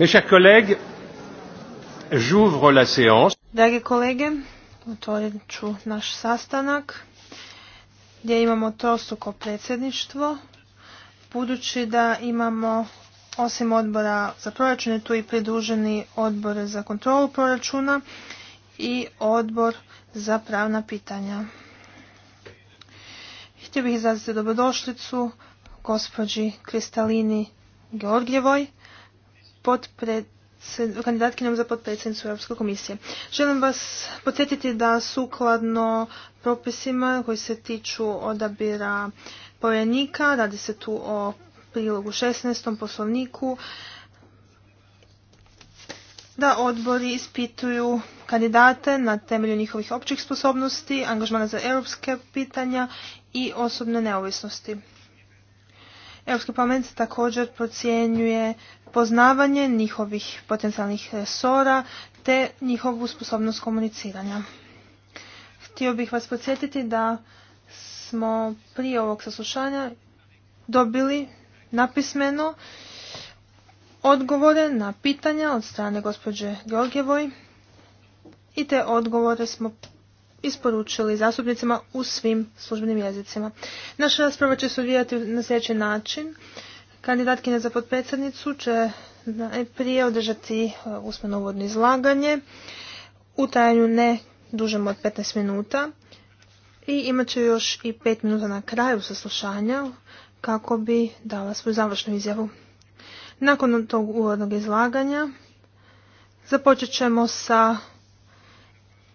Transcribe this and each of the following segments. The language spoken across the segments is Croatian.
Mes chers Dragi kolege, otvorit ću naš sastanak gdje imamo trostruko predsjedništvo. Budući da imamo osim odbora za proračune tu i pridruženi odbor za kontrolu proračuna i odbor za pravna pitanja. Htio bih izraziti dobrodošlicu gospođi Kristalini Georgljevoj potpred kandidatkinjom za potpredsjednicu Europske komisije. Želim vas podsjetiti da sukladno propisima koji se tiču odabira povjerenika, radi se tu o prilogu 16. poslovniku, da odbori ispituju kandidate na temelju njihovih općih sposobnosti, angažmana za europske pitanja i osobne neovisnosti. Europski parlament također procjenjuje poznavanje njihovih potencijalnih resora te njihovu sposobnost komuniciranja. Htio bih vas podsjetiti da smo prije ovog saslušanja dobili napismeno odgovore na pitanja od strane gospođe Georgjevoj i te odgovore smo isporučili zastupnicima u svim službenim jezicima. Naša rasprava će se odvijati na sljedeći način. Kandidatkinja za potpredsjednicu će prije održati e, usmeno uvodno izlaganje u trajanju ne dužem od 15 minuta i imat će još i 5 minuta na kraju saslušanja kako bi dala svoju završnu izjavu. Nakon tog uvodnog izlaganja započet ćemo sa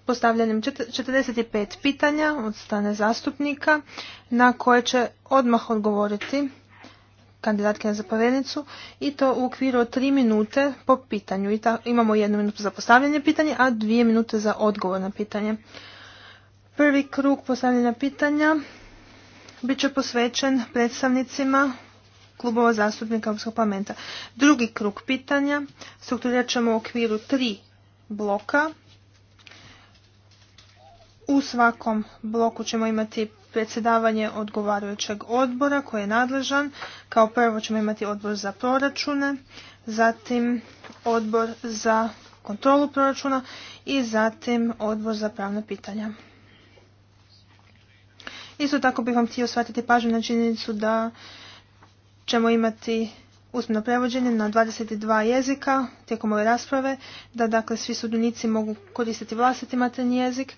postavljanjem 45 pitanja od strane zastupnika na koje će odmah odgovoriti kandidatke za povjednicu i to u okviru od 3 minute po pitanju. imamo jednu minutu za postavljanje pitanja, a dvije minute za odgovor na pitanje. Prvi krug postavljanja pitanja bit će posvećen predstavnicima klubova zastupnika Europskog parlamenta. Drugi krug pitanja strukturirat ćemo u okviru tri bloka u svakom bloku ćemo imati predsjedavanje odgovarajućeg odbora koji je nadležan. Kao prvo ćemo imati odbor za proračune, zatim odbor za kontrolu proračuna i zatim odbor za pravna pitanja. Isto tako bih vam htio shvatiti pažnju na činjenicu da ćemo imati usmeno prevođenje na 22 jezika tijekom ove rasprave, da dakle svi sudionici mogu koristiti vlastiti materni jezik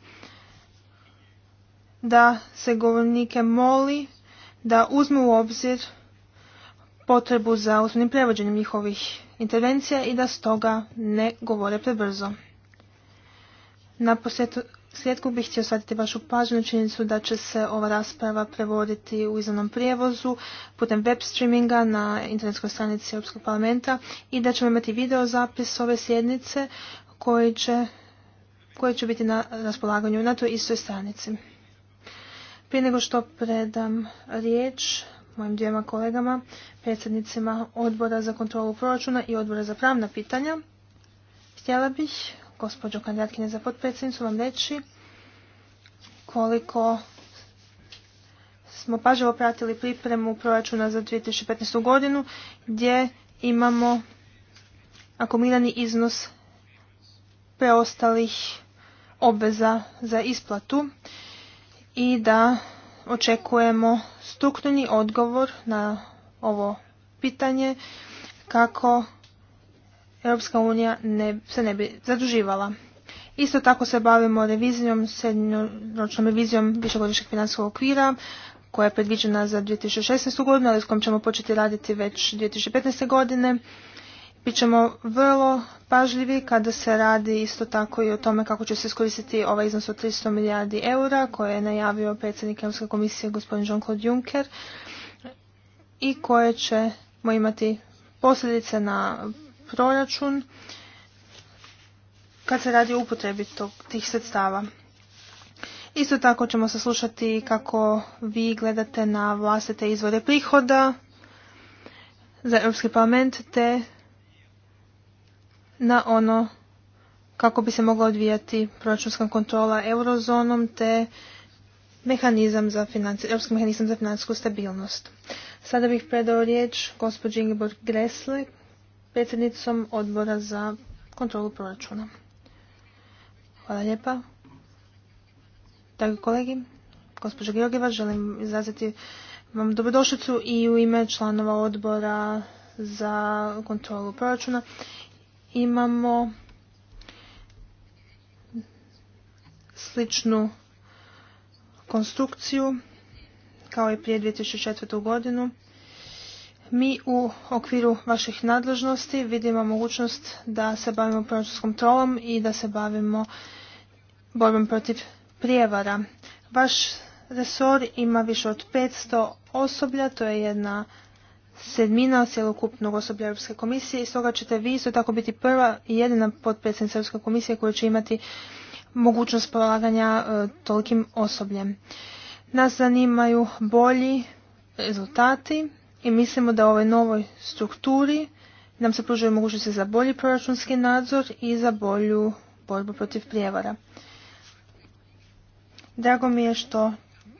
da se govornike moli da uzmu u obzir potrebu za uzmanim prevođenjem njihovih intervencija i da stoga ne govore prebrzo. Na posljedku, bih htio shvatiti vašu pažnju činjenicu da će se ova rasprava prevoditi u izvanom prijevozu putem web streaminga na internetskoj stranici Europskog parlamenta i da ćemo imati video zapis ove sjednice koji koji će biti na raspolaganju na toj istoj stranici. Prije nego što predam riječ mojim dvijema kolegama, predsjednicima odbora za kontrolu proračuna i odbora za pravna pitanja, htjela bih, gospođo kandidatkinje za potpredsjednicu, vam reći koliko smo pažljivo pratili pripremu proračuna za 2015. godinu gdje imamo akumirani iznos preostalih obveza za isplatu i da očekujemo strukturni odgovor na ovo pitanje kako Europska unija ne, se ne bi zaduživala. Isto tako se bavimo revizijom, srednjoročnom revizijom višegodišnjeg financijskog okvira koja je predviđena za 2016. godinu, ali s kojom ćemo početi raditi već 2015. godine ćemo vrlo pažljivi kada se radi isto tako i o tome kako će se iskoristiti ovaj iznos od 300 milijardi eura koje je najavio predsjednik Europske komisije gospodin Jean-Claude Juncker i koje ćemo imati posljedice na proračun kad se radi o upotrebi tih sredstava. Isto tako ćemo saslušati kako vi gledate na vlastite izvore prihoda za Europski parlament te na ono kako bi se mogla odvijati proračunska kontrola eurozonom te mehanizam za financi, europski mehanizam za financijsku stabilnost. Sada bih predao riječ gospođi Ingeborg Gressle, predsjednicom odbora za kontrolu proračuna. Hvala lijepa. Dragi kolegi, gospođa Georgieva, želim izraziti vam dobrodošlicu i u ime članova odbora za kontrolu proračuna imamo sličnu konstrukciju kao i prije 2004. godinu. Mi u okviru vaših nadležnosti vidimo mogućnost da se bavimo proračunskom trolom i da se bavimo borbom protiv prijevara. Vaš resor ima više od 500 osoblja, to je jedna sedmina cjelokupnog osoblja Europske komisije i stoga ćete vi isto tako biti prva i jedina potpredsjednica Europske komisije koja će imati mogućnost polaganja tolkim e, tolikim osobljem. Nas zanimaju bolji rezultati i mislimo da ovoj novoj strukturi nam se pružaju mogućnosti za bolji proračunski nadzor i za bolju borbu protiv prijevara. Drago mi je što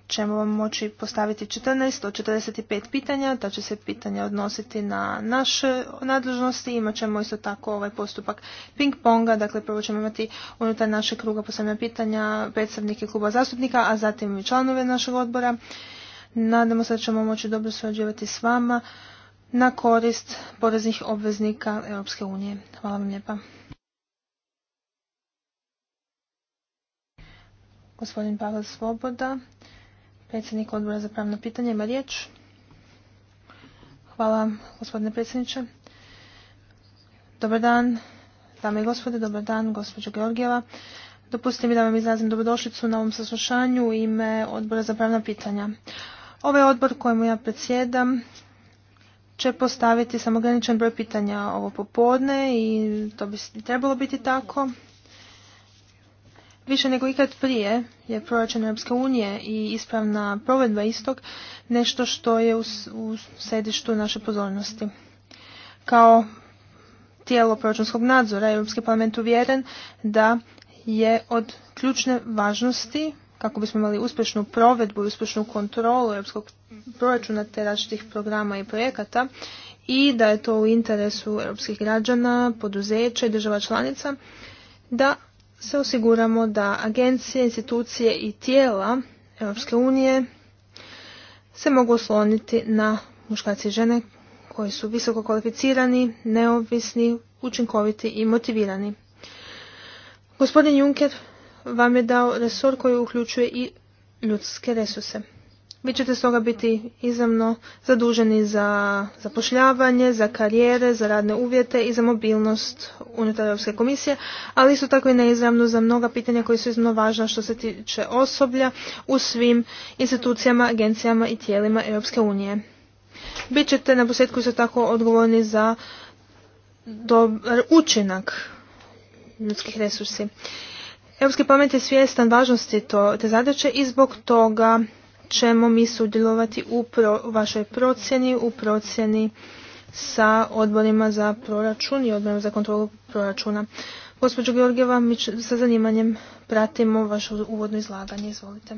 ćemo vam moći postaviti 14 od 45 pitanja, da će se pitanja odnositi na naše nadležnosti. Imat ćemo isto tako ovaj postupak ping-ponga, dakle prvo ćemo imati unutar našeg kruga postavljena pitanja predstavnike kluba zastupnika, a zatim i članove našeg odbora. Nadamo se da ćemo moći dobro surađivati s vama na korist poreznih obveznika Europske unije. Hvala vam lijepa. Gospodin Pavel Svoboda Predsjednik odbora za pravno pitanje ima riječ. Hvala gospodine predsjedniče. Dobar dan, dame i gospode, dobar dan gospođo Georgijeva. Dopustite mi da vam izrazim dobrodošlicu na ovom saslušanju u ime odbora za pravna pitanja. Ovaj odbor kojemu ja predsjedam će postaviti samograničan broj pitanja ovo popodne i to bi trebalo biti tako. Više nego ikad prije je proračun Europske unije i ispravna provedba istog nešto što je u, u središtu naše pozornosti. Kao tijelo proračunskog nadzora Europski parlament uvjeren da je od ključne važnosti kako bismo imali uspješnu provedbu i uspješnu kontrolu europskog proračuna te različitih programa i projekata i da je to u interesu europskih građana, poduzeća i država članica da se osiguramo da agencije, institucije i tijela Europske unije se mogu osloniti na muškarci i žene koji su visoko kvalificirani, neovisni, učinkoviti i motivirani. Gospodin Juncker vam je dao resor koji uključuje i ljudske resurse. Vi ćete stoga biti izravno zaduženi za zapošljavanje, za karijere, za radne uvjete i za mobilnost unutar Europske komisije, ali isto tako i neizravno za mnoga pitanja koja su izravno važna što se tiče osoblja u svim institucijama, agencijama i tijelima Europske unije. Bićete na posljedku isto tako odgovorni za učinak ljudskih resursi. Europski pamet je svjestan važnosti to, te zadaće i zbog toga ćemo mi sudjelovati u vašoj procjeni, u procjeni sa odborima za proračun i odborima za kontrolu proračuna. Gospođo Georgijeva, mi sa zanimanjem pratimo vaše uvodno izlaganje. Izvolite.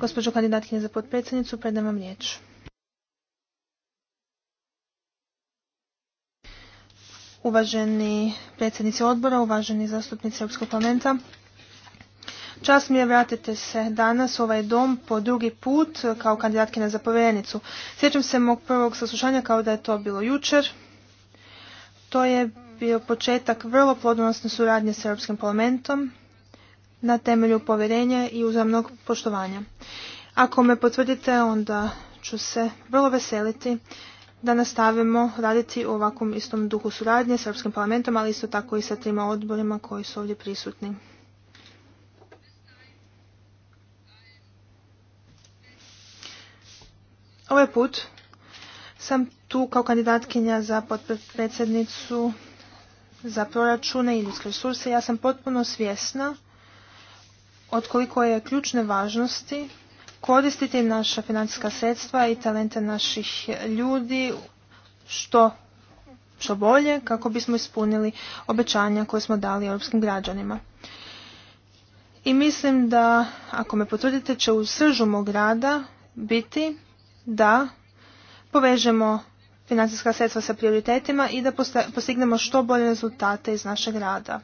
Gospođo kandidatkinje za potpredsjednicu, predam vam riječ. Uvaženi predsjednici odbora, uvaženi zastupnici Europskog parlamenta, Čas mi je vratite se danas u ovaj dom po drugi put kao kandidatkinja za povjerenicu. Sjećam se mog prvog saslušanja kao da je to bilo jučer. To je bio početak vrlo plodonosne suradnje s Europskim parlamentom na temelju povjerenja i uzamnog poštovanja. Ako me potvrdite, onda ću se vrlo veseliti da nastavimo raditi u ovakvom istom duhu suradnje s Europskim parlamentom, ali isto tako i sa trima odborima koji su ovdje prisutni. Ovaj put sam tu kao kandidatkinja za potpredsjednicu za proračune i ljudske resurse. Ja sam potpuno svjesna od koliko je ključne važnosti koristiti naša financijska sredstva i talente naših ljudi što, što bolje kako bismo ispunili obećanja koje smo dali europskim građanima. I mislim da, ako me potvrdite, će u sržu mog rada biti da povežemo financijska sredstva sa prioritetima i da postignemo što bolje rezultate iz našeg rada.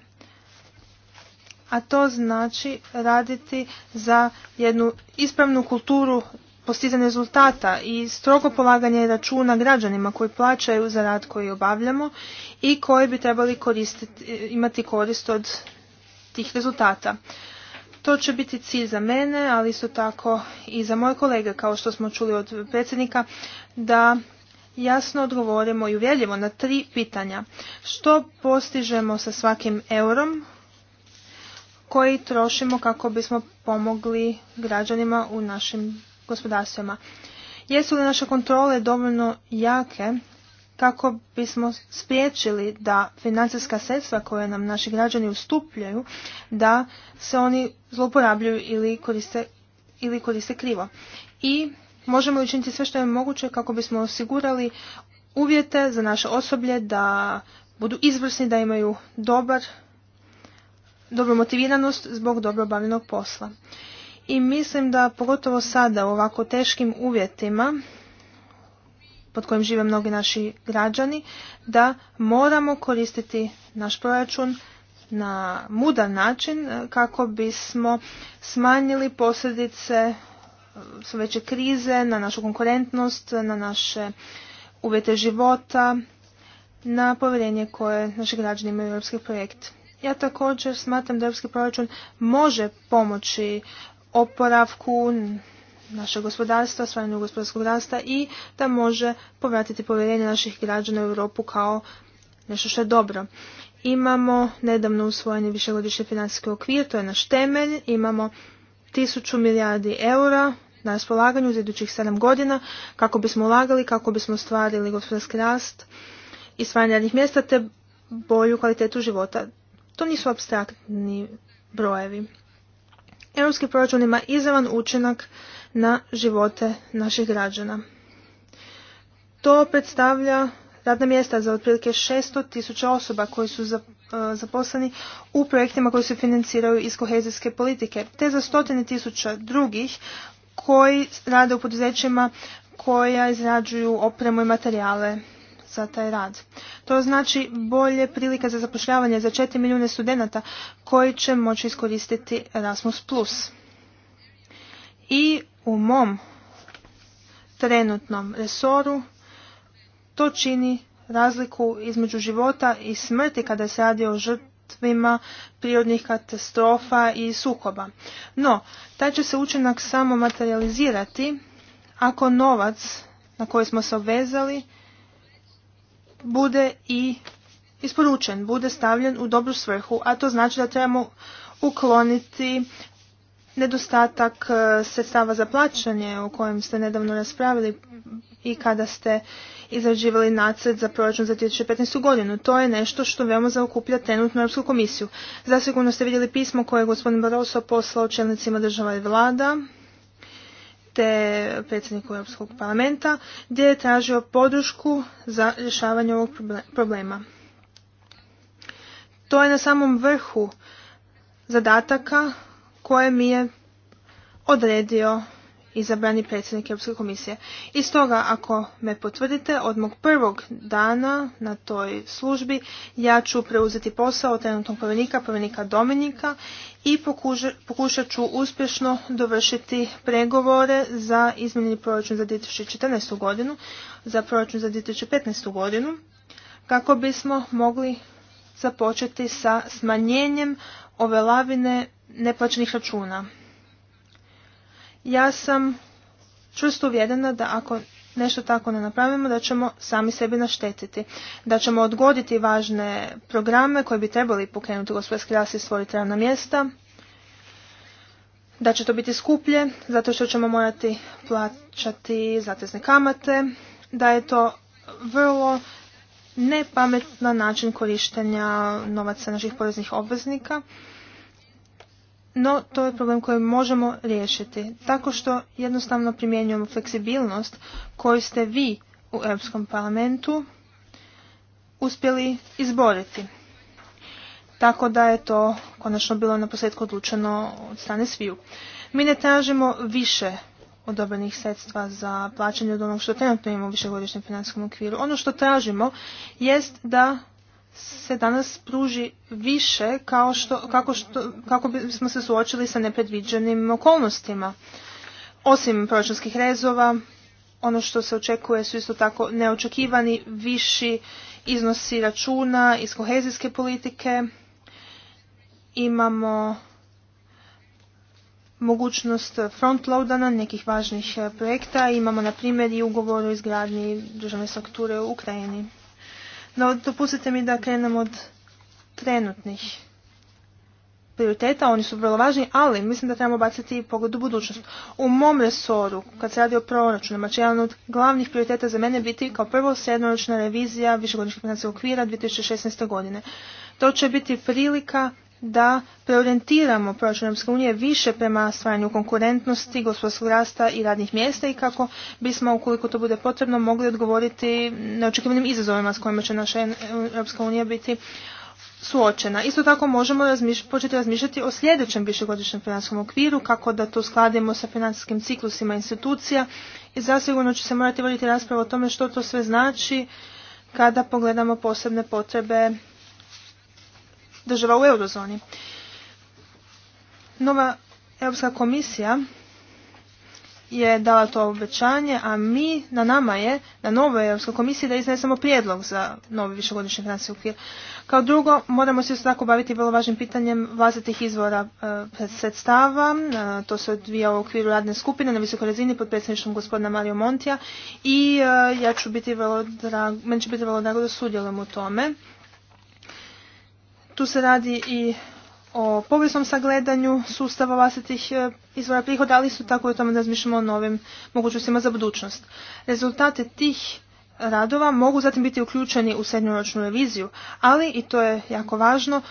A to znači raditi za jednu ispravnu kulturu postizanje rezultata i strogo polaganje računa građanima koji plaćaju za rad koji obavljamo i koji bi trebali imati korist od tih rezultata. To će biti cilj za mene, ali isto tako i za moje kolege, kao što smo čuli od predsjednika, da jasno odgovorimo i uvjerljivo na tri pitanja. Što postižemo sa svakim eurom koji trošimo kako bismo pomogli građanima u našim gospodarstvima? Jesu li naše kontrole dovoljno jake kako bismo spriječili da financijska sredstva koje nam naši građani ustupljaju, da se oni zlouporabljuju ili koriste, ili koriste krivo. I možemo učiniti sve što je moguće kako bismo osigurali uvjete za naše osoblje da budu izvrsni, da imaju dobar, dobru motiviranost zbog dobro obavljenog posla. I mislim da pogotovo sada u ovako teškim uvjetima pod kojim žive mnogi naši građani, da moramo koristiti naš proračun na mudan način e, kako bismo smanjili posljedice e, sve veće krize na našu konkurentnost, na naše uvjete života, na povjerenje koje naši građani imaju u europski projekt. Ja također smatram da europski proračun može pomoći oporavku naše gospodarstva, stvaranju gospodarskog rasta i da može povratiti povjerenje naših građana u Europu kao nešto što je dobro. Imamo nedavno usvojeni višegodišnji financijski okvir, to je naš temelj, imamo tisuću milijardi eura na raspolaganju za idućih 7 godina kako bismo ulagali, kako bismo stvarili gospodarski rast i stvaranje radnih mjesta te bolju kvalitetu života. To nisu abstraktni brojevi. Europski proračun ima izravan učinak na živote naših građana. To predstavlja radna mjesta za otprilike 600 tisuća osoba koji su e, zaposleni u projektima koji se financiraju iz kohezijske politike, te za stotine tisuća drugih koji rade u poduzećima koja izrađuju opremu i materijale za taj rad. To znači bolje prilike za zapošljavanje za 4 milijune studenata koji će moći iskoristiti Erasmus+. I u mom trenutnom resoru to čini razliku između života i smrti kada se radi o žrtvima prirodnih katastrofa i sukoba. No, taj će se učinak samo materializirati ako novac na koji smo se obvezali bude i isporučen, bude stavljen u dobru svrhu, a to znači da trebamo ukloniti nedostatak e, sredstava za plaćanje o kojem ste nedavno raspravili i kada ste izrađivali nacrt za proračun za 2015. godinu. To je nešto što veoma zaokuplja trenutnu Europsku komisiju. Zasigurno ste vidjeli pismo koje je gospodin Barroso poslao čelnicima država i vlada te predsjedniku Europskog parlamenta gdje je tražio podršku za rješavanje ovog problema. To je na samom vrhu zadataka koje mi je odredio izabrani predsjednik Europske komisije. I stoga, ako me potvrdite, od mog prvog dana na toj službi ja ću preuzeti posao trenutnog povjerenika, povjerenika Dominika i pokušat ću uspješno dovršiti pregovore za izmjenjeni proračun za 2014. godinu, za proračun za 2015. godinu, kako bismo mogli započeti sa smanjenjem ove lavine neplaćenih računa. Ja sam čvrsto uvjerena da ako nešto tako ne napravimo, da ćemo sami sebi naštetiti. Da ćemo odgoditi važne programe koje bi trebali pokrenuti gospodarski rast i stvoriti ravna mjesta. Da će to biti skuplje, zato što ćemo morati plaćati zatezne kamate. Da je to vrlo nepametan način korištenja novaca naših poreznih obveznika no, to je problem koji možemo riješiti tako što jednostavno primjenjujemo fleksibilnost koju ste vi u Europskom parlamentu uspjeli izboriti. Tako da je to konačno bilo na posljedku odlučeno od strane sviju. Mi ne tražimo više odobrenih sredstva za plaćanje od onog što trenutno imamo u višegodišnjem financijskom okviru. Ono što tražimo jest da se danas pruži više kao što, kako, što, kako bismo se suočili sa nepredviđenim okolnostima. Osim proračunskih rezova, ono što se očekuje su isto tako neočekivani viši iznosi računa iz kohezijske politike. Imamo mogućnost frontloadana nekih važnih projekta. Imamo na primjer i ugovor o izgradnji državne strukture u Ukrajini. No, dopustite mi da krenem od trenutnih prioriteta, oni su vrlo važni, ali mislim da trebamo baciti pogled u budućnost. U mom resoru, kad se radi o proračunima, će jedan od glavnih prioriteta za mene biti kao prvo sedmoročna revizija višegodišnjeg financijskog okvira 2016. godine. To će biti prilika da preorijentiramo proračun Europske unije više prema stvaranju konkurentnosti, gospodarskog rasta i radnih mjesta i kako bismo, ukoliko to bude potrebno, mogli odgovoriti neočekivanim izazovima s kojima će naša Europska unija biti suočena. Isto tako možemo početi razmišljati o sljedećem višegodišnjem financijskom okviru, kako da to skladimo sa financijskim ciklusima institucija i zasigurno će se morati voditi rasprava o tome što to sve znači kada pogledamo posebne potrebe država u eurozoni. Nova Europska komisija je dala to obećanje, a mi, na nama je, na novoj Europskoj komisiji da iznesemo prijedlog za novi višegodišnji financijski okvir. Kao drugo, moramo se isto tako baviti vrlo važnim pitanjem vlastitih izvora e, sredstava. E, to se odvija u okviru radne skupine na visokoj razini pod predsjedništvom gospodina Mario Montija i e, ja ću biti vrlo drago, meni će biti vrlo drago da sudjelujem u tome. Tu se radi i o povijesnom sagledanju sustava vlastitih e, izvora prihoda, ali su tako i o tome da razmišljamo o novim mogućnostima za budućnost. Rezultate tih radova mogu zatim biti uključeni u srednjoročnu reviziju, ali, i to je jako važno,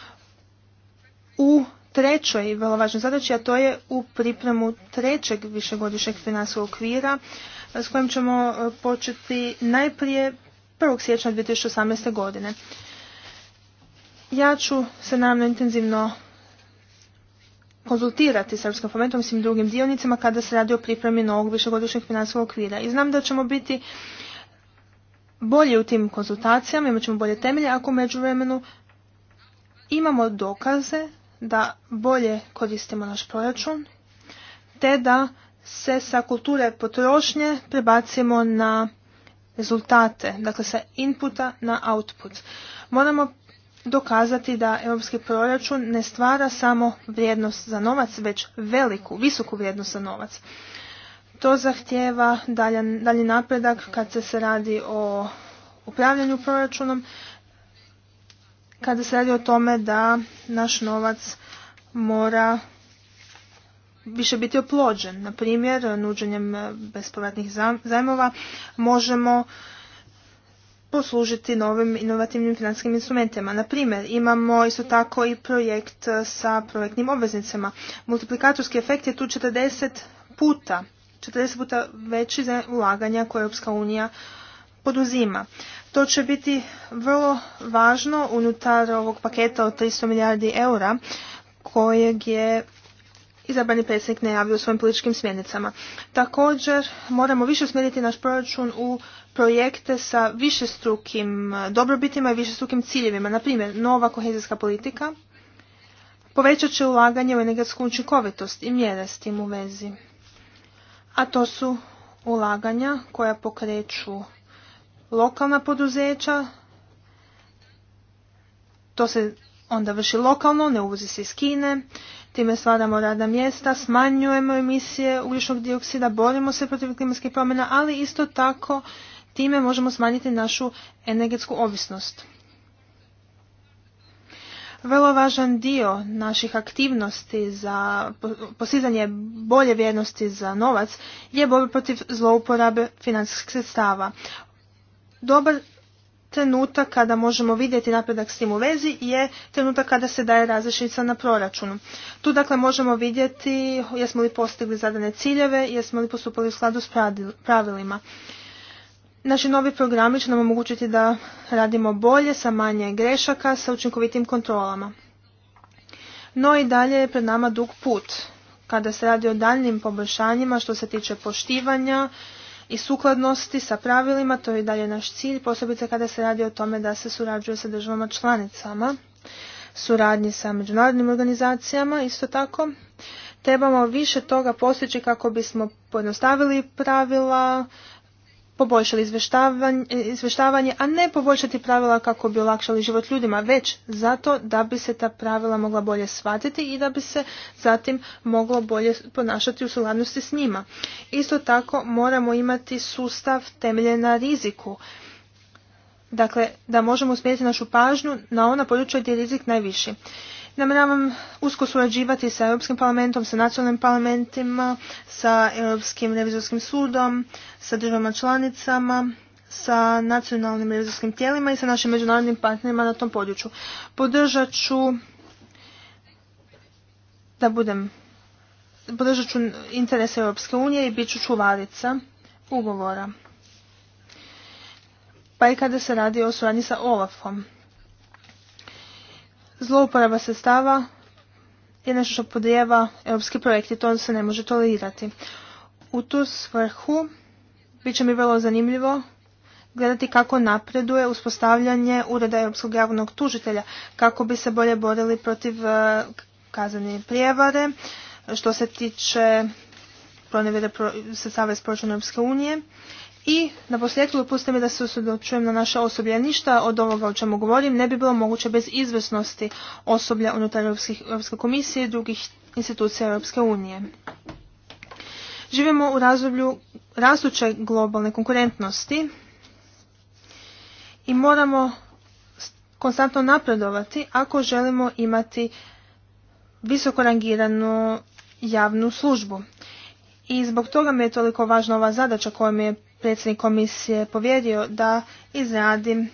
u trećoj vrlo važnoj zadaći, a to je u pripremu trećeg višegodišnjeg financijskog okvira e, s kojim ćemo e, početi najprije 1. siječnja 2018. godine. Ja ću se naravno intenzivno konzultirati s fomentom parlamentom i svim drugim dionicima kada se radi o pripremi novog višegodišnjeg financijskog okvira. I znam da ćemo biti bolje u tim konzultacijama, imat ćemo bolje temelje ako među vremenu imamo dokaze da bolje koristimo naš proračun, te da se sa kulture potrošnje prebacimo na rezultate, dakle sa inputa na output. Moramo dokazati da europski proračun ne stvara samo vrijednost za novac, već veliku, visoku vrijednost za novac. To zahtjeva dalji napredak kad se, se radi o upravljanju proračunom, kada se radi o tome da naš novac mora više biti oplođen. Na primjer, nuđenjem bespovratnih zajmova možemo poslužiti novim inovativnim financijskim instrumentima. Na primjer, imamo isto tako i projekt e, sa projektnim obveznicama. Multiplikatorski efekt je tu 40 puta, 40 puta veći za ulaganja koje Europska unija poduzima. To će biti vrlo važno unutar ovog paketa od 300 milijardi eura kojeg je izabrani predsjednik ne u svojim političkim smjernicama. Također moramo više usmjeriti naš proračun u projekte sa višestrukim e, dobrobitima i višestrukim ciljevima. Naprimjer, nova kohezijska politika povećat će ulaganje u energetsku učinkovitost i mjere s tim u vezi. A to su ulaganja koja pokreću lokalna poduzeća, to se onda vrši lokalno, ne uvozi se iz Kine, time stvaramo radna mjesta, smanjujemo emisije ugljičnog dioksida, borimo se protiv klimatskih promjena, ali isto tako time možemo smanjiti našu energetsku ovisnost. Vrlo važan dio naših aktivnosti za posizanje bolje vjernosti za novac je borba protiv zlouporabe financijskih sredstava. Dobar trenutak kada možemo vidjeti napredak s tim u vezi je trenutak kada se daje razrešnica na proračunu. Tu dakle možemo vidjeti jesmo li postigli zadane ciljeve, jesmo li postupali u skladu s pravilima. Naši novi programi će nam omogućiti da radimo bolje, sa manje grešaka, sa učinkovitim kontrolama. No i dalje je pred nama dug put kada se radi o daljnim poboljšanjima što se tiče poštivanja i sukladnosti sa pravilima, to je i dalje naš cilj, posebice kada se radi o tome da se surađuje sa državama članicama, suradnji sa međunarodnim organizacijama isto tako. Trebamo više toga postići kako bismo pojednostavili pravila, poboljšali izveštavanje, a ne poboljšati pravila kako bi olakšali život ljudima, već zato da bi se ta pravila mogla bolje shvatiti i da bi se zatim moglo bolje ponašati u sukladnosti s njima. Isto tako moramo imati sustav temelje na riziku. Dakle, da možemo usmjeriti našu pažnju na ona područja gdje je rizik najviši. Namjeravam usko surađivati sa Europskim parlamentom, sa nacionalnim parlamentima, sa Europskim revizorskim sudom, sa državama članicama, sa nacionalnim revizorskim tijelima i sa našim međunarodnim partnerima na tom području. Podržat ću da budem podržat ću interese Europske unije i bit ću čuvarica ugovora. Pa i kada se radi o suradnji sa Olafom zlouporaba sredstava je nešto što podrijeva europski projekt i to se ne može tolerirati. U tu svrhu bit će mi vrlo zanimljivo gledati kako napreduje uspostavljanje Ureda Europskog javnog tužitelja kako bi se bolje borili protiv e, kaznene prijevare što se tiče pronevjere sredstava iz proračuna Europske unije i na posljedku dopustite mi da se usredočujem na naše osoblje. Ništa od ovoga o čemu govorim ne bi bilo moguće bez izvrsnosti osoblja unutar Europske komisije i drugih institucija Europske unije. Živimo u razdoblju rastuće globalne konkurentnosti i moramo konstantno napredovati ako želimo imati visoko rangiranu javnu službu. I zbog toga mi je toliko važna ova zadaća koja mi je predsjednik komisije povjerio da izradim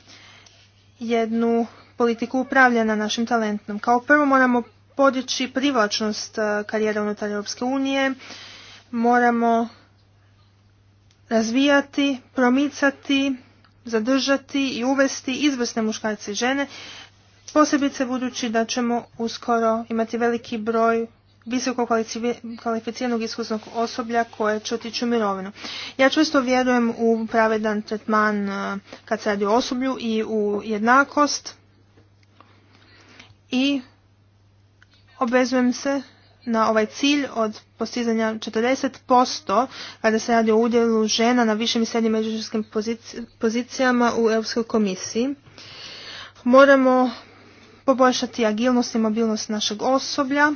jednu politiku upravljanja našim talentom. Kao prvo moramo podići privlačnost e, karijera unutar Europske unije, moramo razvijati, promicati, zadržati i uvesti izvrsne muškarce i žene, posebice budući da ćemo uskoro imati veliki broj visoko kvalificiranog iskusnog osoblja koje će otići u mirovinu. Ja često vjerujem u pravedan tretman e, kad se radi o osoblju i u jednakost i obvezujem se na ovaj cilj od postizanja 40% kada se radi o udjelu žena na višim i srednjim međunarodnim pozicijama u Europskoj komisiji. Moramo poboljšati agilnost i mobilnost našeg osoblja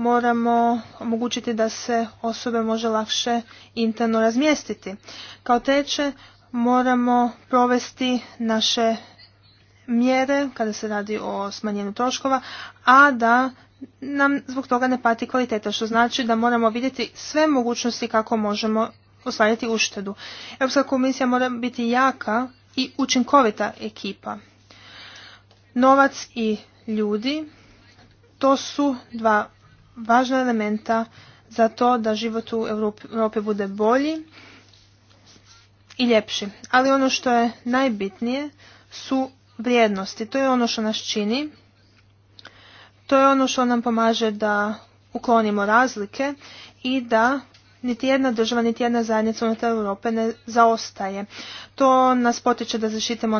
moramo omogućiti da se osobe može lakše interno razmjestiti. Kao treće, moramo provesti naše mjere kada se radi o smanjenju troškova, a da nam zbog toga ne pati kvaliteta, što znači da moramo vidjeti sve mogućnosti kako možemo ostvariti uštedu. Europska komisija mora biti jaka i učinkovita ekipa. Novac i ljudi, to su dva važna elementa za to da život u Europi bude bolji i ljepši. Ali ono što je najbitnije su vrijednosti. To je ono što nas čini. To je ono što nam pomaže da uklonimo razlike i da niti jedna država, niti jedna zajednica unutar Europe ne zaostaje. To nas potiče da zaštitimo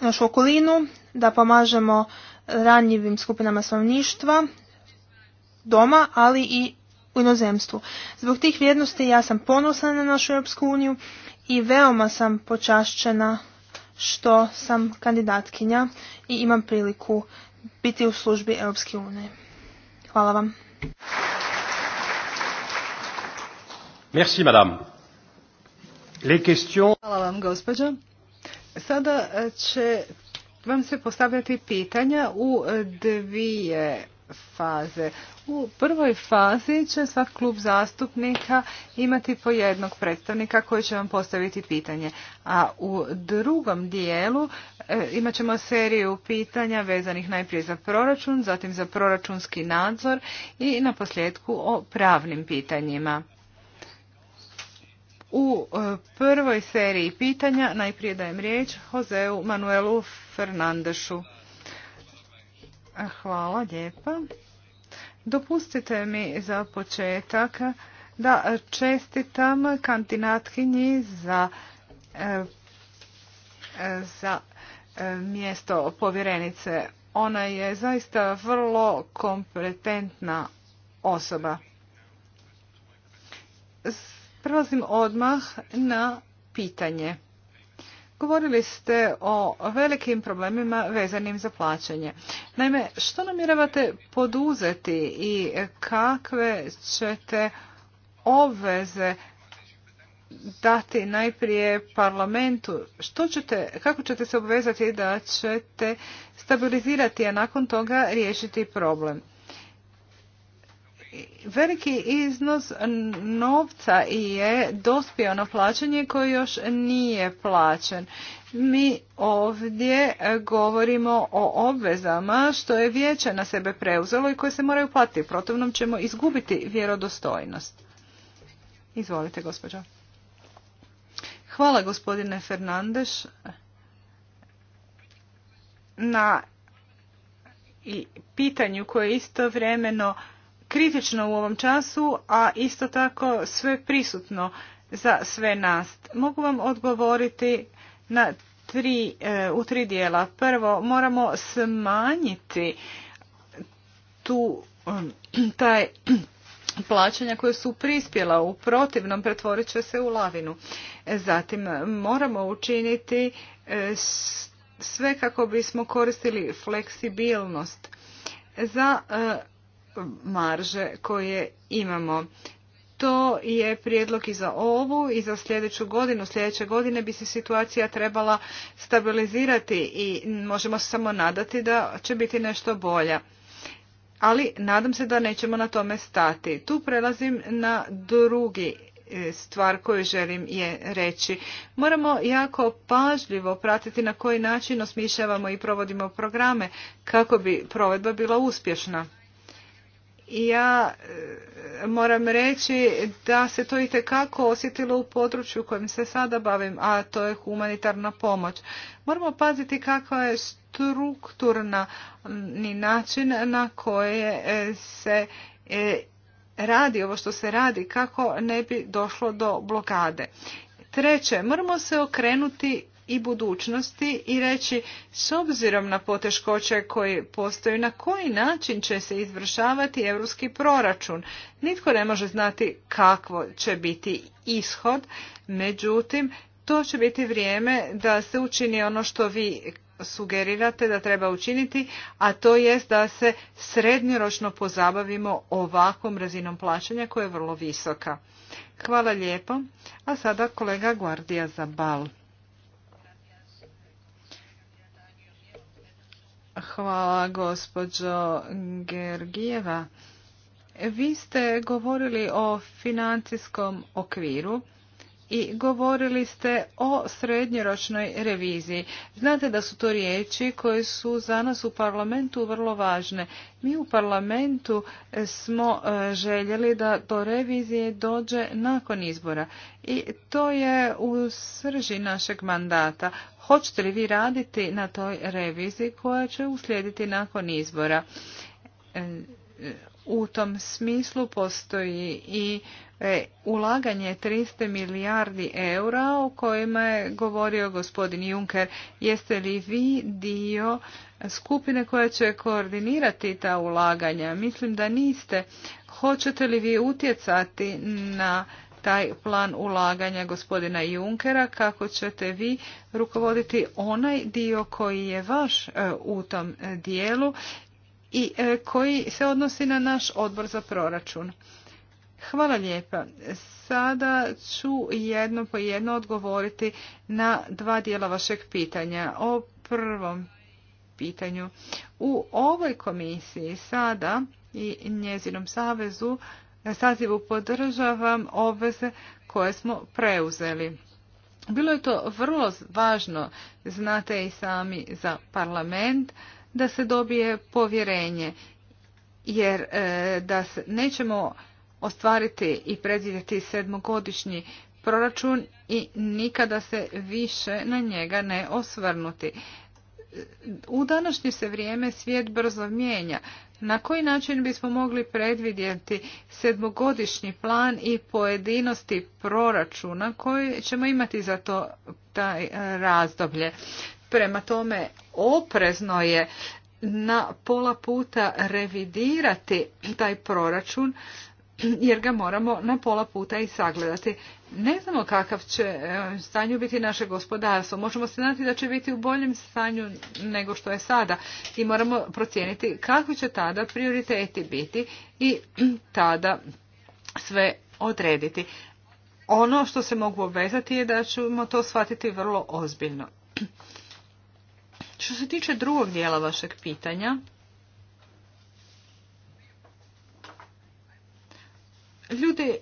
našu okolinu, da pomažemo ranjivim skupinama stanovništva, doma, ali i u inozemstvu. Zbog tih vrijednosti ja sam ponosna na našu Europsku uniju i veoma sam počašćena što sam kandidatkinja i imam priliku biti u službi Europske unije. Hvala vam. Merci, madame. Les questions... Hvala vam, Sada e, će vam se postavljati pitanja u e, dvije faze. U prvoj fazi će svak klub zastupnika imati po jednog predstavnika koji će vam postaviti pitanje. A u drugom dijelu e, imat ćemo seriju pitanja vezanih najprije za proračun, zatim za proračunski nadzor i na posljedku o pravnim pitanjima. U e, prvoj seriji pitanja najprije dajem riječ Joseu Manuelu Fernandešu. Hvala lijepa. Dopustite mi za početak da čestitam kandidatkinji za, e, za e, mjesto povjerenice. Ona je zaista vrlo kompetentna osoba. Prelazim odmah na pitanje. Govorili ste o velikim problemima vezanim za plaćanje. Naime, što namjeravate poduzeti i kakve ćete obveze dati najprije parlamentu? Što ćete, kako ćete se obvezati da ćete stabilizirati, a nakon toga riješiti problem? veliki iznos novca je dospio na plaćanje koji još nije plaćen. Mi ovdje govorimo o obvezama što je vijeće na sebe preuzelo i koje se moraju platiti. Protivnom ćemo izgubiti vjerodostojnost. Izvolite, gospođo. Hvala, gospodine Fernandeš, na pitanju koje istovremeno kritično u ovom času, a isto tako sve prisutno za sve nas. Mogu vam odgovoriti na tri, e, u tri dijela. Prvo, moramo smanjiti tu um, taj plaćanja koje su prispjela u protivnom pretvorit će se u lavinu. E, zatim moramo učiniti e, sve kako bismo koristili fleksibilnost za marže koje imamo. To je prijedlog i za ovu i za sljedeću godinu. Sljedeće godine bi se situacija trebala stabilizirati i možemo se samo nadati da će biti nešto bolja. Ali nadam se da nećemo na tome stati. Tu prelazim na drugi e, stvar koju želim je reći. Moramo jako pažljivo pratiti na koji način osmišljavamo i provodimo programe kako bi provedba bila uspješna ja e, moram reći da se to i tekako osjetilo u području kojim se sada bavim, a to je humanitarna pomoć. Moramo paziti kakva je strukturna ni način na koje e, se e, radi ovo što se radi kako ne bi došlo do blokade. Treće, moramo se okrenuti i budućnosti i reći s obzirom na poteškoće koje postoje na koji način će se izvršavati europski proračun. Nitko ne može znati kakvo će biti ishod, međutim to će biti vrijeme da se učini ono što vi sugerirate da treba učiniti, a to jest da se srednjoročno pozabavimo ovakvom razinom plaćanja koja je vrlo visoka. Hvala lijepo. A sada kolega Guardija Zabal. Hvala gospođo Gergijeva. Vi ste govorili o financijskom okviru i govorili ste o srednjoročnoj reviziji. Znate da su to riječi koje su za nas u parlamentu vrlo važne. Mi u parlamentu e, smo e, željeli da do revizije dođe nakon izbora i to je u srži našeg mandata. Hoćete li vi raditi na toj reviziji koja će uslijediti nakon izbora? E, u tom smislu postoji i e, ulaganje 300 milijardi eura o kojima je govorio gospodin Juncker. Jeste li vi dio skupine koja će koordinirati ta ulaganja? Mislim da niste. Hoćete li vi utjecati na taj plan ulaganja gospodina Junkera, kako ćete vi rukovoditi onaj dio koji je vaš e, u tom e, dijelu i e, koji se odnosi na naš odbor za proračun. Hvala lijepa. Sada ću jedno po jedno odgovoriti na dva dijela vašeg pitanja. O prvom pitanju. U ovoj komisiji sada i njezinom savezu sazivu podržavam obveze koje smo preuzeli. Bilo je to vrlo važno, znate i sami za parlament, da se dobije povjerenje jer e, da se, nećemo ostvariti i predvidjeti sedmogodišnji proračun i nikada se više na njega ne osvrnuti. U današnje se vrijeme svijet brzo mijenja. Na koji način bismo mogli predvidjeti sedmogodišnji plan i pojedinosti proračuna koji ćemo imati za to taj e, razdoblje? Prema tome, oprezno je na pola puta revidirati taj proračun jer ga moramo na pola puta i sagledati. Ne znamo kakav će e, stanju biti naše gospodarstvo. Možemo se znati da će biti u boljem stanju nego što je sada i moramo procijeniti kakvi će tada prioriteti biti i tada sve odrediti. Ono što se mogu obvezati je da ćemo to shvatiti vrlo ozbiljno. Što se tiče drugog dijela vašeg pitanja, ljudi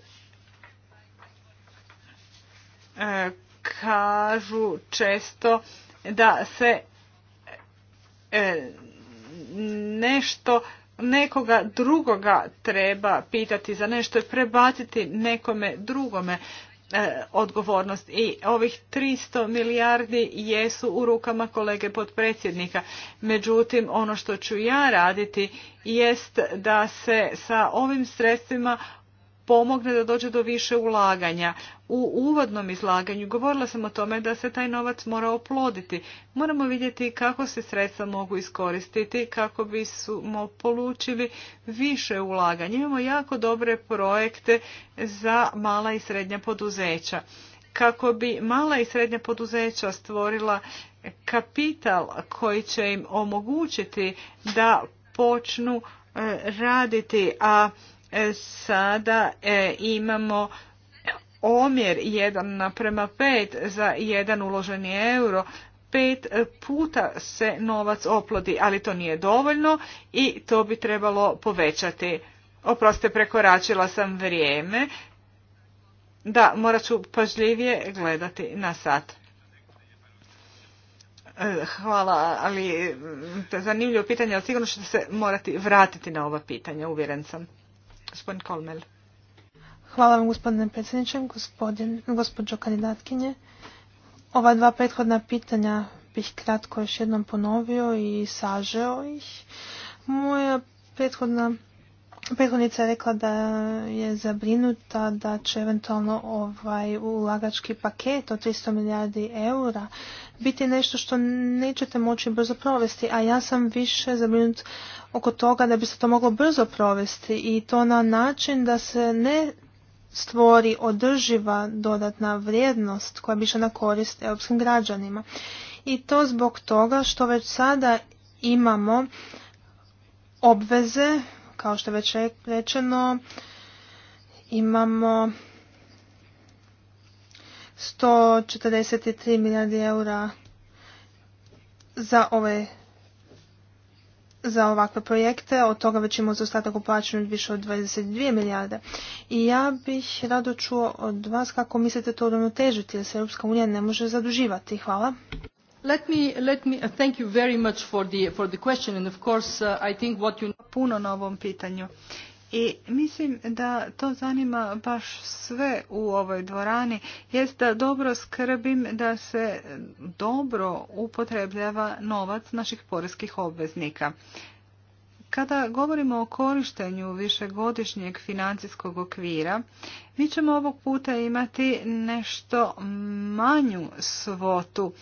e, kažu često da se e, nešto nekoga drugoga treba pitati za nešto i prebaciti nekome drugome. E, odgovornost i ovih 300 milijardi jesu u rukama kolege potpredsjednika. Međutim, ono što ću ja raditi jest da se sa ovim sredstvima pomogne da dođe do više ulaganja. U uvodnom izlaganju govorila sam o tome da se taj novac mora oploditi. Moramo vidjeti kako se sredstva mogu iskoristiti kako bi smo polučili više ulaganja. Imamo jako dobre projekte za mala i srednja poduzeća. Kako bi mala i srednja poduzeća stvorila kapital koji će im omogućiti da počnu e, raditi, a E, sada e, imamo omjer 1 naprema 5 za jedan uloženi euro. Pet puta se novac oplodi, ali to nije dovoljno i to bi trebalo povećati. Oprostite, prekoračila sam vrijeme. Da, morat ću pažljivije gledati na sat. E, hvala, ali zanimljivo pitanje, ali sigurno ćete se morati vratiti na ova pitanja, uvjeren sam. Gospodin Kolmel. Hvala vam gospodine predsjedniče, gospodin, gospođo kandidatkinje. Ova dva prethodna pitanja bih kratko još jednom ponovio i sažeo ih. Moja prethodna prethodnica je rekla da je zabrinuta da će eventualno ovaj ulagački paket od 300 milijardi eura biti nešto što nećete moći brzo provesti, a ja sam više zabrinut oko toga da bi se to moglo brzo provesti i to na način da se ne stvori održiva dodatna vrijednost koja bi išla na korist europskim građanima. I to zbog toga što već sada imamo obveze, kao što je već rečeno, imamo 143 milijardi eura za ove za ovakve projekte, od toga već imamo zaostatak u od više od 22 milijarde. I ja bih rado čuo od vas kako mislite to uravnotežiti, jer se Europska unija ne može zaduživati. Hvala. Let me, let me uh, thank you very much for the, question and of course uh, I think what Puno na ovom pitanju. I mislim da to zanima baš sve u ovoj dvorani, jest da dobro skrbim da se dobro upotrebljava novac naših poreskih obveznika. Kada govorimo o korištenju višegodišnjeg financijskog okvira, mi ćemo ovog puta imati nešto manju svotu,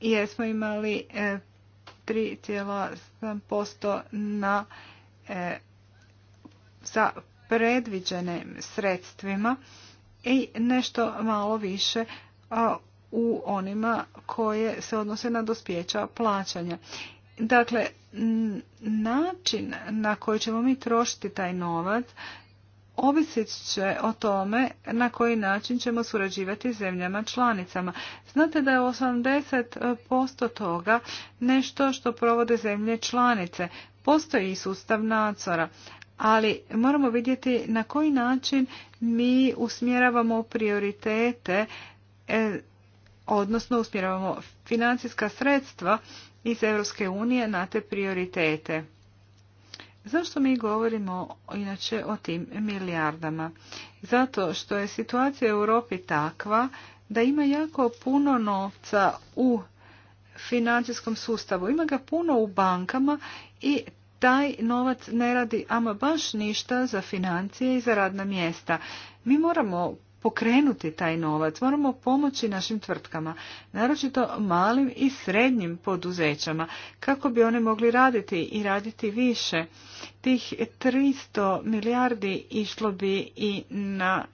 jer smo imali 3,7% e, na e, sa predviđenim sredstvima i nešto malo više u onima koje se odnose na dospjeća plaćanja. Dakle, način na koji ćemo mi trošiti taj novac ovisit će o tome na koji način ćemo surađivati s zemljama članicama. Znate da je 80% toga nešto što provode zemlje članice. Postoji i sustav nadzora, ali moramo vidjeti na koji način mi usmjeravamo prioritete, e, odnosno usmjeravamo financijska sredstva iz Europske unije na te prioritete. Zašto mi govorimo inače o tim milijardama? Zato što je situacija u Europi takva da ima jako puno novca u financijskom sustavu. Ima ga puno u bankama i taj novac ne radi ama baš ništa za financije i za radna mjesta. Mi moramo pokrenuti taj novac, moramo pomoći našim tvrtkama, naročito malim i srednjim poduzećama, kako bi one mogli raditi i raditi više. Tih 300 milijardi išlo bi i na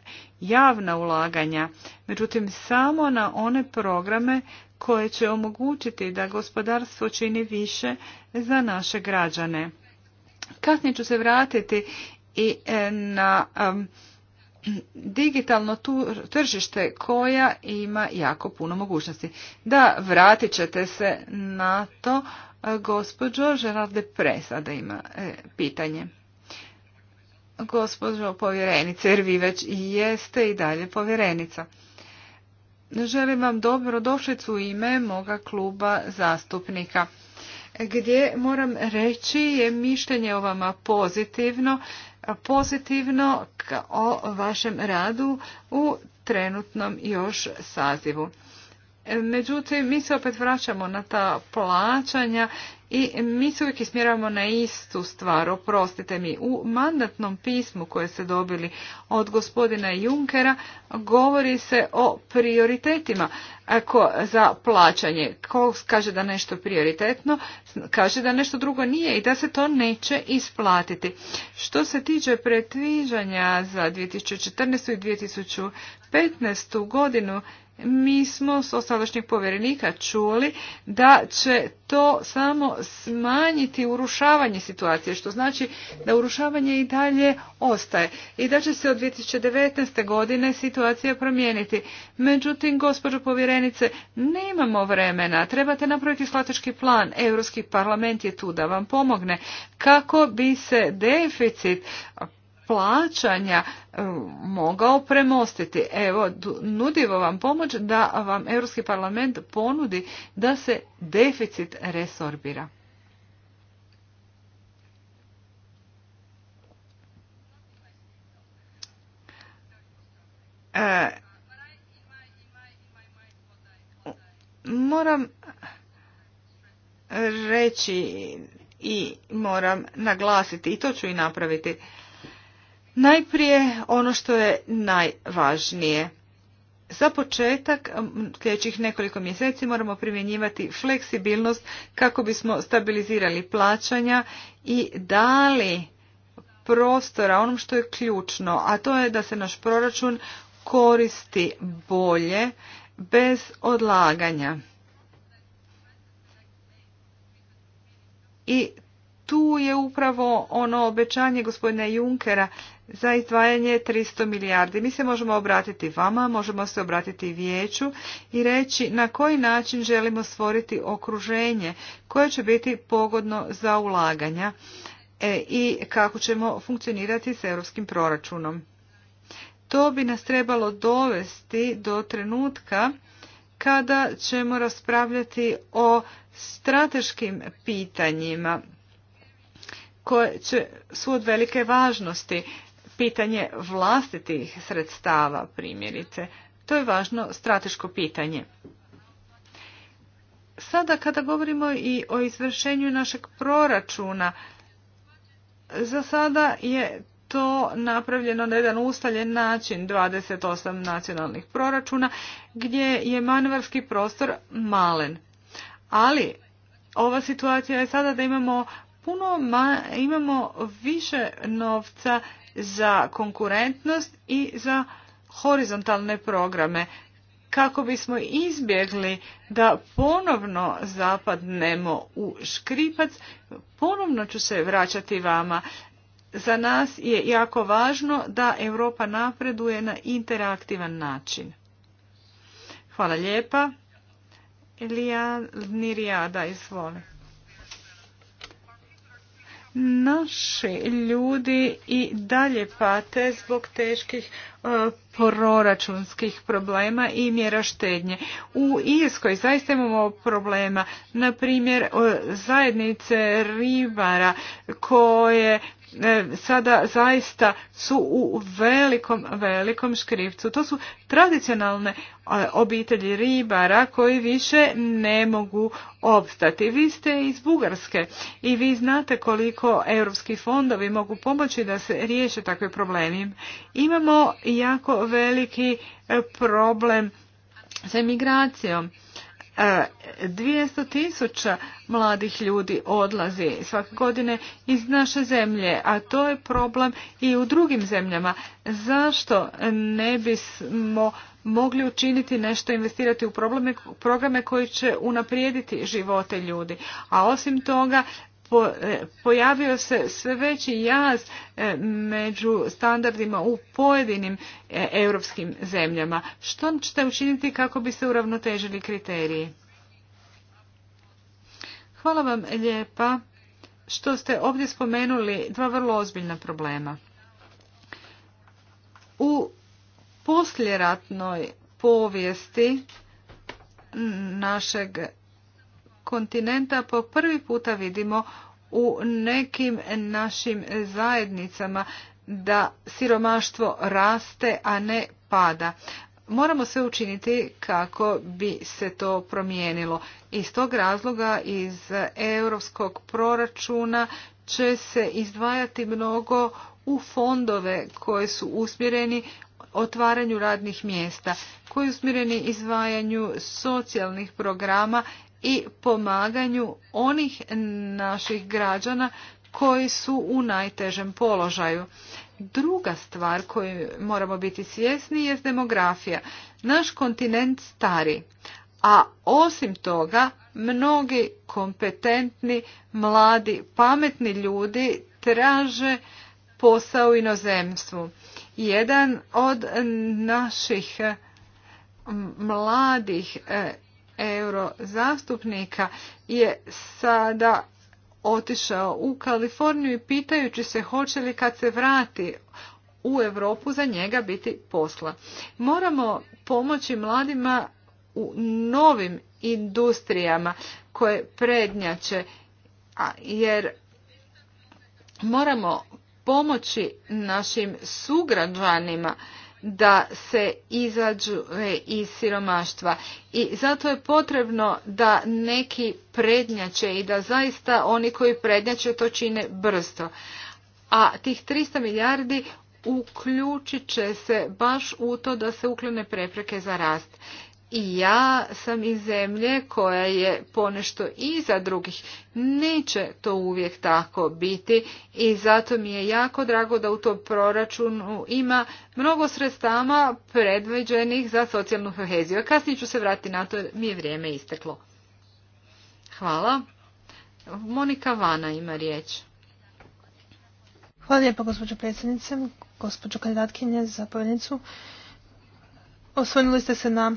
javna ulaganja, međutim samo na one programe koje će omogućiti da gospodarstvo čini više za naše građane. Kasnije ću se vratiti i e, na digitalno tržište koja ima jako puno mogućnosti. Da, vratit ćete se na to. E, gospođo Gerard de Presa ima e, pitanje. Gospođo povjerenice, jer vi već jeste i dalje povjerenica. Želim vam dobrodošlicu u ime moga kluba zastupnika. Gdje moram reći je mišljenje o vama pozitivno, pozitivno o vašem radu u trenutnom još sazivu. Međutim, mi se opet vraćamo na ta plaćanja i mi se uvijek ismjeravamo na istu stvar, oprostite mi. U mandatnom pismu koje ste dobili od gospodina Junkera govori se o prioritetima za plaćanje. Ko kaže da nešto prioritetno, kaže da nešto drugo nije i da se to neće isplatiti. Što se tiče pretviđanja za 2014. i 2015. godinu, mi smo s ostalošnjeg povjerenika čuli da će to samo smanjiti urušavanje situacije, što znači da urušavanje i dalje ostaje i da će se od 2019. godine situacija promijeniti. Međutim, gospođo povjerenice, nemamo vremena, trebate napraviti strateški plan, Europski parlament je tu da vam pomogne kako bi se deficit plaćanja e, mogao premostiti. Evo, nudivo vam pomoć da vam Europski parlament ponudi da se deficit resorbira. E, moram reći i moram naglasiti i to ću i napraviti Najprije ono što je najvažnije. Za početak sljedećih nekoliko mjeseci moramo primjenjivati fleksibilnost kako bismo stabilizirali plaćanja i dali prostora onom što je ključno, a to je da se naš proračun koristi bolje bez odlaganja. I tu je upravo ono obećanje gospodina Junkera za izdvajanje 300 milijardi. Mi se možemo obratiti vama, možemo se obratiti vijeću i reći na koji način želimo stvoriti okruženje koje će biti pogodno za ulaganja e, i kako ćemo funkcionirati s europskim proračunom. To bi nas trebalo dovesti do trenutka kada ćemo raspravljati o strateškim pitanjima koje će, su od velike važnosti pitanje vlastitih sredstava primjerice. To je važno strateško pitanje. Sada kada govorimo i o izvršenju našeg proračuna, za sada je to napravljeno na jedan ustaljen način 28 nacionalnih proračuna gdje je manevarski prostor malen. Ali ova situacija je sada da imamo puno ma, imamo više novca za konkurentnost i za horizontalne programe kako bismo izbjegli da ponovno zapadnemo u škripac, ponovno ću se vraćati vama. Za nas je jako važno da Europa napreduje na interaktivan način. Hvala lijepa. Elija Nirijada, izvolite Naši ljudi i dalje pate zbog teških e, proračunskih problema i mjera štednje. U Irskoj zaista imamo problema, na primjer zajednice ribara koje e, sada zaista su u velikom, velikom škrivcu. To su tradicionalne obitelji ribara koji više ne mogu opstati. Vi ste iz Bugarske i vi znate koliko europski fondovi mogu pomoći da se riješe takve problemi. Imamo jako veliki e, problem sa emigracijom. 200 e, tisuća mladih ljudi odlazi svake godine iz naše zemlje, a to je problem i u drugim zemljama. Zašto ne bismo mogli učiniti nešto, investirati u programe koji će unaprijediti živote ljudi? A osim toga, E, pojavio se sve veći jaz e, među standardima u pojedinim e, europskim zemljama. Što ćete učiniti kako bi se uravnotežili kriteriji? Hvala vam lijepa što ste ovdje spomenuli dva vrlo ozbiljna problema. U posljeratnoj povijesti našeg kontinenta po prvi puta vidimo u nekim našim zajednicama da siromaštvo raste, a ne pada. Moramo sve učiniti kako bi se to promijenilo. Iz tog razloga iz europskog proračuna će se izdvajati mnogo u fondove koje su usmjereni otvaranju radnih mjesta, koji su usmjereni izdvajanju socijalnih programa i pomaganju onih naših građana koji su u najtežem položaju. Druga stvar koju moramo biti svjesni je demografija. Naš kontinent stari, a osim toga mnogi kompetentni, mladi, pametni ljudi traže posao u inozemstvu. Jedan od naših mladih e, euro zastupnika je sada otišao u Kaliforniju i pitajući se hoće li kad se vrati u Europu za njega biti posla. Moramo pomoći mladima u novim industrijama koje prednjače, jer moramo pomoći našim sugrađanima da se izađu e, iz siromaštva. I zato je potrebno da neki prednjače i da zaista oni koji prednjače to čine brzo. A tih 300 milijardi uključit će se baš u to da se uklone prepreke za rast. I ja sam iz zemlje koja je ponešto iza drugih. Neće to uvijek tako biti i zato mi je jako drago da u tom proračunu ima mnogo sredstava predviđenih za socijalnu koheziju. Kasnije ću se vratiti na to mi je vrijeme isteklo. Hvala. Monika Vana ima riječ. Hvala lijepo gospođo predsjednice, gospođo kandidatkinje za povjednicu. Osvrnuli ste se na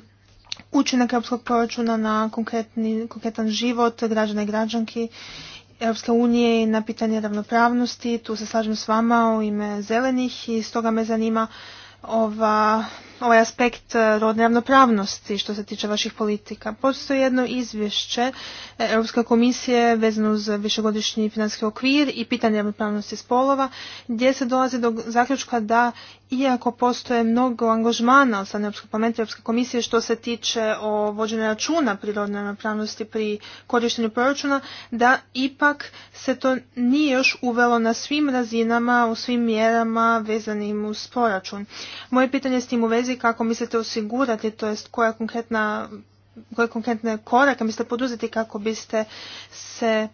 učinak europskog proračuna na konkretni, konkretan život građana i građanki Europske unije i na pitanje ravnopravnosti. Tu se slažem s vama u ime zelenih i stoga me zanima ova ovaj aspekt e, rodne ravnopravnosti što se tiče vaših politika. Postoji jedno izvješće e, Europske komisije vezano uz višegodišnji financijski okvir i pitanje ravnopravnosti spolova gdje se dolazi do zaključka da iako postoje mnogo angažmana od strane parlamenta Europske komisije što se tiče o vođenju računa pri rodnoj ravnopravnosti pri korištenju proračuna, da ipak se to nije još uvelo na svim razinama, u svim mjerama vezanim uz proračun. Moje pitanje s tim u vezi kako mislite osigurati, to jest koja konkretna koje konkretne korake mislite poduzeti kako biste se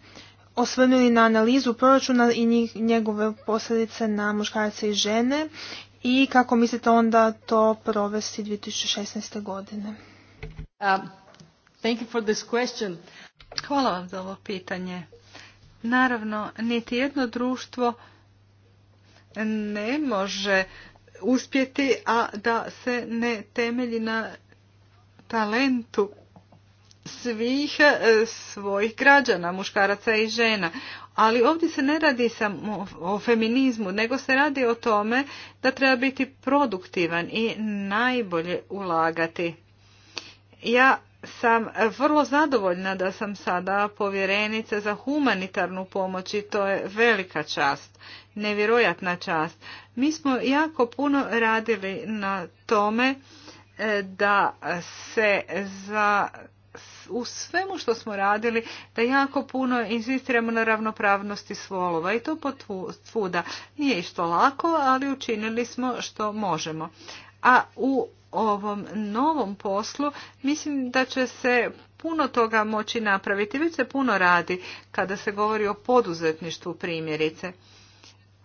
osvrnuli na analizu proračuna i njegove posljedice na muškarce i žene i kako mislite onda to provesti 2016. godine? Um, thank you for Hvala vam za ovo pitanje. Naravno, niti jedno društvo ne može uspjeti, a da se ne temelji na talentu svih e, svojih građana, muškaraca i žena. Ali ovdje se ne radi samo o feminizmu, nego se radi o tome da treba biti produktivan i najbolje ulagati. Ja sam vrlo zadovoljna da sam sada povjerenica za humanitarnu pomoć i to je velika čast, nevjerojatna čast. Mi smo jako puno radili na tome e, da se za u svemu što smo radili da jako puno inzistiramo na ravnopravnosti svolova i to potvuda. Nije isto lako, ali učinili smo što možemo. A u ovom novom poslu mislim da će se puno toga moći napraviti. Već se puno radi kada se govori o poduzetništvu primjerice.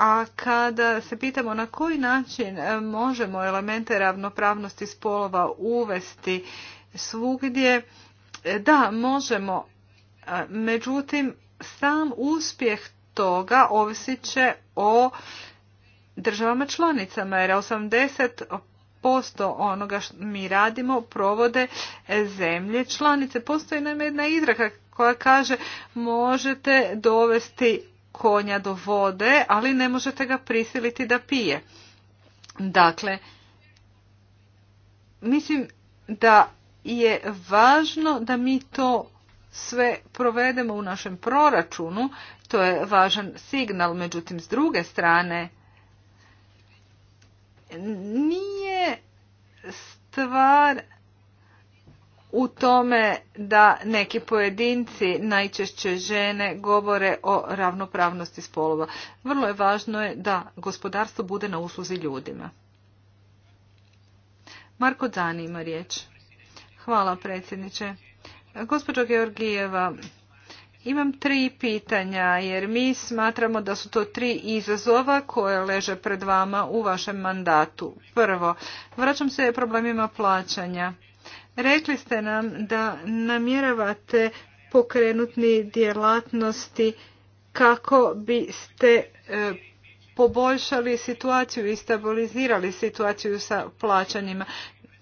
A kada se pitamo na koji način e, možemo elemente ravnopravnosti spolova uvesti svugdje, e, da, možemo. E, međutim, sam uspjeh toga ovisit će o državama članicama, jer 80% onoga što mi radimo provode zemlje članice. Postoji nam jedna izraka koja kaže možete dovesti konja do vode, ali ne možete ga prisiliti da pije. Dakle, mislim da je važno da mi to sve provedemo u našem proračunu, to je važan signal, međutim s druge strane nije stvar u tome da neki pojedinci, najčešće žene, govore o ravnopravnosti spolova. Vrlo je važno je da gospodarstvo bude na usluzi ljudima. Marko Dani ima riječ. Hvala predsjedniče. Gospođo Georgijeva, imam tri pitanja jer mi smatramo da su to tri izazova koje leže pred vama u vašem mandatu. Prvo, vraćam se problemima plaćanja. Rekli ste nam da namjeravate pokrenutni djelatnosti kako biste e, poboljšali situaciju i stabilizirali situaciju sa plaćanjima.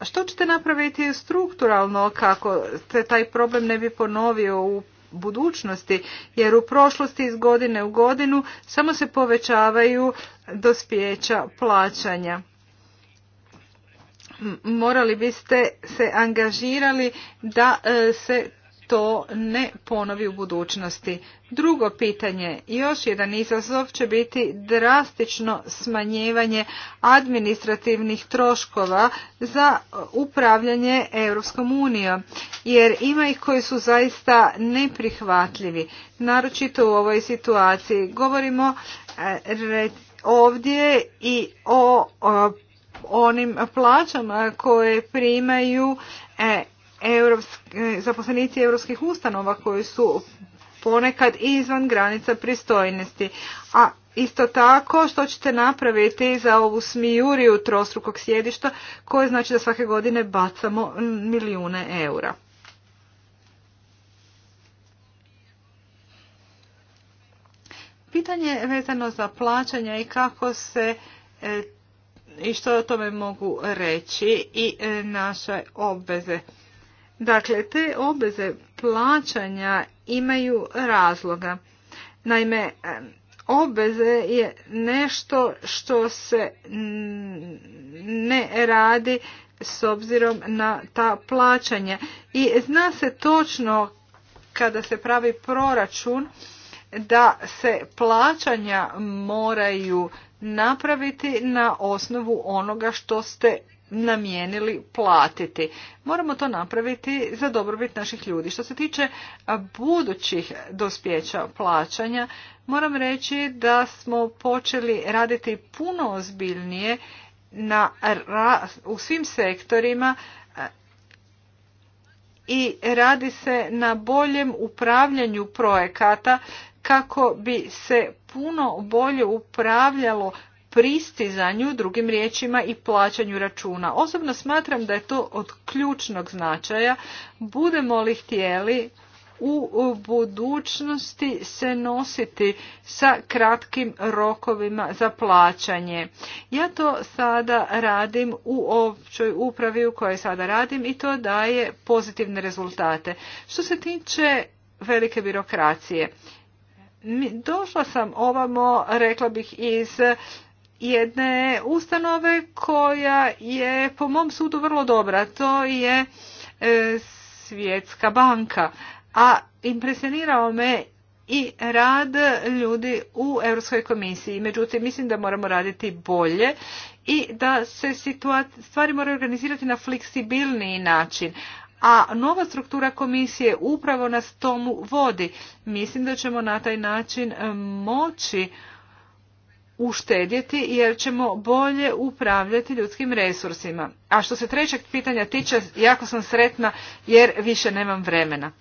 što ćete napraviti strukturalno kako se taj problem ne bi ponovio u budućnosti, jer u prošlosti iz godine u godinu samo se povećavaju dospjeća plaćanja morali biste se angažirali da e, se to ne ponovi u budućnosti. Drugo pitanje, još jedan izazov će biti drastično smanjivanje administrativnih troškova za upravljanje Europskom unijom, jer ima ih koji su zaista neprihvatljivi, naročito u ovoj situaciji. Govorimo e, ovdje i o onim plaćama koje primaju e, e, zaposlenici europskih ustanova koji su ponekad izvan granica pristojnosti. A isto tako što ćete napraviti za ovu smijuriju trostrukog sjedišta koje znači da svake godine bacamo milijune eura. Pitanje je vezano za plaćanja i kako se e, i što o tome mogu reći i e, naše obveze. Dakle, te obveze plaćanja imaju razloga. Naime, e, obveze je nešto što se ne radi s obzirom na ta plaćanja. I zna se točno kada se pravi proračun da se plaćanja moraju napraviti na osnovu onoga što ste namijenili platiti. Moramo to napraviti za dobrobit naših ljudi. Što se tiče budućih dospjeća plaćanja, moram reći da smo počeli raditi puno ozbiljnije na, u svim sektorima i radi se na boljem upravljanju projekata kako bi se puno bolje upravljalo pristizanju, drugim riječima i plaćanju računa. Osobno smatram da je to od ključnog značaja. Budemo li htjeli u budućnosti se nositi sa kratkim rokovima za plaćanje. Ja to sada radim u općoj upravi u kojoj sada radim i to daje pozitivne rezultate. Što se tiče velike birokracije, Došla sam ovamo, rekla bih, iz jedne ustanove koja je po mom sudu vrlo dobra. To je e, Svjetska banka. A impresionirao me i rad ljudi u Europskoj komisiji. Međutim, mislim da moramo raditi bolje i da se stvari moraju organizirati na fleksibilniji način, a nova struktura komisije upravo nas tomu vodi. Mislim da ćemo na taj način e, moći uštedjeti jer ćemo bolje upravljati ljudskim resursima. A što se trećeg pitanja tiče, jako sam sretna jer više nemam vremena.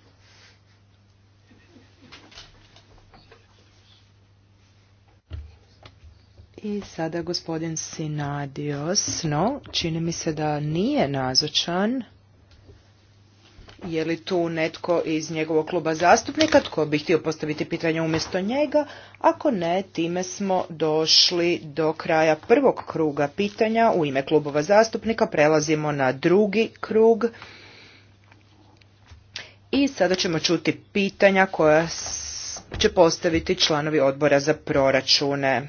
I sada gospodin Sinadio Sno, čini mi se da nije nazočan. Je li tu netko iz njegovog kluba zastupnika tko bi htio postaviti pitanje umjesto njega? Ako ne, time smo došli do kraja prvog kruga pitanja u ime klubova zastupnika. Prelazimo na drugi krug. I sada ćemo čuti pitanja koja će postaviti članovi odbora za proračune.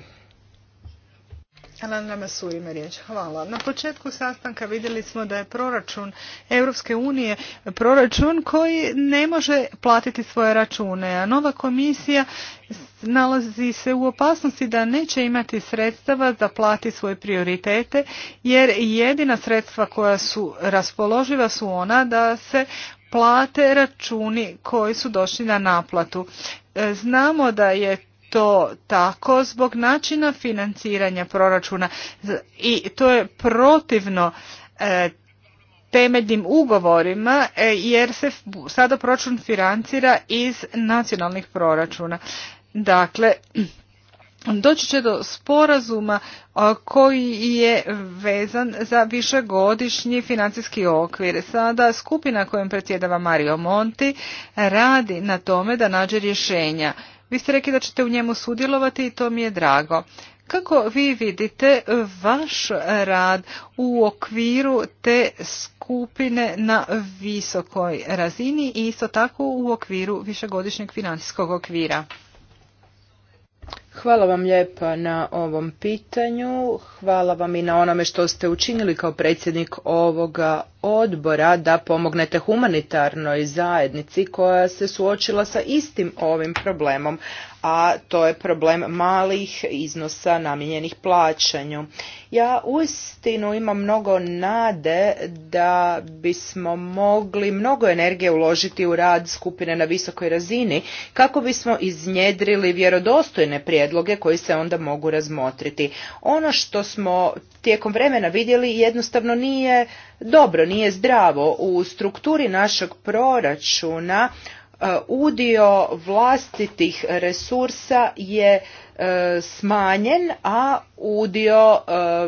Hvala. Na početku sastanka vidjeli smo da je proračun Europske unije proračun koji ne može platiti svoje račune, a nova komisija nalazi se u opasnosti da neće imati sredstava da plati svoje prioritete, jer jedina sredstva koja su raspoloživa su ona da se plate računi koji su došli na naplatu. Znamo da je to tako zbog načina financiranja proračuna i to je protivno e, temeljnim ugovorima e, jer se sada proračun financira iz nacionalnih proračuna. Dakle, doći će do sporazuma koji je vezan za višegodišnji financijski okvir. Sada skupina kojom predsjedava Mario Monti radi na tome da nađe rješenja. Vi ste rekli da ćete u njemu sudjelovati i to mi je drago. Kako vi vidite vaš rad u okviru te skupine na visokoj razini i isto tako u okviru višegodišnjeg financijskog okvira? Hvala vam lijepa na ovom pitanju. Hvala vam i na onome što ste učinili kao predsjednik ovoga odbora da pomognete humanitarnoj zajednici koja se suočila sa istim ovim problemom, a to je problem malih iznosa namijenjenih plaćanju. Ja uistinu imam mnogo nade da bismo mogli mnogo energije uložiti u rad skupine na visokoj razini kako bismo iznjedrili vjerodostojne prijatelje prijedloge koji se onda mogu razmotriti. Ono što smo tijekom vremena vidjeli jednostavno nije dobro, nije zdravo. U strukturi našeg proračuna e, udio vlastitih resursa je e, smanjen, a udio e,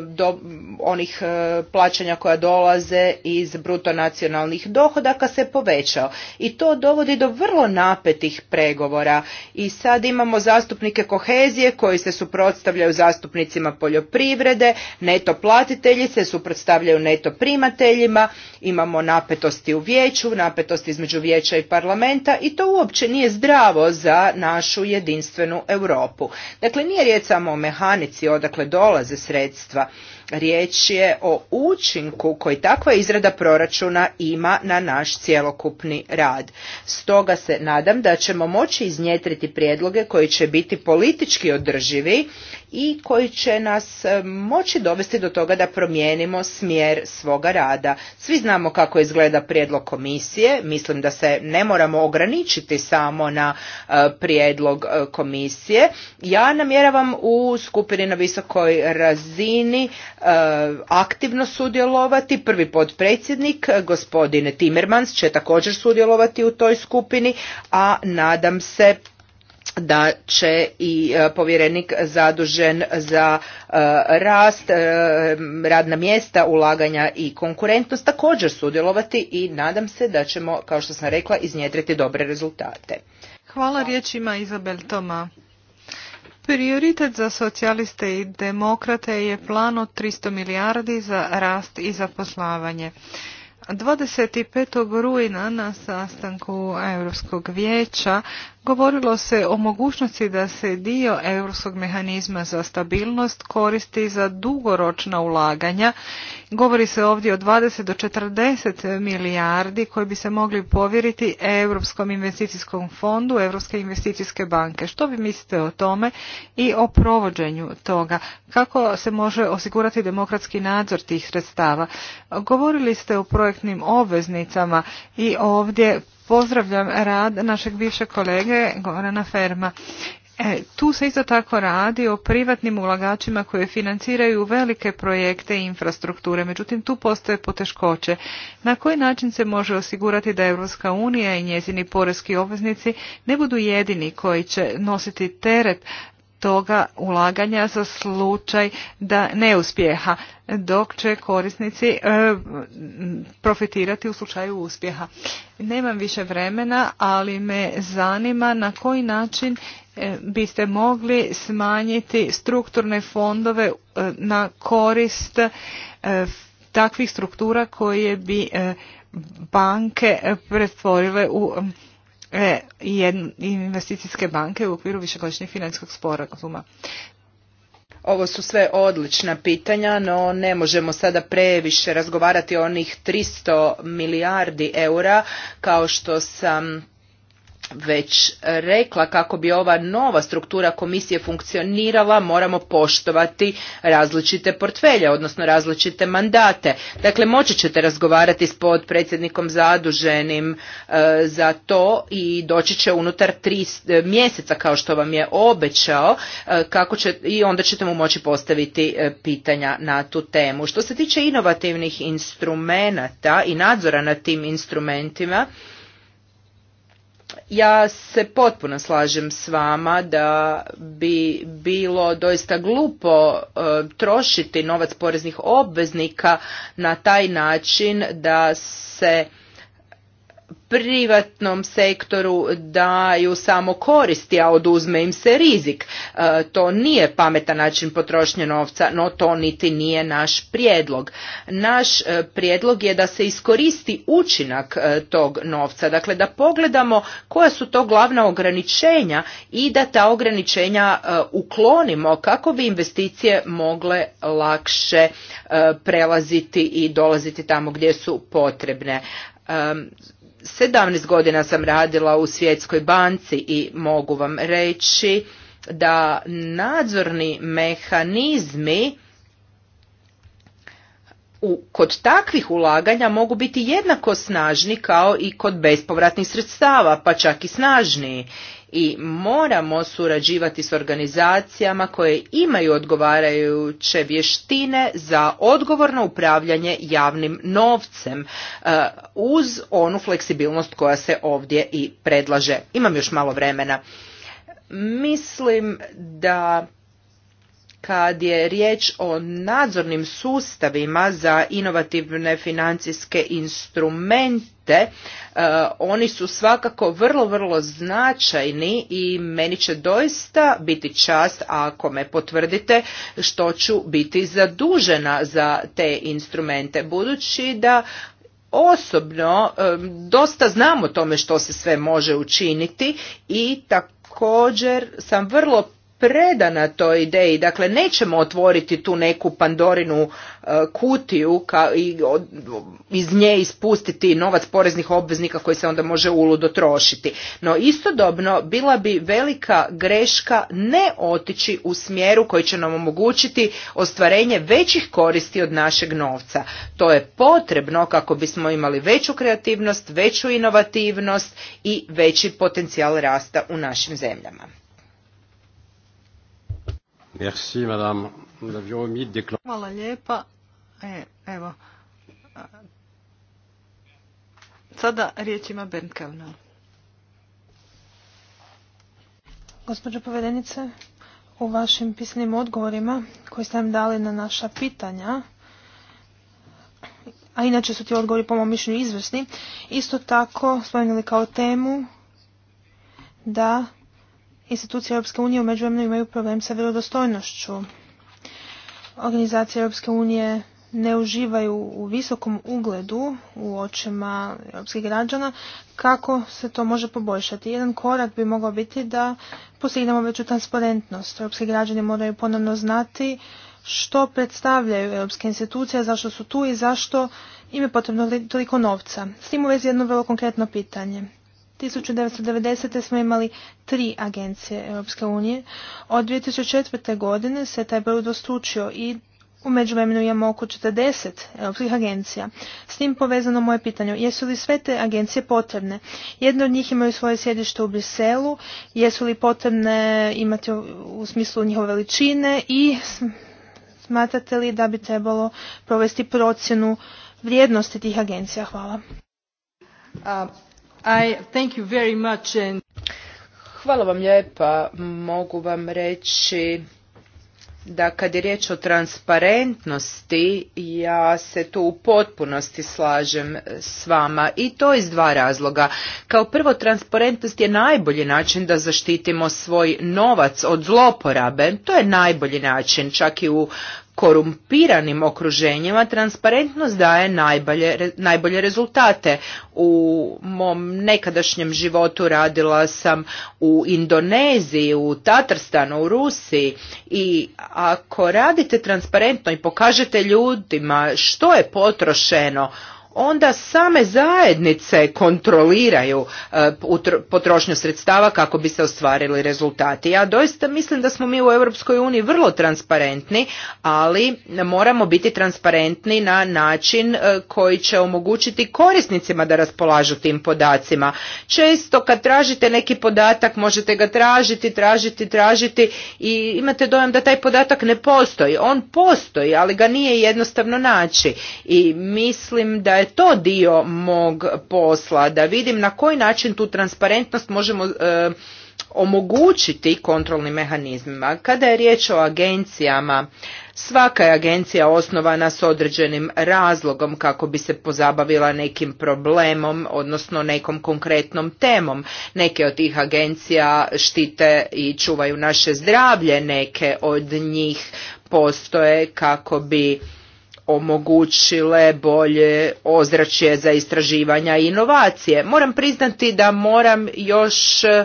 do onih e, plaćanja koja dolaze iz bruto nacionalnih dohodaka se povećao i to dovodi do vrlo napetih pregovora i sad imamo zastupnike kohezije koji se suprotstavljaju zastupnicima poljoprivrede neto platitelji se suprotstavljaju neto primateljima imamo napetosti u vijeću napetosti između vijeća i parlamenta i to uopće nije zdravo za našu jedinstvenu Europu dakle nije riječ samo o mehanici odakle Dakle, dolaze sredstva. Riječ je o učinku koji takva izrada proračuna ima na naš cjelokupni rad. Stoga se nadam da ćemo moći iznjetriti prijedloge koji će biti politički održivi i koji će nas e, moći dovesti do toga da promijenimo smjer svoga rada. Svi znamo kako izgleda prijedlog komisije, mislim da se ne moramo ograničiti samo na e, prijedlog e, komisije. Ja namjeravam u skupini na visokoj razini aktivno sudjelovati. Prvi podpredsjednik, gospodin Timmermans, će također sudjelovati u toj skupini, a nadam se da će i e, povjerenik zadužen za e, rast, e, radna mjesta, ulaganja i konkurentnost također sudjelovati i nadam se da ćemo, kao što sam rekla, iznjedriti dobre rezultate. Hvala riječima Izabel Toma. Prioritet za socijaliste i demokrate je plan od 300 milijardi za rast i zaposlavanje. 25. rujna na sastanku Europskog vijeća Govorilo se o mogućnosti da se dio europskog mehanizma za stabilnost koristi za dugoročna ulaganja. Govori se ovdje o 20 do 40 milijardi koji bi se mogli povjeriti Europskom investicijskom fondu, Europske investicijske banke. Što vi mislite o tome i o provođenju toga? Kako se može osigurati demokratski nadzor tih sredstava? Govorili ste o projektnim obveznicama i ovdje pozdravljam rad našeg bivšeg kolege Gorana Ferma. E, tu se isto tako radi o privatnim ulagačima koje financiraju velike projekte i infrastrukture, međutim tu postoje poteškoće. Na koji način se može osigurati da Europska unija i njezini porezki obveznici ne budu jedini koji će nositi teret toga ulaganja za slučaj da neuspjeha, dok će korisnici e, profitirati u slučaju uspjeha. Nemam više vremena, ali me zanima na koji način e, biste mogli smanjiti strukturne fondove e, na korist takvih struktura koje bi banke pretvorile u E, investicijske banke u okviru višegodišnjeg financijskog sporazuma. Ovo su sve odlična pitanja, no ne možemo sada previše razgovarati o onih 300 milijardi eura kao što sam već rekla kako bi ova nova struktura komisije funkcionirala moramo poštovati različite portfelje, odnosno različite mandate. Dakle, moći ćete razgovarati s podpredsjednikom zaduženim e, za to i doći će unutar tri e, mjeseca kao što vam je obećao e, kako će, i onda ćete mu moći postaviti pitanja na tu temu. Što se tiče inovativnih instrumenata i nadzora nad tim instrumentima, ja se potpuno slažem s vama da bi bilo doista glupo e, trošiti novac poreznih obveznika na taj način da se privatnom sektoru daju samo koristi, a oduzme im se rizik. E, to nije pametan način potrošnje novca, no to niti nije naš prijedlog. Naš e, prijedlog je da se iskoristi učinak e, tog novca, dakle da pogledamo koja su to glavna ograničenja i da ta ograničenja uklonimo kako bi investicije mogle lakše prelaziti i dolaziti tamo gdje su potrebne 17 godina sam radila u Svjetskoj banci i mogu vam reći da nadzorni mehanizmi u, kod takvih ulaganja mogu biti jednako snažni kao i kod bespovratnih sredstava, pa čak i snažniji i moramo surađivati s organizacijama koje imaju odgovarajuće vještine za odgovorno upravljanje javnim novcem e, uz onu fleksibilnost koja se ovdje i predlaže. Imam još malo vremena. Mislim da kad je riječ o nadzornim sustavima za inovativne financijske instrumente, e, oni su svakako vrlo, vrlo značajni i meni će doista biti čast ako me potvrdite što ću biti zadužena za te instrumente, budući da osobno e, dosta znam o tome što se sve može učiniti i također sam vrlo predana toj ideji. Dakle, nećemo otvoriti tu neku pandorinu e, kutiju i iz nje ispustiti novac poreznih obveznika koji se onda može uludo trošiti. No istodobno bila bi velika greška ne otići u smjeru koji će nam omogućiti ostvarenje većih koristi od našeg novca. To je potrebno kako bismo imali veću kreativnost, veću inovativnost i veći potencijal rasta u našim zemljama. Hvala lijepa. E, evo. Sada riječ ima Bernd Gospođo povedenice, u vašim pisnim odgovorima koji ste nam dali na naša pitanja, a inače su ti odgovori po mom mišljenju izvrsni, isto tako spomenuli kao temu da institucije Europske unije u međuvremenu imaju problem sa vjerodostojnošću. Organizacije Europske unije ne uživaju u visokom ugledu u očima europskih građana, kako se to može poboljšati? Jedan korak bi mogao biti da postignemo veću transparentnost. Europski građani moraju ponovno znati što predstavljaju europske institucije, zašto su tu i zašto im je potrebno toliko novca. S tim u vezi jedno vrlo konkretno pitanje. 1990. smo imali tri agencije Europske unije. Od 2004. godine se taj broj dostučio i u međuvremenu imamo oko 40 europskih agencija. S tim povezano moje pitanje, jesu li sve te agencije potrebne? Jedno od njih imaju svoje sjedište u Briselu, jesu li potrebne imati u smislu njihove veličine i smatrate li da bi trebalo provesti procjenu vrijednosti tih agencija? Hvala. Hvala vam lijepa. Mogu vam reći da kad je riječ o transparentnosti, ja se tu u potpunosti slažem s vama i to iz dva razloga. Kao prvo, transparentnost je najbolji način da zaštitimo svoj novac od zloporabe. To je najbolji način, čak i u korumpiranim okruženjima transparentnost daje najbolje, najbolje rezultate. U mom nekadašnjem životu radila sam u Indoneziji, u Tatarstanu, u Rusiji i ako radite transparentno i pokažete ljudima što je potrošeno, onda same zajednice kontroliraju e, potrošnju sredstava kako bi se ostvarili rezultati. Ja doista mislim da smo mi u Europskoj uniji vrlo transparentni, ali moramo biti transparentni na način e, koji će omogućiti korisnicima da raspolažu tim podacima. Često kad tražite neki podatak možete ga tražiti, tražiti, tražiti i imate dojam da taj podatak ne postoji. On postoji, ali ga nije jednostavno naći i mislim da je to dio mog posla, da vidim na koji način tu transparentnost možemo e, omogućiti kontrolnim mehanizmima. Kada je riječ o agencijama, svaka je agencija osnovana s određenim razlogom kako bi se pozabavila nekim problemom, odnosno nekom konkretnom temom. Neke od tih agencija štite i čuvaju naše zdravlje, neke od njih postoje kako bi omogućile bolje ozračje za istraživanja i inovacije. Moram priznati da moram još e, e,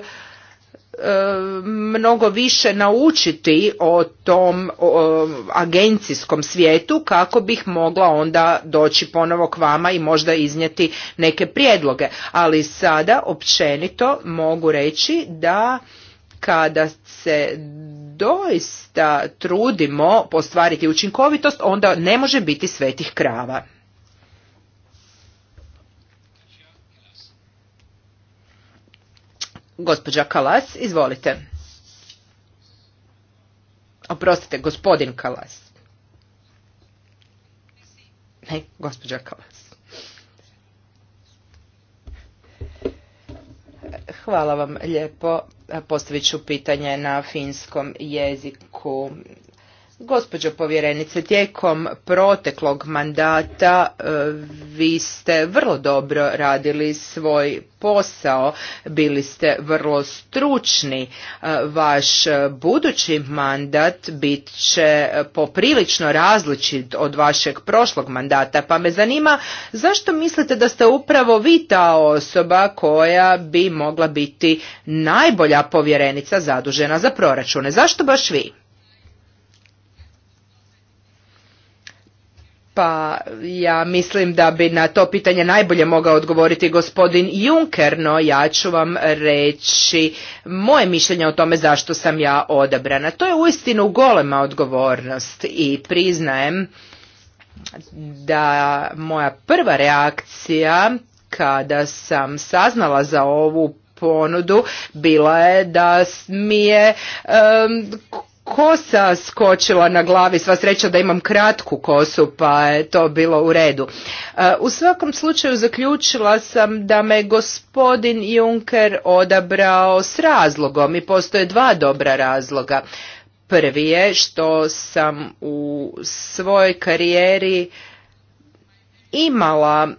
mnogo više naučiti o tom agencijskom svijetu kako bih mogla onda doći ponovo k vama i možda iznijeti neke prijedloge. Ali sada općenito mogu reći da kada se doista trudimo postvariti učinkovitost, onda ne može biti svetih krava. Gospođa Kalas, izvolite. Oprostite, gospodin Kalas. Ne, gospođa Kalas. Hvala vam lijepo. Postavit ću pitanje na finskom jeziku. Gospođo povjerenice, tijekom proteklog mandata e, vi ste vrlo dobro radili svoj posao, bili ste vrlo stručni. E, vaš budući mandat bit će poprilično različit od vašeg prošlog mandata, pa me zanima zašto mislite da ste upravo vi ta osoba koja bi mogla biti najbolja povjerenica zadužena za proračune? Zašto baš vi? Pa ja mislim da bi na to pitanje najbolje mogao odgovoriti gospodin Juncker, no ja ću vam reći moje mišljenje o tome zašto sam ja odabrana. To je uistinu golema odgovornost i priznajem da moja prva reakcija kada sam saznala za ovu ponudu bila je da mi je kosa skočila na glavi, sva sreća da imam kratku kosu pa je to bilo u redu. E, u svakom slučaju zaključila sam da me gospodin Juncker odabrao s razlogom i postoje dva dobra razloga. Prvi je što sam u svojoj karijeri imala e,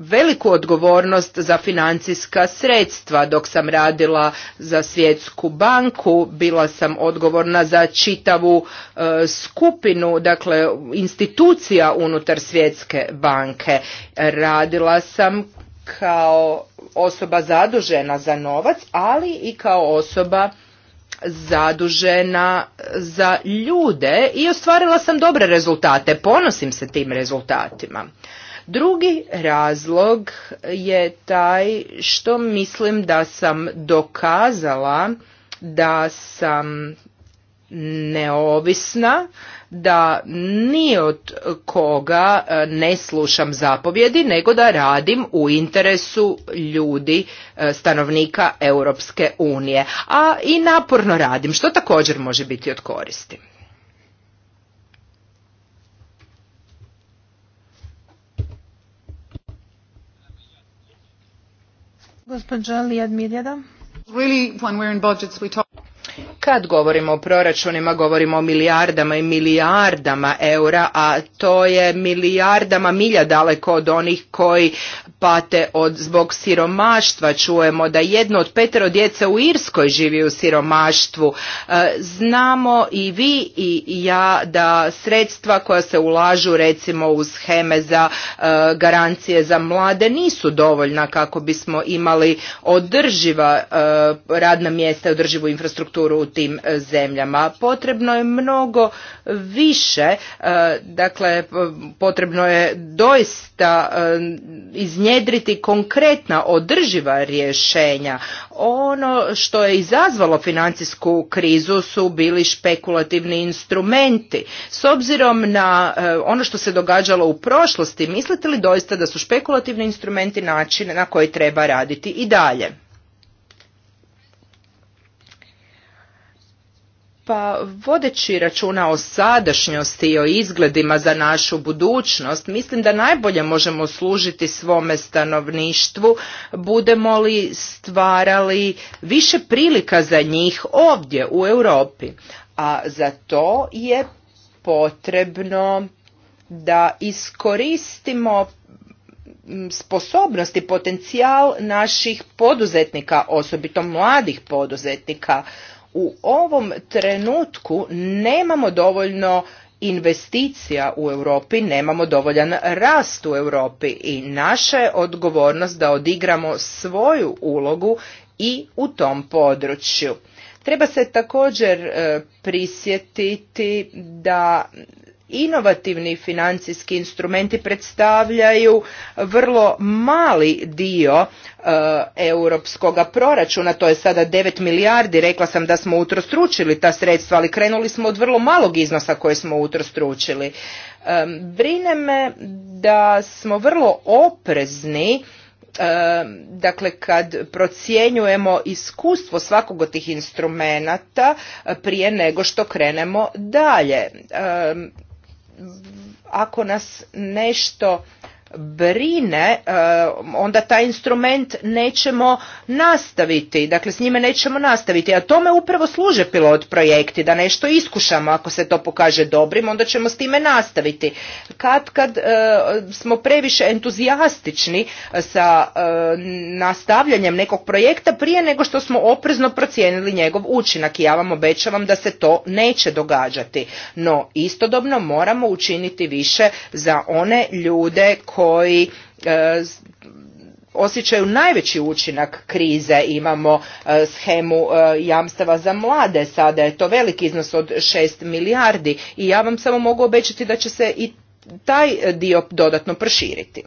veliku odgovornost za financijska sredstva dok sam radila za svjetsku banku bila sam odgovorna za čitavu e, skupinu dakle institucija unutar svjetske banke radila sam kao osoba zadužena za novac ali i kao osoba zadužena za ljude i ostvarila sam dobre rezultate. Ponosim se tim rezultatima. Drugi razlog je taj što mislim da sam dokazala da sam neovisna, da ni od koga e, ne slušam zapovjedi, nego da radim u interesu ljudi, e, stanovnika Europske unije. A i naporno radim, što također može biti od koristi. Gospodža Lijad Really, when we're in budgets, we talk... Kad govorimo o proračunima, govorimo o milijardama i milijardama eura, a to je milijardama milja daleko od onih koji pate od, zbog siromaštva. Čujemo da jedno od petero djece u Irskoj živi u siromaštvu. E, znamo i vi i ja da sredstva koja se ulažu recimo u scheme za e, garancije za mlade nisu dovoljna kako bismo imali održiva e, radna mjesta i održivu infrastrukturu infrastrukturu u tim e, zemljama. Potrebno je mnogo više, e, dakle potrebno je doista e, iznjedriti konkretna održiva rješenja. Ono što je izazvalo financijsku krizu su bili špekulativni instrumenti. S obzirom na ono što se događalo u prošlosti, mislite li doista da su špekulativni instrumenti način na koji treba raditi i dalje? pa vodeći računa o sadašnjosti i o izgledima za našu budućnost, mislim da najbolje možemo služiti svome stanovništvu, budemo li stvarali više prilika za njih ovdje u Europi. A za to je potrebno da iskoristimo sposobnost i potencijal naših poduzetnika, osobito mladih poduzetnika u ovom trenutku nemamo dovoljno investicija u Europi, nemamo dovoljan rast u Europi i naša je odgovornost da odigramo svoju ulogu i u tom području. Treba se također e, prisjetiti da inovativni financijski instrumenti predstavljaju vrlo mali dio eh, europskoga proračuna, to je sada 9 milijardi, rekla sam da smo utrostručili ta sredstva, ali krenuli smo od vrlo malog iznosa koje smo utrostručili. Eh, brine me da smo vrlo oprezni eh, dakle kad procjenjujemo iskustvo svakog od tih instrumenata prije nego što krenemo dalje ako nas nešto brine, e, onda taj instrument nećemo nastaviti, dakle s njime nećemo nastaviti, a tome upravo služe pilot projekti, da nešto iskušamo, ako se to pokaže dobrim, onda ćemo s time nastaviti. Kad, kad e, smo previše entuzijastični e, sa nastavljanjem nekog projekta prije nego što smo oprezno procijenili njegov učinak i ja vam obećavam da se to neće događati, no istodobno moramo učiniti više za one ljude koji koji e, osjećaju najveći učinak krize. Imamo shemu schemu e, jamstava za mlade, sada je to velik iznos od 6 milijardi i ja vam samo mogu obećati da će se i taj dio dodatno proširiti.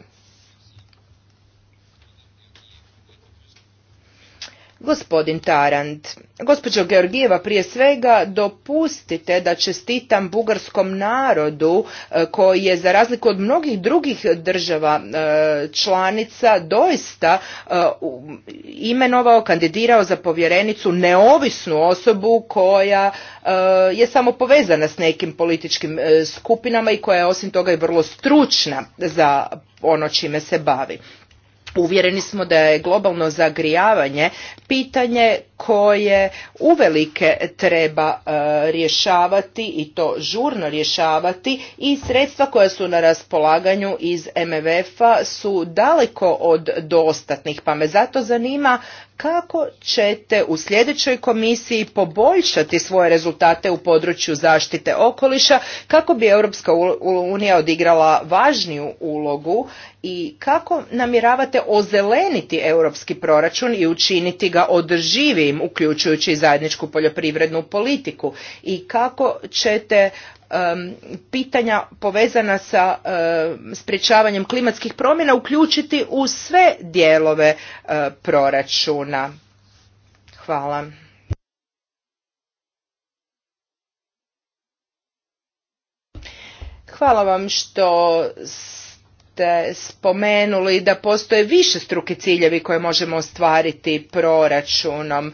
Gospodin Tarant, gospođo Georgijeva, prije svega dopustite da čestitam bugarskom narodu e, koji je za razliku od mnogih drugih država e, članica doista e, imenovao, kandidirao za povjerenicu neovisnu osobu koja je samo povezana s nekim političkim skupinama i koja je osim toga i vrlo stručna za ono čime se bavi. Uvjereni smo da je globalno zagrijavanje pitanje koje uvelike treba e, rješavati i to žurno rješavati i sredstva koja su na raspolaganju iz MMF-a su daleko od dostatnih pa me zato zanima kako ćete u sljedećoj komisiji poboljšati svoje rezultate u području zaštite okoliša kako bi Europska unija odigrala važniju ulogu i kako namjeravate ozeleniti europski proračun i učiniti ga održivijim uključujući zajedničku poljoprivrednu politiku i kako ćete pitanja povezana sa sprječavanjem klimatskih promjena uključiti u sve dijelove e, proračuna. Hvala. Hvala vam što ste spomenuli da postoje više struke ciljevi koje možemo ostvariti proračunom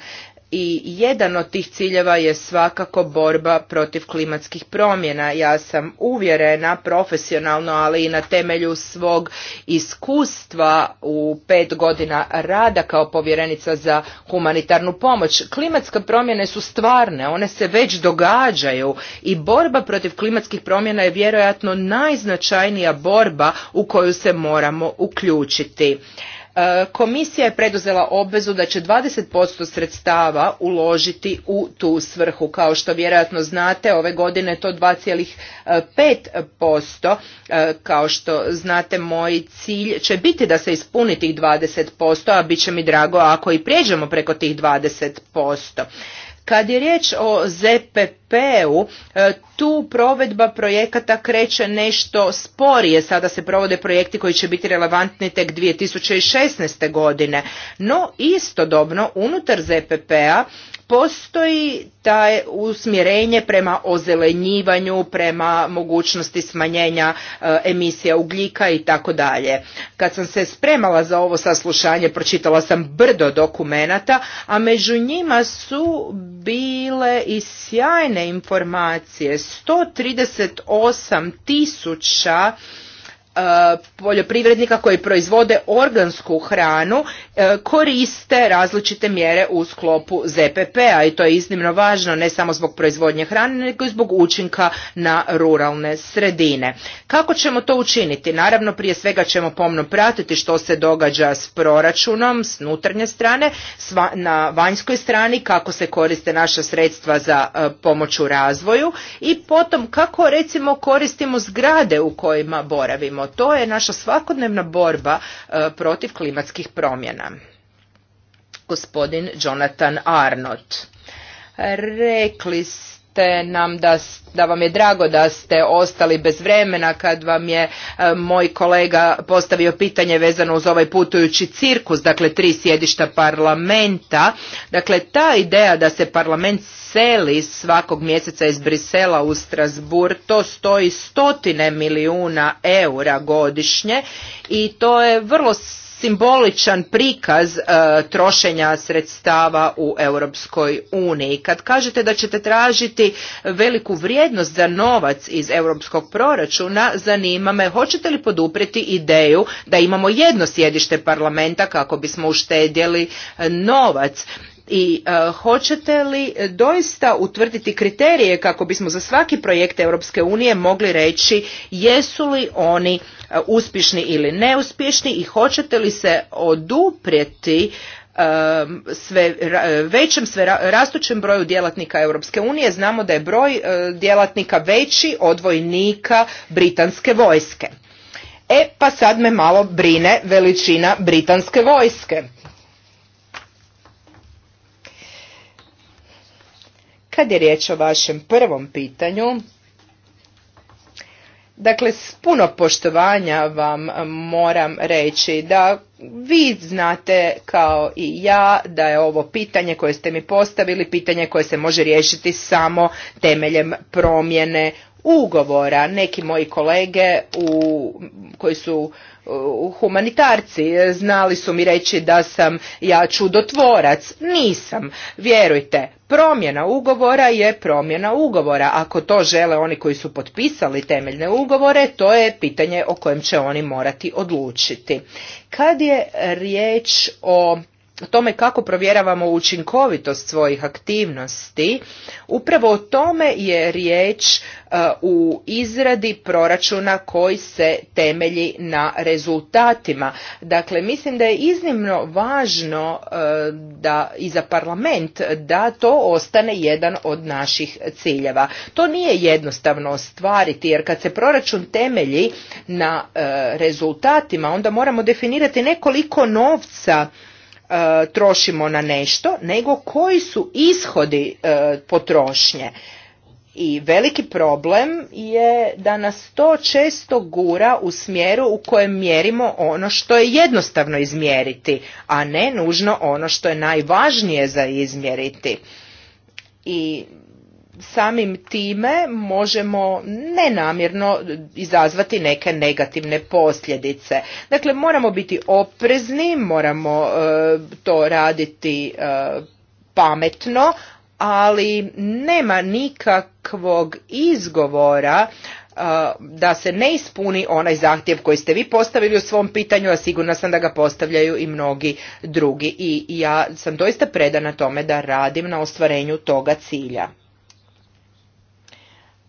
i jedan od tih ciljeva je svakako borba protiv klimatskih promjena. Ja sam uvjerena profesionalno, ali i na temelju svog iskustva u pet godina rada kao povjerenica za humanitarnu pomoć. Klimatske promjene su stvarne, one se već događaju i borba protiv klimatskih promjena je vjerojatno najznačajnija borba u koju se moramo uključiti. E, komisija je preduzela obvezu da će 20% sredstava uložiti u tu svrhu. Kao što vjerojatno znate, ove godine to to 2,5%. E, kao što znate, moj cilj će biti da se ispuni tih 20%, a bit će mi drago ako i prijeđemo preko tih 20%. Kad je riječ o ZPP-u, e, tu provedba projekata kreće nešto sporije. Sada se provode projekti koji će biti relevantni tek 2016. godine. No istodobno unutar ZPP-a postoji taj usmjerenje prema ozelenjivanju, prema mogućnosti smanjenja e, emisija ugljika i tako dalje. Kad sam se spremala za ovo saslušanje, pročitala sam brdo dokumenata, a među njima su bile i sjajne informacije. 138 tisuća E, poljoprivrednika koji proizvode organsku hranu e, koriste različite mjere u sklopu ZPP-a i to je iznimno važno ne samo zbog proizvodnje hrane nego i zbog učinka na ruralne sredine. Kako ćemo to učiniti? Naravno prije svega ćemo pomno pratiti što se događa s proračunom s unutarnje strane, na vanjskoj strani kako se koriste naša sredstva za e, pomoć u razvoju i potom kako recimo koristimo zgrade u kojima boravimo to je naša svakodnevna borba e, protiv klimatskih promjena. Gospodin Jonathan Arnott. Rekli te nam da, da vam je drago da ste ostali bez vremena kad vam je e, moj kolega postavio pitanje vezano uz ovaj putujući cirkus, dakle tri sjedišta parlamenta. Dakle, ta ideja da se parlament seli svakog mjeseca iz Brisela u strasbourg to stoji stotine milijuna eura godišnje i to je vrlo simboličan prikaz e, trošenja sredstava u Europskoj uniji. Kad kažete da ćete tražiti veliku vrijednost za novac iz europskog proračuna, zanima me hoćete li poduprijeti ideju da imamo jedno sjedište parlamenta kako bismo uštedjeli e, novac i e, hoćete li doista utvrditi kriterije kako bismo za svaki projekt Europske unije mogli reći jesu li oni e, uspješni ili neuspješni i hoćete li se oduprijeti e, sve većem sve rastućem broju djelatnika Europske unije znamo da je broj djelatnika veći od vojnika britanske vojske. E pa sad me malo brine veličina britanske vojske. Kad je riječ o vašem prvom pitanju, Dakle, s puno poštovanja vam moram reći da vi znate kao i ja da je ovo pitanje koje ste mi postavili, pitanje koje se može riješiti samo temeljem promjene ugovora. Neki moji kolege u, koji su humanitarci. Znali su mi reći da sam ja čudotvorac. Nisam. Vjerujte, promjena ugovora je promjena ugovora. Ako to žele oni koji su potpisali temeljne ugovore, to je pitanje o kojem će oni morati odlučiti. Kad je riječ o tome kako provjeravamo učinkovitost svojih aktivnosti, upravo o tome je riječ e, u izradi proračuna koji se temelji na rezultatima. Dakle, mislim da je iznimno važno e, da i za parlament da to ostane jedan od naših ciljeva. To nije jednostavno ostvariti jer kad se proračun temelji na e, rezultatima onda moramo definirati nekoliko novca E, trošimo na nešto nego koji su ishodi e, potrošnje i veliki problem je da nas to često gura u smjeru u kojem mjerimo ono što je jednostavno izmjeriti a ne nužno ono što je najvažnije za izmjeriti i samim time možemo nenamjerno izazvati neke negativne posljedice. Dakle, moramo biti oprezni, moramo e, to raditi e, pametno, ali nema nikakvog izgovora e, da se ne ispuni onaj zahtjev koji ste vi postavili u svom pitanju, a sigurna sam da ga postavljaju i mnogi drugi. I ja sam doista predana tome da radim na ostvarenju toga cilja.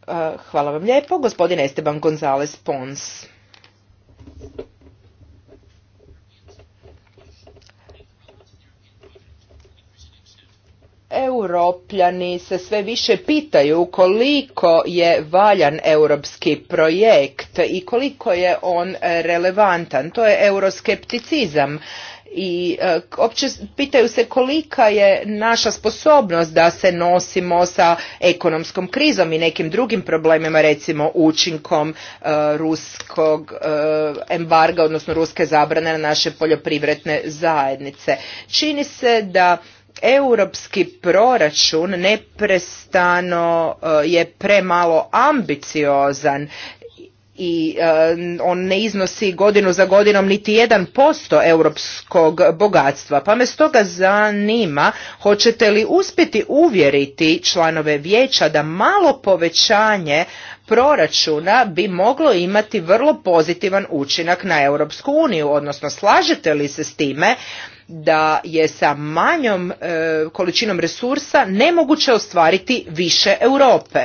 Eh, hvala vam lijepo. Gospodin Esteban González Pons. Europljani se sve više pitaju koliko je valjan europski projekt i koliko je on relevantan. To je euroskepticizam i e, opće pitaju se kolika je naša sposobnost da se nosimo sa ekonomskom krizom i nekim drugim problemima recimo učinkom e, ruskog e, embarga odnosno ruske zabrane na naše poljoprivredne zajednice čini se da europski proračun neprestano je premalo ambiciozan i e, on ne iznosi godinu za godinom niti jedan posto europskog bogatstva pa me stoga zanima hoćete li uspjeti uvjeriti članove vijeća da malo povećanje proračuna bi moglo imati vrlo pozitivan učinak na europsku uniju odnosno slažete li se s time da je sa manjom e, količinom resursa nemoguće ostvariti više europe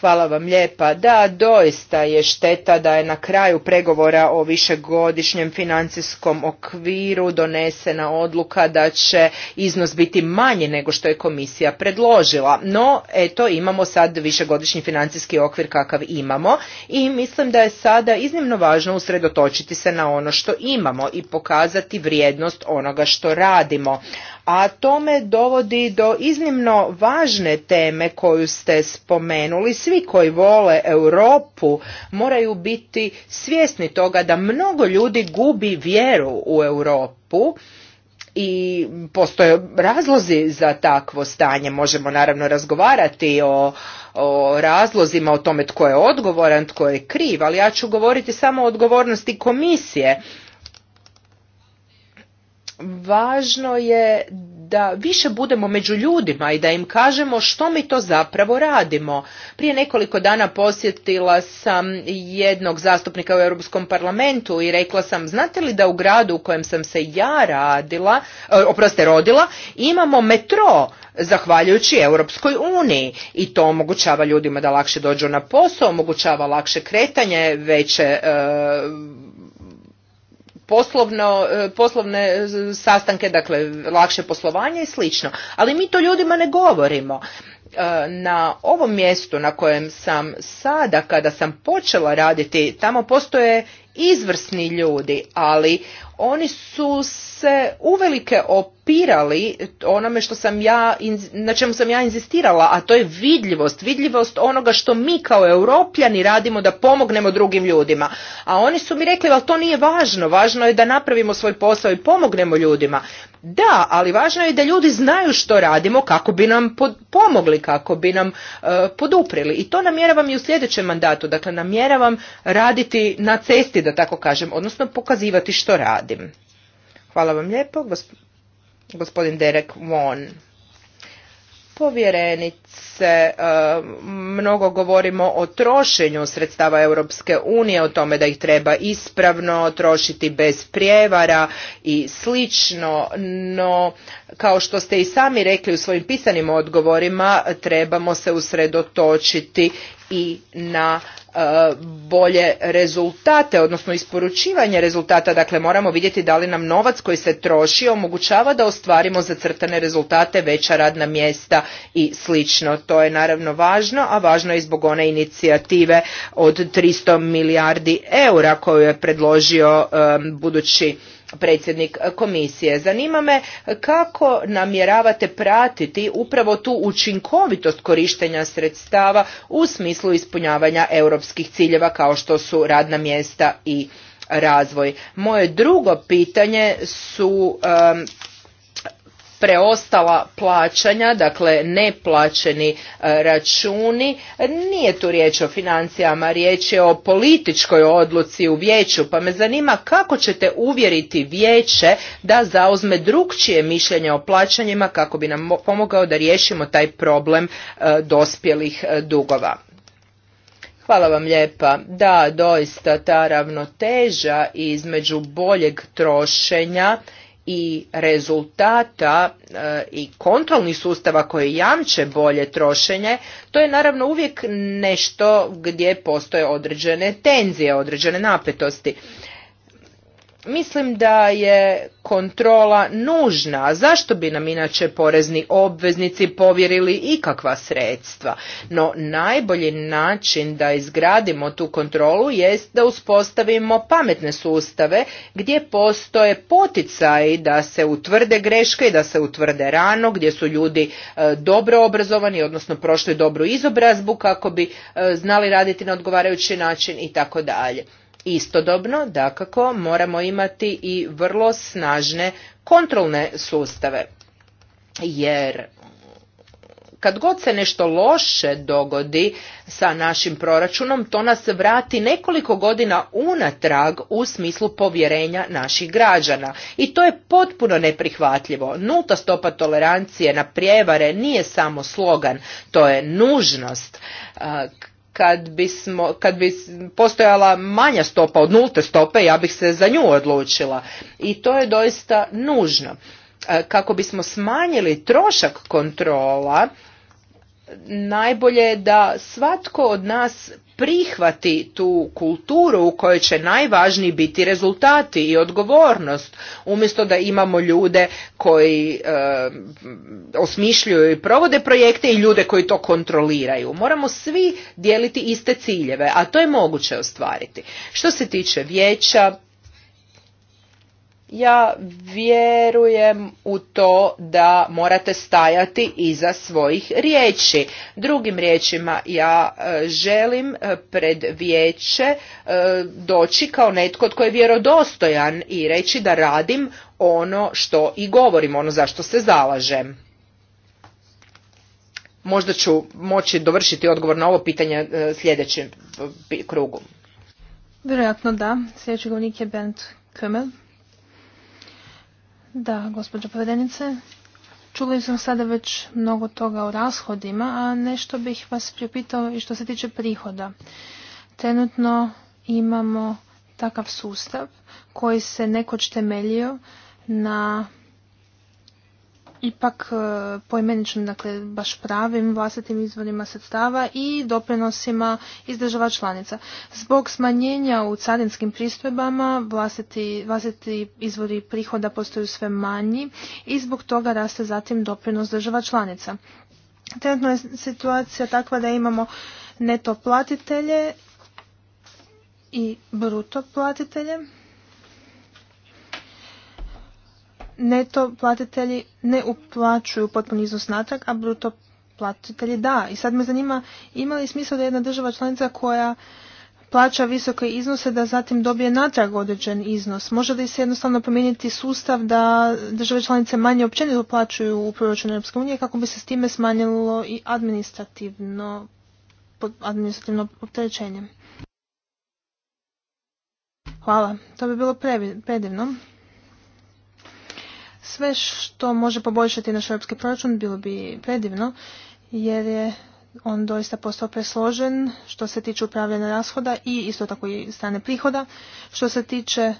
Hvala vam lijepa. Da, doista je šteta da je na kraju pregovora o višegodišnjem financijskom okviru donesena odluka da će iznos biti manji nego što je komisija predložila. No, eto, imamo sad višegodišnji financijski okvir kakav imamo i mislim da je sada iznimno važno usredotočiti se na ono što imamo i pokazati vrijednost onoga što radimo a to me dovodi do iznimno važne teme koju ste spomenuli. Svi koji vole Europu moraju biti svjesni toga da mnogo ljudi gubi vjeru u Europu i postoje razlozi za takvo stanje. Možemo naravno razgovarati o, o razlozima, o tome tko je odgovoran, tko je kriv, ali ja ću govoriti samo o odgovornosti komisije važno je da više budemo među ljudima i da im kažemo što mi to zapravo radimo. Prije nekoliko dana posjetila sam jednog zastupnika u Europskom parlamentu i rekla sam, znate li da u gradu u kojem sam se ja radila, e, oproste rodila, imamo metro zahvaljujući Europskoj uniji i to omogućava ljudima da lakše dođu na posao, omogućava lakše kretanje, veće e, E, poslovne e, sastanke, dakle lakše poslovanje i slično. Ali mi to ljudima ne govorimo. E, na ovom mjestu na kojem sam sada, kada sam počela raditi, tamo postoje izvrsni ljudi, ali oni su se uvelike opirali onome što sam ja, na čemu sam ja inzistirala, a to je vidljivost, vidljivost onoga što mi kao europljani radimo da pomognemo drugim ljudima. A oni su mi rekli, ali to nije važno, važno je da napravimo svoj posao i pomognemo ljudima. Da, ali važno je da ljudi znaju što radimo kako bi nam pomogli, kako bi nam uh, poduprili. I to namjeravam i u sljedećem mandatu, dakle namjeravam raditi na cesti, da tako kažem, odnosno pokazivati što radi radim. Hvala vam lijepo, gospodin Derek Vaughan. Povjerenice, e, mnogo govorimo o trošenju sredstava Europske unije, o tome da ih treba ispravno trošiti bez prijevara i slično, no kao što ste i sami rekli u svojim pisanim odgovorima, trebamo se usredotočiti i na E, bolje rezultate, odnosno isporučivanje rezultata. Dakle, moramo vidjeti da li nam novac koji se troši omogućava da ostvarimo zacrtane rezultate, veća radna mjesta i slično. To je naravno važno, a važno je i zbog one inicijative od 300 milijardi eura koju je predložio e, budući predsjednik komisije. Zanima me kako namjeravate pratiti upravo tu učinkovitost korištenja sredstava u smislu ispunjavanja europskih ciljeva kao što su radna mjesta i razvoj. Moje drugo pitanje su preostala plaćanja, dakle neplaćeni e, računi, nije tu riječ o financijama, riječ je o političkoj odluci u vijeću, pa me zanima kako ćete uvjeriti vijeće da zauzme drugčije mišljenje o plaćanjima kako bi nam pomogao da riješimo taj problem e, dospjelih e, dugova. Hvala vam lijepa. Da, doista ta ravnoteža između boljeg trošenja i rezultata e, i kontrolnih sustava koji jamče bolje trošenje, to je naravno uvijek nešto gdje postoje određene tenzije, određene napetosti. Mislim da je kontrola nužna. Zašto bi nam inače porezni obveznici povjerili ikakva sredstva? No najbolji način da izgradimo tu kontrolu jest da uspostavimo pametne sustave gdje postoje poticaji da se utvrde greške i da se utvrde rano, gdje su ljudi e, dobro obrazovani, odnosno prošli dobru izobrazbu kako bi e, znali raditi na odgovarajući način i tako dalje. Istodobno, dakako, moramo imati i vrlo snažne kontrolne sustave. Jer kad god se nešto loše dogodi sa našim proračunom, to nas vrati nekoliko godina unatrag u smislu povjerenja naših građana. I to je potpuno neprihvatljivo. Nulta stopa tolerancije na prijevare nije samo slogan, to je nužnost kad, bismo, kad bi postojala manja stopa od nulte stope, ja bih se za nju odlučila. I to je doista nužno. E, kako bismo smanjili trošak kontrola, najbolje je da svatko od nas prihvati tu kulturu u kojoj će najvažniji biti rezultati i odgovornost umjesto da imamo ljude koji e, osmišljuju i provode projekte i ljude koji to kontroliraju moramo svi dijeliti iste ciljeve a to je moguće ostvariti što se tiče vijeća ja vjerujem u to da morate stajati iza svojih riječi. Drugim riječima, ja e, želim e, pred vijeće e, doći kao netko tko je vjerodostojan i reći da radim ono što i govorim, ono za što se zalažem. Možda ću moći dovršiti odgovor na ovo pitanje sljedećem krugu. Vjerojatno da. Sljedeći govornik je Bent da, gospođo povedenice, čuli sam sada već mnogo toga o rashodima, a nešto bih vas priopitao i što se tiče prihoda. Trenutno imamo takav sustav koji se nekoć temeljio na ipak e, poimeničnim, dakle baš pravim vlastitim izvorima sredstava i doprinosima iz država članica. Zbog smanjenja u carinskim pristojbama vlastiti, vlastiti izvori prihoda postaju sve manji i zbog toga raste zatim doprinos država članica. Trenutno je situacija takva da imamo neto platitelje i bruto platitelje neto platitelji ne uplaćuju potpuni iznos natrag, a bruto platitelji da. I sad me zanima ima li smisla da jedna država članica koja plaća visoke iznose da zatim dobije natrag određen iznos. Može li se jednostavno promijeniti sustav da države članice manje općenito uplaćuju u proračun Europske unije kako bi se s time smanjilo i administrativno, administrativno opterećenje? Hvala. To bi bilo predivno. Sve što može poboljšati naš europski proračun bilo bi predivno, jer je on doista postao presložen što se tiče upravljanja rashoda i isto tako i strane prihoda. Što se tiče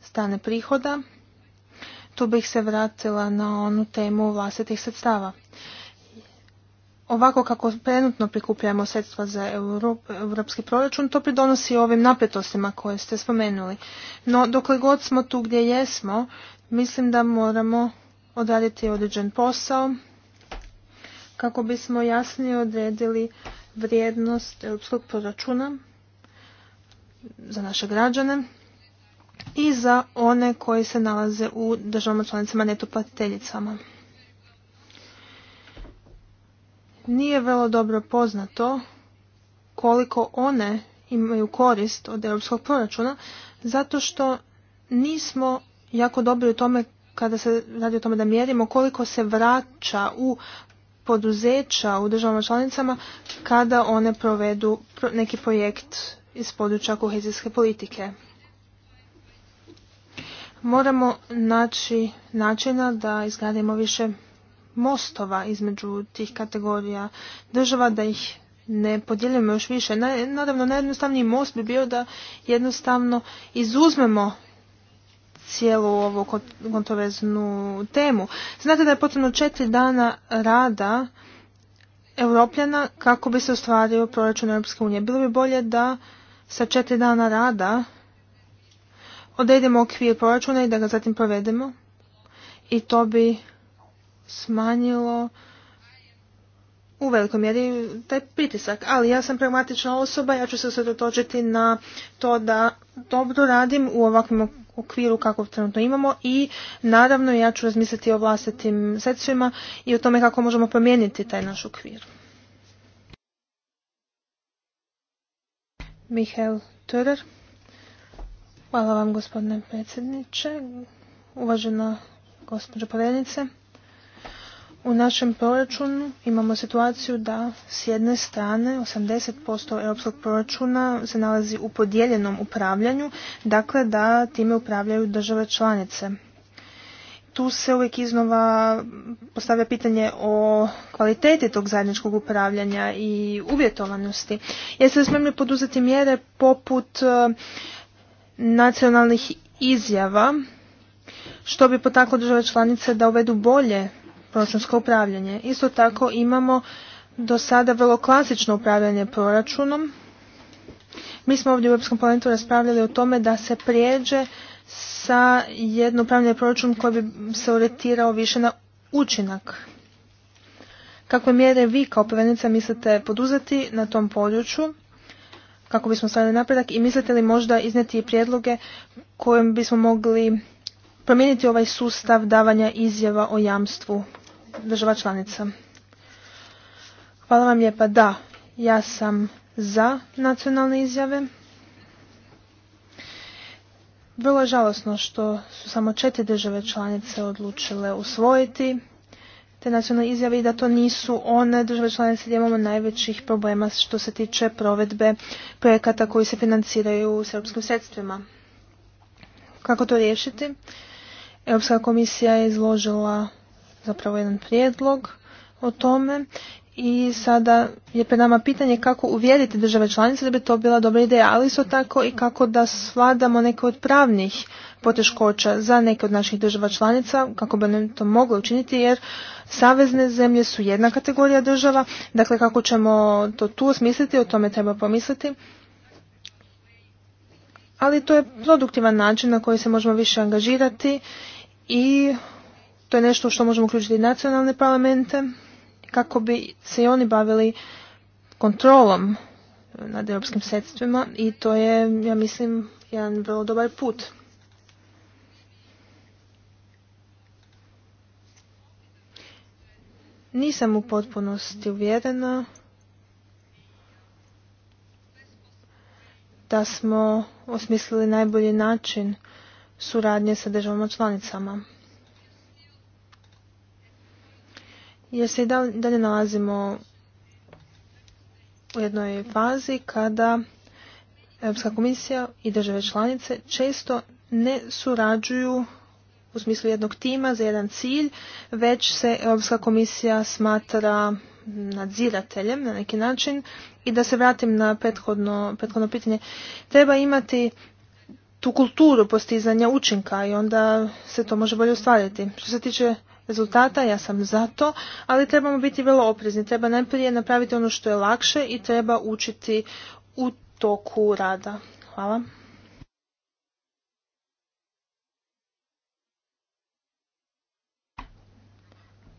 strane prihoda, tu bih se vratila na onu temu vlastitih sredstava ovako kako trenutno prikupljamo sredstva za europski proračun, to pridonosi ovim napetostima koje ste spomenuli. No, dokle god smo tu gdje jesmo, mislim da moramo odraditi određen posao kako bismo jasnije odredili vrijednost europskog proračuna za naše građane i za one koji se nalaze u državama članicama netoplatiteljicama. nije vrlo dobro poznato koliko one imaju korist od europskog proračuna, zato što nismo jako dobri u tome kada se radi o tome da mjerimo koliko se vraća u poduzeća u državama članicama kada one provedu neki projekt iz područja kohezijske politike. Moramo naći načina da izgradimo više mostova između tih kategorija država, da ih ne podijelimo još više. Naravno, najjednostavniji most bi bio da jednostavno izuzmemo cijelu ovu kontroverznu temu. Znate da je potrebno četiri dana rada Europljana kako bi se ostvario proračun Europske unije. Bilo bi bolje da sa četiri dana rada odredimo okvir proračuna i da ga zatim provedemo. I to bi smanjilo u velikom mjeri taj pritisak. Ali ja sam pragmatična osoba, ja ću se usredotočiti na to da dobro radim u ovakvom okviru kako trenutno imamo i naravno ja ću razmisliti o vlastitim sredstvima i o tome kako možemo promijeniti taj naš okvir. Mihael Törer. Hvala vam gospodine predsjedniče, uvažena gospođo povjednice. U našem proračunu imamo situaciju da s jedne strane 80% europskog proračuna se nalazi u podijeljenom upravljanju, dakle da time upravljaju države članice. Tu se uvijek iznova postavlja pitanje o kvaliteti tog zajedničkog upravljanja i uvjetovanosti. Jeste li spremni poduzeti mjere poput e, nacionalnih izjava što bi potaklo države članice da uvedu bolje proračunsko upravljanje. Isto tako imamo do sada vrlo klasično upravljanje proračunom. Mi smo ovdje u Europskom parlamentu raspravljali o tome da se prijeđe sa jedno upravljanje proračun koji bi se orijentirao više na učinak. Kakve mjere vi kao prevenica mislite poduzeti na tom području kako bismo stavili napredak i mislite li možda izneti prijedloge kojim bismo mogli promijeniti ovaj sustav davanja izjava o jamstvu država članica. Hvala vam lijepa. Da, ja sam za nacionalne izjave. Vrlo je žalosno što su samo četiri države članice odlučile usvojiti te nacionalne izjave i da to nisu one države članice gdje imamo najvećih problema što se tiče provedbe projekata koji se financiraju s europskim sredstvima. Kako to riješiti? Europska komisija je izložila zapravo jedan prijedlog o tome i sada je pred nama pitanje kako uvjeriti države članice da bi to bila dobra ideja, ali isto tako i kako da svladamo neke od pravnih poteškoća za neke od naših država članica, kako bi nam to moglo učiniti, jer savezne zemlje su jedna kategorija država, dakle kako ćemo to tu osmisliti, o tome treba pomisliti. Ali to je produktivan način na koji se možemo više angažirati i to je nešto što možemo uključiti i nacionalne parlamente kako bi se i oni bavili kontrolom nad europskim sredstvima i to je, ja mislim, jedan vrlo dobar put. Nisam u potpunosti uvjerena da smo osmislili najbolji način suradnje sa državama članicama. jer se i dalje nalazimo u jednoj fazi kada Europska komisija i države članice često ne surađuju u smislu jednog tima za jedan cilj, već se Europska komisija smatra nadzirateljem na neki način i da se vratim na prethodno, prethodno pitanje, treba imati tu kulturu postizanja učinka i onda se to može bolje ostvariti. Što se tiče rezultata, ja sam za to, ali trebamo biti vrlo oprezni. Treba najprije napraviti ono što je lakše i treba učiti u toku rada. Hvala.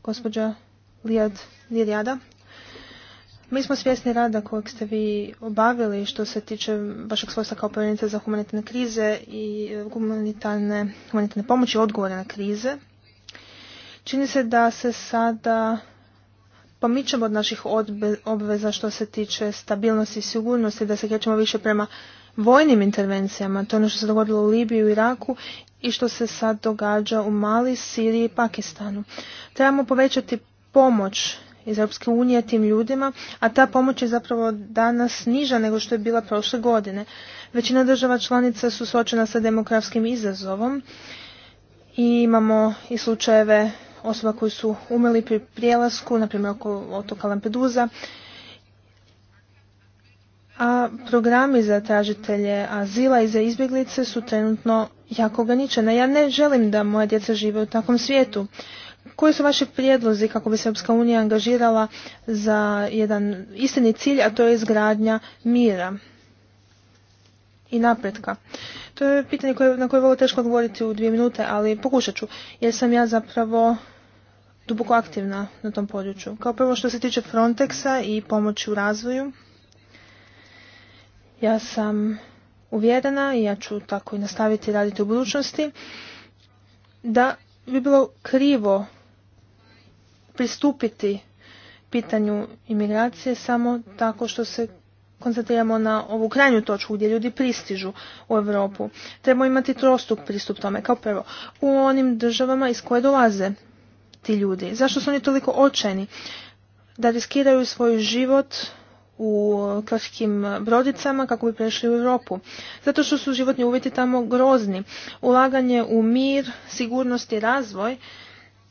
Gospođa Lijad Nirjada. Mi smo svjesni rada kojeg ste vi obavili što se tiče vašeg svojstva kao povjerenica za humanitarne krize i humanitarne, humanitarne pomoći odgovore na krize. Čini se da se sada pomičemo od naših obveza što se tiče stabilnosti i sigurnosti, da se krećemo više prema vojnim intervencijama. To je ono što se dogodilo u Libiji i Iraku i što se sad događa u Mali, Siriji i Pakistanu. Trebamo povećati pomoć iz Europske unije tim ljudima, a ta pomoć je zapravo danas niža nego što je bila prošle godine. Većina država članica su suočena sa demografskim izazovom i imamo i slučajeve osoba koji su umrli pri prijelasku, na primjer oko otoka Lampedusa. A programi za tražitelje azila i za izbjeglice su trenutno jako ograničene. Ja ne želim da moja djeca žive u takvom svijetu. Koji su vaši prijedlozi kako bi se Europska unija angažirala za jedan istini cilj, a to je izgradnja mira i napretka? To je pitanje na koje je vrlo teško odgovoriti u dvije minute, ali pokušat ću, jer sam ja zapravo duboko aktivna na tom području. Kao prvo što se tiče Frontexa i pomoći u razvoju, ja sam uvjerena i ja ću tako i nastaviti raditi u budućnosti, da bi bilo krivo pristupiti pitanju imigracije samo tako što se koncentriramo na ovu krajnju točku gdje ljudi pristižu u Europu. Trebamo imati trostup pristup tome. Kao prvo, u onim državama iz koje dolaze ti ljudi. Zašto su oni toliko očajni da riskiraju svoj život u krvskim brodicama kako bi prešli u Europu. Zato što su životni uvjeti tamo grozni. Ulaganje u mir, sigurnost i razvoj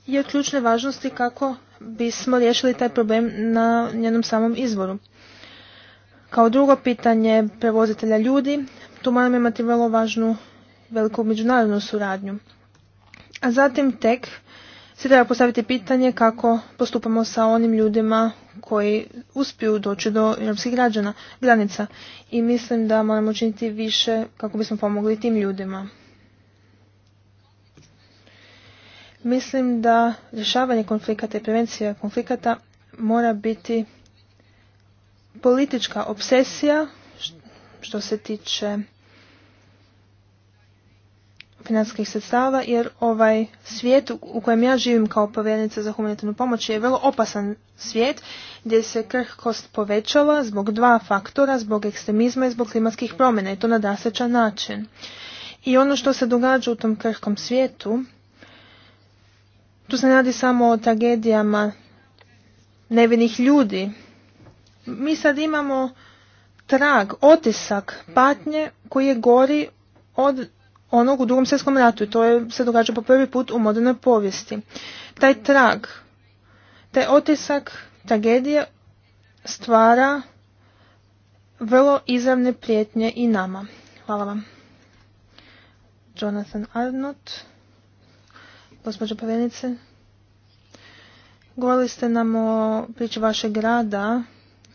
je od ključne važnosti kako bismo riješili taj problem na njenom samom izvoru. Kao drugo pitanje prevozitelja ljudi, tu moramo imati vrlo važnu veliku međunarodnu suradnju. A zatim tek se treba postaviti pitanje kako postupamo sa onim ljudima koji uspiju doći do europskih građana, granica i mislim da moramo činiti više kako bismo pomogli tim ljudima. Mislim da rješavanje konflikata i prevencija konflikata mora biti politička obsesija što se tiče financijskih sredstava jer ovaj svijet u kojem ja živim kao povjerenica za humanitarnu pomoć je vrlo opasan svijet gdje se krhkost povećava zbog dva faktora, zbog ekstremizma i zbog klimatskih promjena i to na dasećan način. I ono što se događa u tom krhkom svijetu, tu se ne radi samo o tragedijama nevinih ljudi mi sad imamo trag, otisak patnje koji je gori od onog u drugom svjetskom ratu i to je, se događa po prvi put u modernoj povijesti. Taj trag, taj otisak tragedije stvara vrlo izravne prijetnje i nama. Hvala vam. Jonathan Arnott, gospođo povjednice, govorili ste nam o priči vašeg grada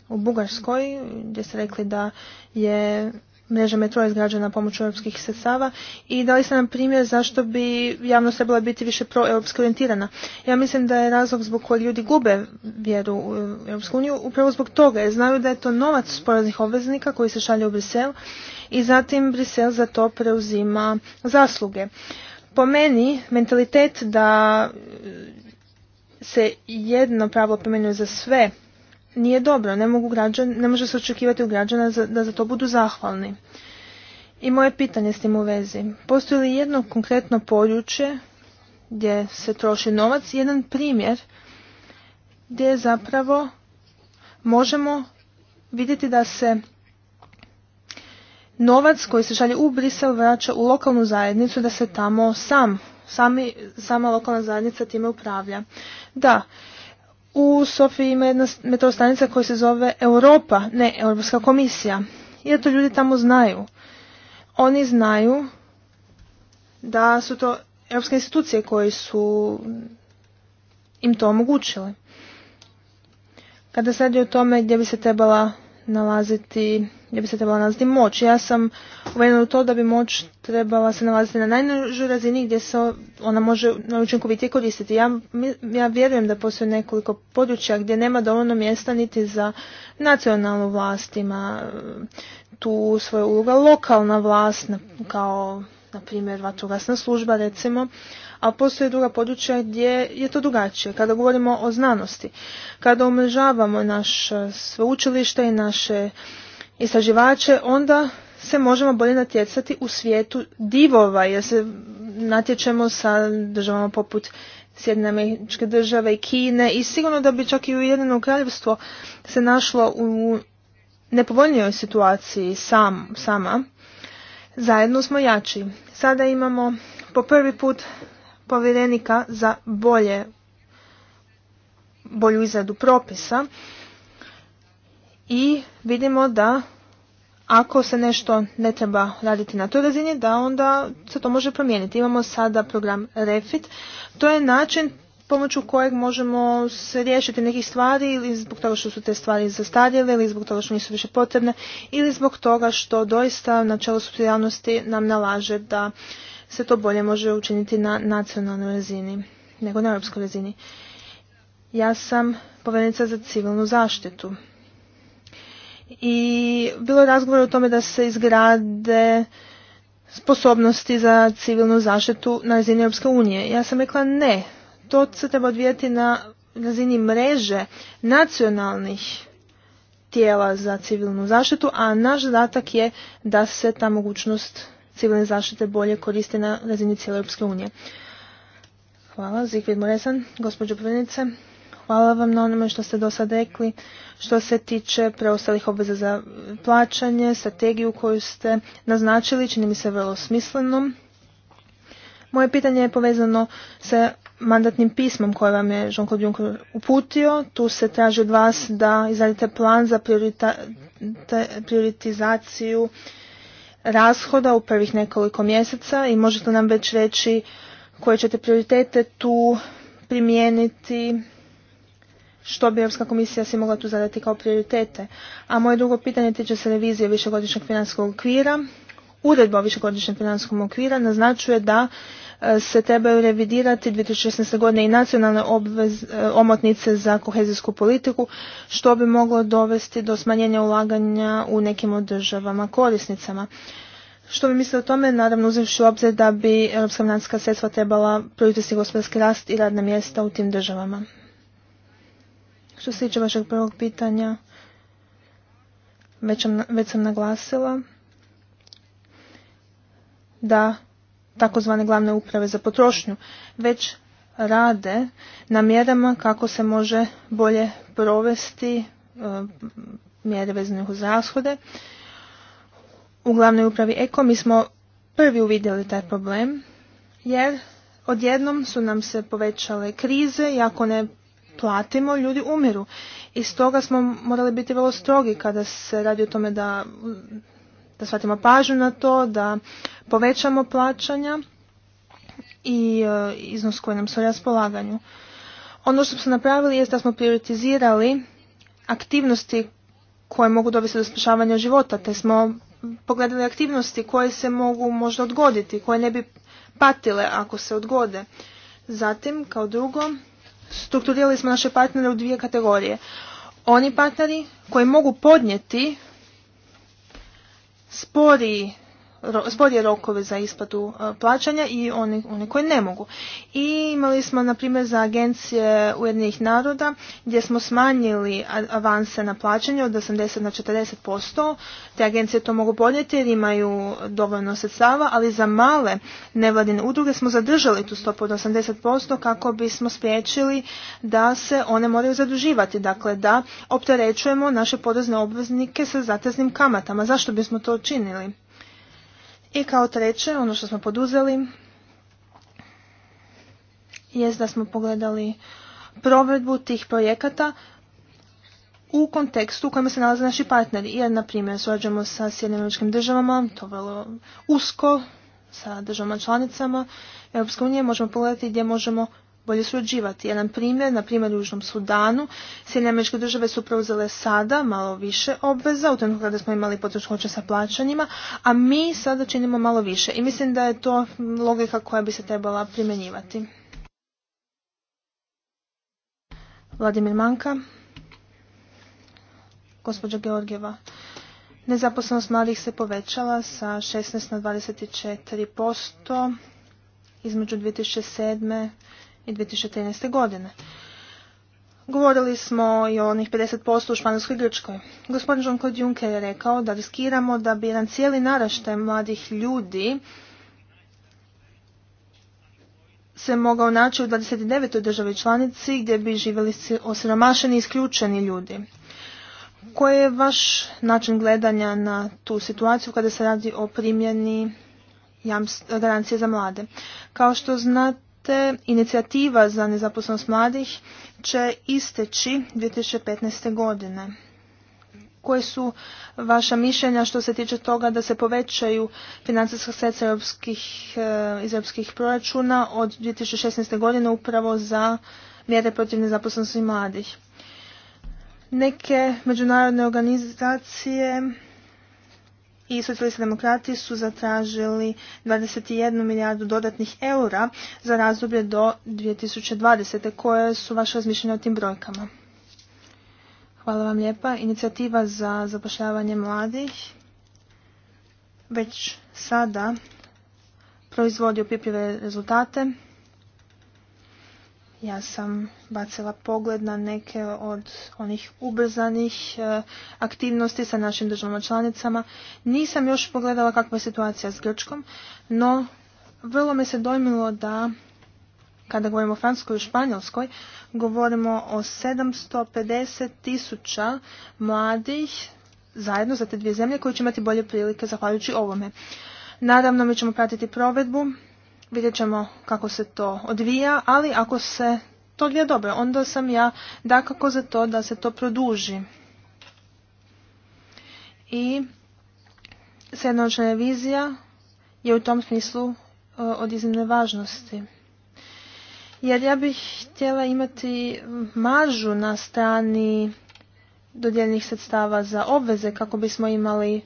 u Bugarskoj gdje ste rekli da je mreža metro izgrađena pomoću europskih sredstava i dali ste nam primjer zašto bi javnost trebala biti više proeuropski orijentirana. Ja mislim da je razlog zbog kojeg ljudi gube vjeru u Europsku uniju upravo zbog toga jer znaju da je to novac sporaznih obveznika koji se šalje u Brisel i zatim Brisel za to preuzima zasluge. Po meni mentalitet da se jedno pravo primjenjuje za sve nije dobro. Ne, mogu ne može se očekivati u građana da za to budu zahvalni. I moje pitanje s tim u vezi. Postoji li jedno konkretno područje gdje se troši novac, jedan primjer gdje zapravo možemo vidjeti da se novac koji se šalje u Brisel vraća u lokalnu zajednicu da se tamo sam, sami, sama lokalna zajednica time upravlja. Da, u Sofiji ima jedna metrostanica koja se zove Europa, ne Europska komisija. Jer to ljudi tamo znaju. Oni znaju da su to europske institucije koje su im to omogućile. Kada se radi o tome gdje bi se trebala nalaziti gdje bi se trebala nalaziti moć. Ja sam uvedena u to da bi moć trebala se nalaziti na najnižoj razini gdje se ona može učinkovitije koristiti. Ja, ja vjerujem da postoje nekoliko područja gdje nema dovoljno mjesta niti za nacionalnu vlast. Ima e, tu svoja uloga lokalna vlast kao na primjer vatrogasna služba recimo, a postoje druga područja gdje je to drugačije. Kada govorimo o znanosti, kada umrežavamo naše sveučilište i naše istraživače, onda se možemo bolje natjecati u svijetu divova, jer se natječemo sa državama poput Sjedine američke države i Kine i sigurno da bi čak i Ujedinjeno kraljevstvo se našlo u nepovoljnijoj situaciji sam, sama. Zajedno smo jači. Sada imamo po prvi put povjerenika za bolje, bolju izradu propisa i vidimo da ako se nešto ne treba raditi na toj razini, da onda se to može promijeniti. Imamo sada program REFIT. To je način pomoću kojeg možemo se riješiti nekih stvari ili zbog toga što su te stvari zastarjele ili zbog toga što nisu više potrebne ili zbog toga što doista načelo supsidijalnosti nam nalaže da se to bolje može učiniti na nacionalnoj razini nego na europskoj razini. Ja sam povjerenica za civilnu zaštitu i bilo je razgovor o tome da se izgrade sposobnosti za civilnu zaštitu na razini Europske unije. Ja sam rekla ne, to se treba odvijati na razini mreže nacionalnih tijela za civilnu zaštitu, a naš zadatak je da se ta mogućnost civilne zaštite bolje koristi na razini cijele Europske unije. Hvala, Zikvid Moresan, gospođo Povjednice. Hvala vam na onome što ste do sada rekli. Što se tiče preostalih obveza za plaćanje, strategiju koju ste naznačili, čini mi se vrlo smislenom. Moje pitanje je povezano sa mandatnim pismom koje vam je Jean-Claude Juncker uputio. Tu se traži od vas da izradite plan za prioritizaciju rashoda u prvih nekoliko mjeseca i možete nam već reći koje ćete prioritete tu primijeniti što bi Europska komisija si mogla tu zadati kao prioritete. A moje drugo pitanje tiče se revizije višegodišnjeg financijskog okvira. Uredba o višegodišnjem financijskom okvira naznačuje da e, se trebaju revidirati 2016. godine i nacionalne e, omotnice za kohezijsku politiku, što bi moglo dovesti do smanjenja ulaganja u nekim od državama korisnicama. Što bi mislili o tome, naravno uzevši u obzir da bi europska financijska sredstva trebala proizvesti gospodarski rast i radna mjesta u tim državama. Što se tiče vašeg prvog pitanja, već, već sam naglasila da takozvane glavne uprave za potrošnju već rade na mjerama kako se može bolje provesti e, mjere vezane uz rashode. U glavnoj upravi Eko mi smo prvi uvidjeli taj problem jer odjednom su nam se povećale krize i ako ne platimo, ljudi umiru. I stoga smo morali biti vrlo strogi kada se radi o tome da, da shvatimo pažnju na to, da povećamo plaćanja i e, iznos koji nam se u raspolaganju. Ono što smo napravili jest da smo prioritizirali aktivnosti koje mogu dovesti do spašavanja života, te smo pogledali aktivnosti koje se mogu možda odgoditi, koje ne bi patile ako se odgode. Zatim, kao drugo, strukturirali smo naše partnere u dvije kategorije. Oni partneri koji mogu podnijeti sporiji sporije rokove za isplatu e, plaćanja i oni, koji ne mogu. I imali smo, na primjer, za agencije Ujedinjenih naroda gdje smo smanjili avanse na plaćanje od 80 na 40%. Te agencije to mogu podnijeti jer imaju dovoljno sredstava, ali za male nevladine udruge smo zadržali tu stopu od 80% kako bismo spriječili da se one moraju zaduživati. Dakle, da opterećujemo naše porezne obveznike sa zateznim kamatama. Zašto bismo to činili? I kao treće, ono što smo poduzeli jest da smo pogledali provedbu tih projekata u kontekstu u kojem se nalaze naši partneri. Jer, na primjer, surađujemo sa Sjedinim državama, to vrlo usko, sa državama članicama Europske unije, možemo pogledati gdje možemo bolje surađivati. Jedan primjer, na primjer u Južnom Sudanu, američke države su preuzele sada malo više obveza, u trenutku kada smo imali poteškoće sa plaćanjima, a mi sada činimo malo više. I mislim da je to logika koja bi se trebala primjenjivati. Vladimir Manka, gospođa Georgijeva. Nezaposlenost mladih se povećala sa 16 na 24 posto između 2007 i 2013. godine. Govorili smo i o onih 50% u Španjolskoj Grčkoj. Gospodin Jean-Claude Juncker je rekao da riskiramo da bi jedan cijeli naraštaj mladih ljudi se mogao naći u 29. državi članici gdje bi živjeli osiromašeni i isključeni ljudi. Koji je vaš način gledanja na tu situaciju kada se radi o primjeni garancije za mlade? Kao što znate, te inicijativa za nezaposlenost mladih će isteći 2015. godine. Koje su vaša mišljenja što se tiče toga da se povećaju financijska sredstva eh, iz europskih proračuna od 2016. godine upravo za mjere protiv nezaposlenosti mladih? Neke međunarodne organizacije i socijalisti demokrati su zatražili 21 milijardu dodatnih eura za razdoblje do 2020. Koje su vaše razmišljanja o tim brojkama? Hvala vam lijepa. Inicijativa za zapošljavanje mladih već sada proizvodi opipljive rezultate. Ja sam bacila pogled na neke od onih ubrzanih e, aktivnosti sa našim državama članicama. Nisam još pogledala kakva je situacija s Grčkom, no vrlo me se dojmilo da kada govorimo o Francuskoj i Španjolskoj, govorimo o 750 tisuća mladih zajedno za te dvije zemlje koji će imati bolje prilike zahvaljujući ovome. Naravno, mi ćemo pratiti provedbu vidjet ćemo kako se to odvija, ali ako se to odvija dobro, onda sam ja dakako za to da se to produži. I srednoročna revizija je u tom smislu e, od iznimne važnosti. Jer ja bih htjela imati mažu na strani dodjeljenih sredstava za obveze kako bismo imali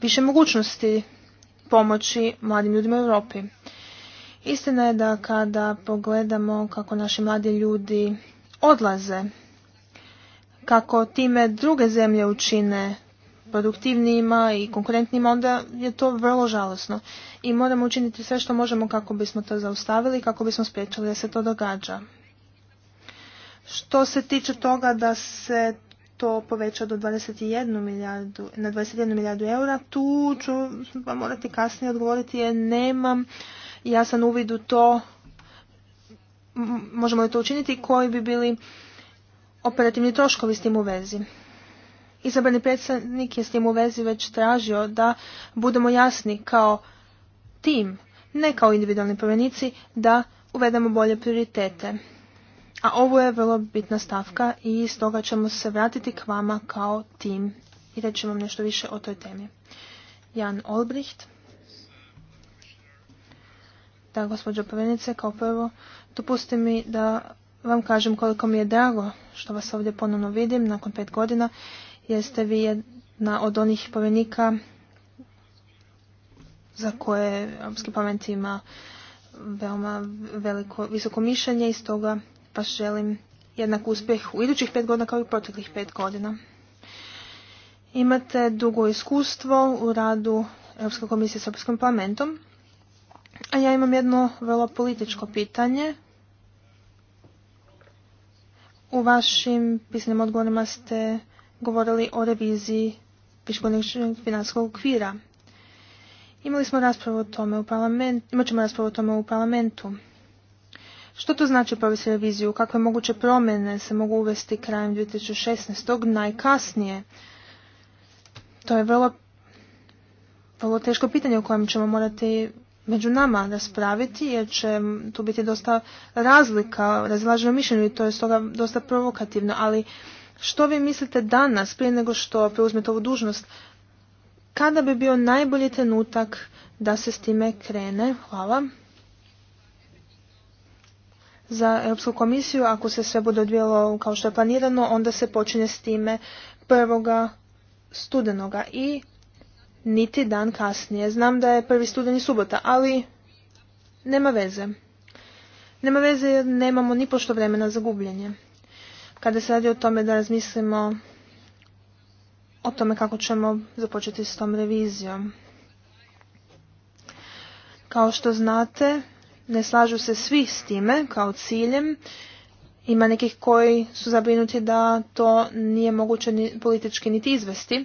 više mogućnosti pomoći mladim ljudima u Europi. Istina je da kada pogledamo kako naši mladi ljudi odlaze, kako time druge zemlje učine produktivnijima i konkurentnijima, onda je to vrlo žalosno. I moramo učiniti sve što možemo kako bismo to zaustavili, kako bismo spriječili da se to događa. Što se tiče toga da se to poveća do 21 milijardu, na 21 milijardu eura, tu ću vam morati kasnije odgovoriti jer nemam jasan uvid u to, možemo li to učiniti, koji bi bili operativni troškovi s tim u vezi. Izabrani predsjednik je s tim u vezi već tražio da budemo jasni kao tim, ne kao individualni povjerenici, da uvedemo bolje prioritete. A ovo je vrlo bitna stavka i stoga ćemo se vratiti k vama kao tim i reći vam nešto više o toj temi. Jan Olbricht. Da, gospođo povjerenice, kao prvo, dopusti mi da vam kažem koliko mi je drago što vas ovdje ponovno vidim nakon pet godina, jer ste vi jedna od onih povjerenika za koje Europski parlament ima veoma veliko, visoko mišljenje i stoga vas želim jednak uspjeh u idućih pet godina kao i u proteklih pet godina. Imate dugo iskustvo u radu Europske komisije s Europskim parlamentom a ja imam jedno vrlo političko pitanje. U vašim pisanim odgovorima ste govorili o reviziji višegodišnjeg finanskog okvira. Imali smo raspravu o tome u parlamentu, imat ćemo raspravu o tome u parlamentu. Što to znači provesti reviziju? Kakve moguće promjene se mogu uvesti krajem 2016. najkasnije? To je vrlo, teško pitanje o kojem ćemo morati među nama raspraviti jer će tu biti dosta razlika, razlaženo mišljenje i to je stoga dosta provokativno, ali što vi mislite danas prije nego što preuzmete ovu dužnost, kada bi bio najbolji trenutak da se s time krene? Hvala. Za Europsku komisiju, ako se sve bude odvijelo kao što je planirano, onda se počinje s time prvoga studenoga i niti dan kasnije. Znam da je prvi studeni subota, ali nema veze. Nema veze jer nemamo ni pošto vremena za gubljenje. Kada se radi o tome da razmislimo o tome kako ćemo započeti s tom revizijom. Kao što znate, ne slažu se svi s time kao ciljem. Ima nekih koji su zabrinuti da to nije moguće politički niti izvesti.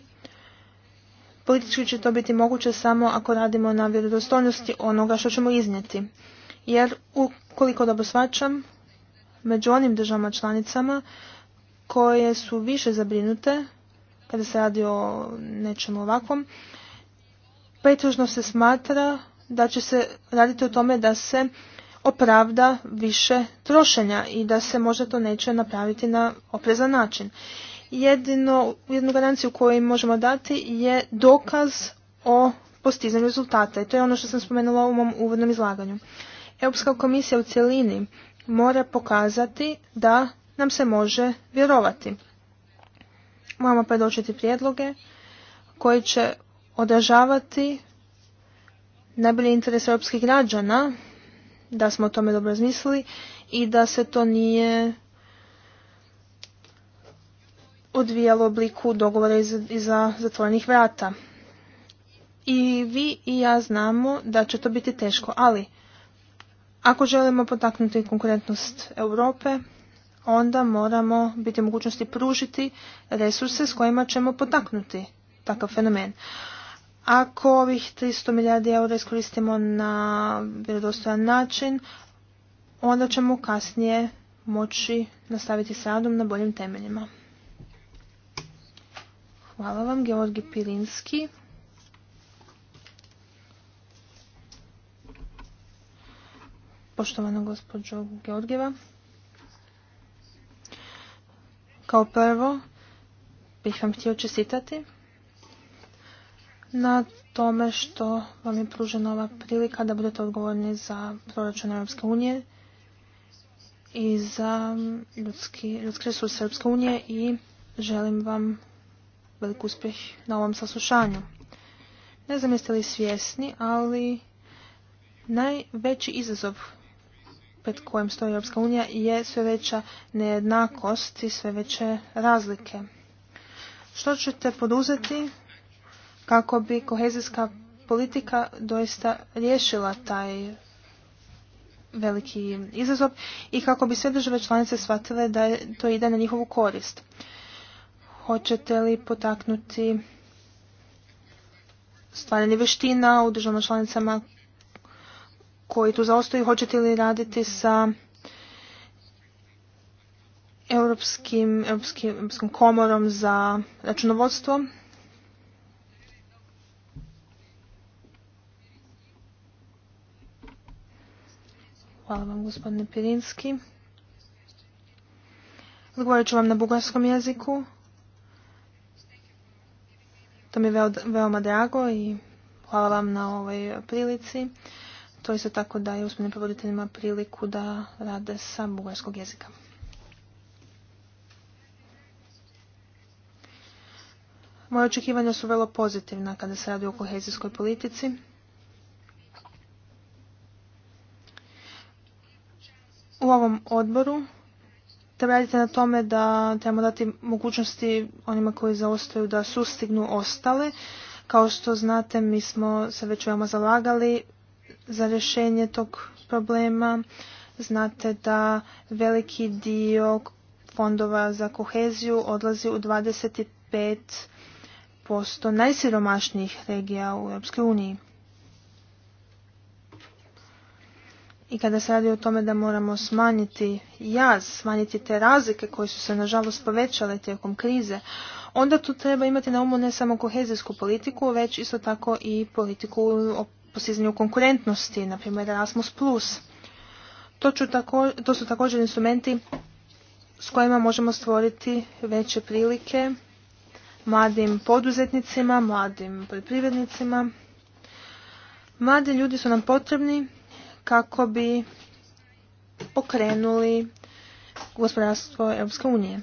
Politički će to biti moguće samo ako radimo na vjerodostojnosti onoga što ćemo iznijeti. Jer ukoliko dobro svačam, među onim državama članicama koje su više zabrinute kada se radi o nečem ovakvom, pretežno se smatra da će se raditi o tome da se opravda više trošenja i da se možda to neće napraviti na oprezan način jedino, jednu garanciju koju možemo dati je dokaz o postizanju rezultata i to je ono što sam spomenula u mom uvodnom izlaganju. Europska komisija u cjelini mora pokazati da nam se može vjerovati. Moramo predočiti prijedloge koji će odražavati najbolji interes europskih građana, da smo o tome dobro razmislili i da se to nije odvijalo u obliku dogovora iza, zatvorenih vrata. I vi i ja znamo da će to biti teško, ali ako želimo potaknuti konkurentnost Europe, onda moramo biti u mogućnosti pružiti resurse s kojima ćemo potaknuti takav fenomen. Ako ovih 300 milijardi eura iskoristimo na vjerodostojan način, onda ćemo kasnije moći nastaviti s radom na boljim temeljima. Hvala vam, Georgi Pirinski. Poštovana gospođo Georgijeva, kao prvo bih vam htio čestitati na tome što vam je pružena ova prilika da budete odgovorni za proračun Europske unije i za ljudski, ljudski resurs Europske unije i želim vam velik uspjeh na ovom saslušanju. Ne znam jeste li svjesni, ali najveći izazov pred kojem stoji Europska unija je sve veća nejednakost i sve veće razlike. Što ćete poduzeti kako bi kohezijska politika doista riješila taj veliki izazov i kako bi sve države članice shvatile da to ide na njihovu korist. Hoćete li potaknuti stvaranje vještina u državama članicama koji tu zaostaju? Hoćete li raditi sa Europskim, Europskim, europskim komorom za računovodstvo? Hvala vam gospodine Pirinski. Odgovorit ću vam na bugarskom jeziku. To mi je veoma drago i hvala vam na ovoj prilici. To isto tako daje usmenim prevoditeljima priliku da rade sa bugarskog jezika. Moje očekivanja su vrlo pozitivna kada se radi o kohezijskoj politici. U ovom odboru treba raditi na tome da trebamo dati mogućnosti onima koji zaostaju da sustignu ostale. Kao što znate, mi smo se već veoma zalagali za rješenje tog problema. Znate da veliki dio fondova za koheziju odlazi u 25% najsiromašnijih regija u eu i kada se radi o tome da moramo smanjiti jaz, smanjiti te razlike koje su se nažalost povećale tijekom krize, onda tu treba imati na umu ne samo kohezijsku politiku, već isto tako i politiku o postizanju konkurentnosti, na primjer Erasmus+. To, tako, to su također instrumenti s kojima možemo stvoriti veće prilike mladim poduzetnicima, mladim poljoprivrednicima. Mladi ljudi su nam potrebni kako bi pokrenuli gospodarstvo Europske unije.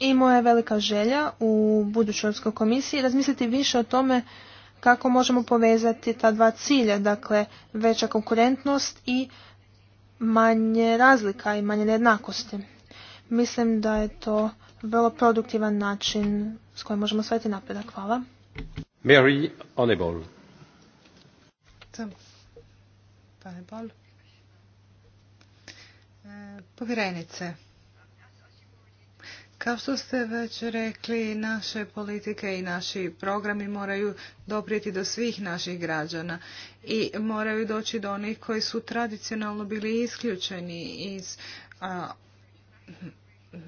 I moja je velika želja u budućoj Europskoj komisiji razmisliti više o tome kako možemo povezati ta dva cilja, dakle veća konkurentnost i manje razlika i manje nejednakosti. Mislim da je to vrlo produktivan način s kojim možemo sveti napredak. Hvala. Mary pane Povjerenice, kao što ste već rekli, naše politike i naši programi moraju doprijeti do svih naših građana i moraju doći do onih koji su tradicionalno bili isključeni iz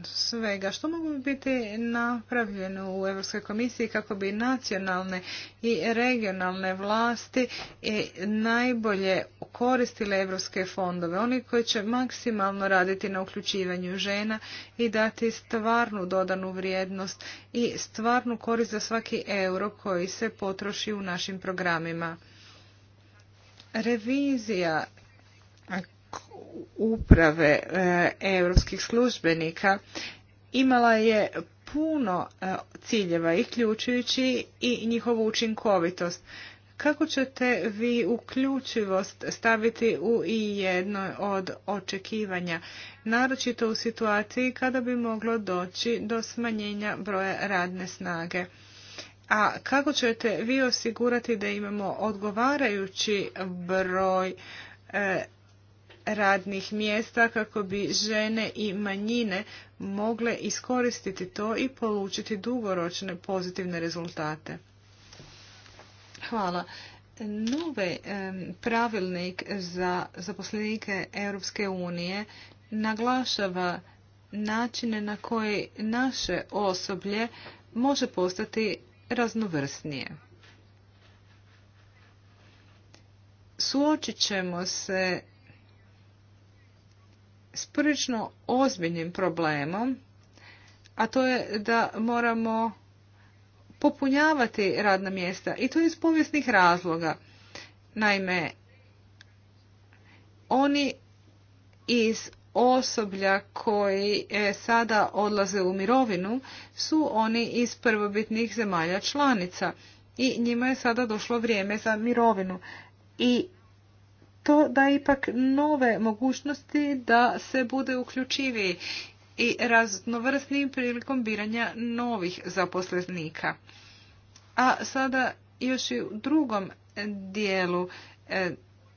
svega što mogu biti napravljeno u Europskoj komisiji kako bi nacionalne i regionalne vlasti najbolje koristile europske fondove, oni koji će maksimalno raditi na uključivanju žena i dati stvarnu dodanu vrijednost i stvarnu korist za svaki euro koji se potroši u našim programima. Revizija uprave e, europskih službenika imala je puno e, ciljeva, uključujući i njihovu učinkovitost. Kako ćete vi uključivost staviti u i jedno od očekivanja, naročito u situaciji kada bi moglo doći do smanjenja broja radne snage? A kako ćete vi osigurati da imamo odgovarajući broj e, radnih mjesta kako bi žene i manjine mogle iskoristiti to i polučiti dugoročne pozitivne rezultate. Hvala. Nove pravilnik za zaposlenike Europske unije naglašava načine na koje naše osoblje može postati raznovrsnije. Suočit ćemo se s prilično ozbiljnim problemom, a to je da moramo popunjavati radna mjesta i to iz povijesnih razloga. Naime, oni iz osoblja koji e, sada odlaze u mirovinu su oni iz prvobitnih zemalja članica i njima je sada došlo vrijeme za mirovinu. I to da ipak nove mogućnosti da se bude uključiviji i raznovrsnim prilikom biranja novih zaposlenika. A sada još i u drugom dijelu e,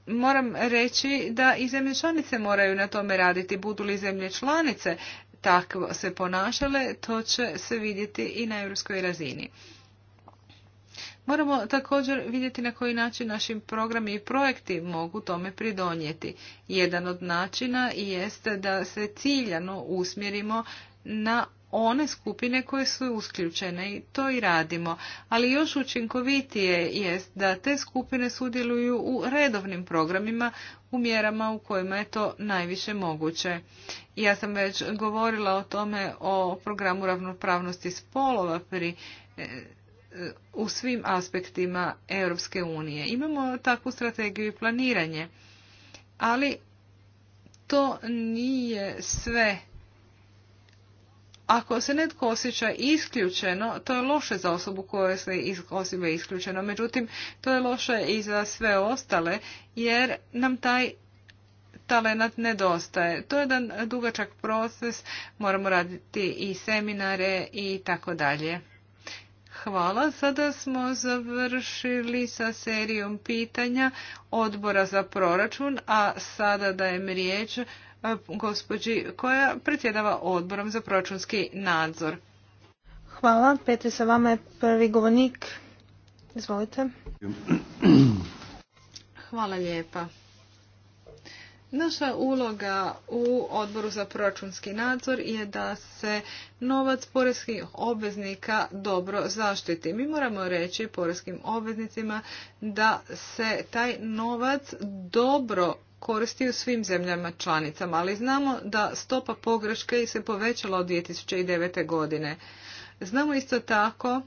moram reći da i zemlje članice moraju na tome raditi. Budu li zemlje članice tako se ponašale, to će se vidjeti i na europskoj razini. Moramo također vidjeti na koji način naši programi i projekti mogu tome pridonijeti. Jedan od načina jeste da se ciljano usmjerimo na one skupine koje su usključene i to i radimo, ali još učinkovitije jest da te skupine sudjeluju u redovnim programima u mjerama u kojima je to najviše moguće. Ja sam već govorila o tome o programu ravnopravnosti spolova pri e, u svim aspektima Europske unije. Imamo takvu strategiju i planiranje, ali to nije sve. Ako se netko osjeća isključeno, to je loše za osobu koja se osjeća isključeno. Međutim, to je loše i za sve ostale, jer nam taj talenat nedostaje. To je jedan dugačak proces, moramo raditi i seminare i tako dalje. Hvala. Sada smo završili sa serijom pitanja odbora za proračun, a sada dajem riječ e, gospođi koja predsjedava odborom za proračunski nadzor. Hvala. Petri, sa vama je prvi govornik. Izvolite. Hvala lijepa. Naša uloga u odboru za proračunski nadzor je da se novac poreskih obveznika dobro zaštiti. Mi moramo reći poreskim obveznicima da se taj novac dobro koristi u svim zemljama članicama, ali znamo da stopa pogreške se povećala od 2009. godine. Znamo isto tako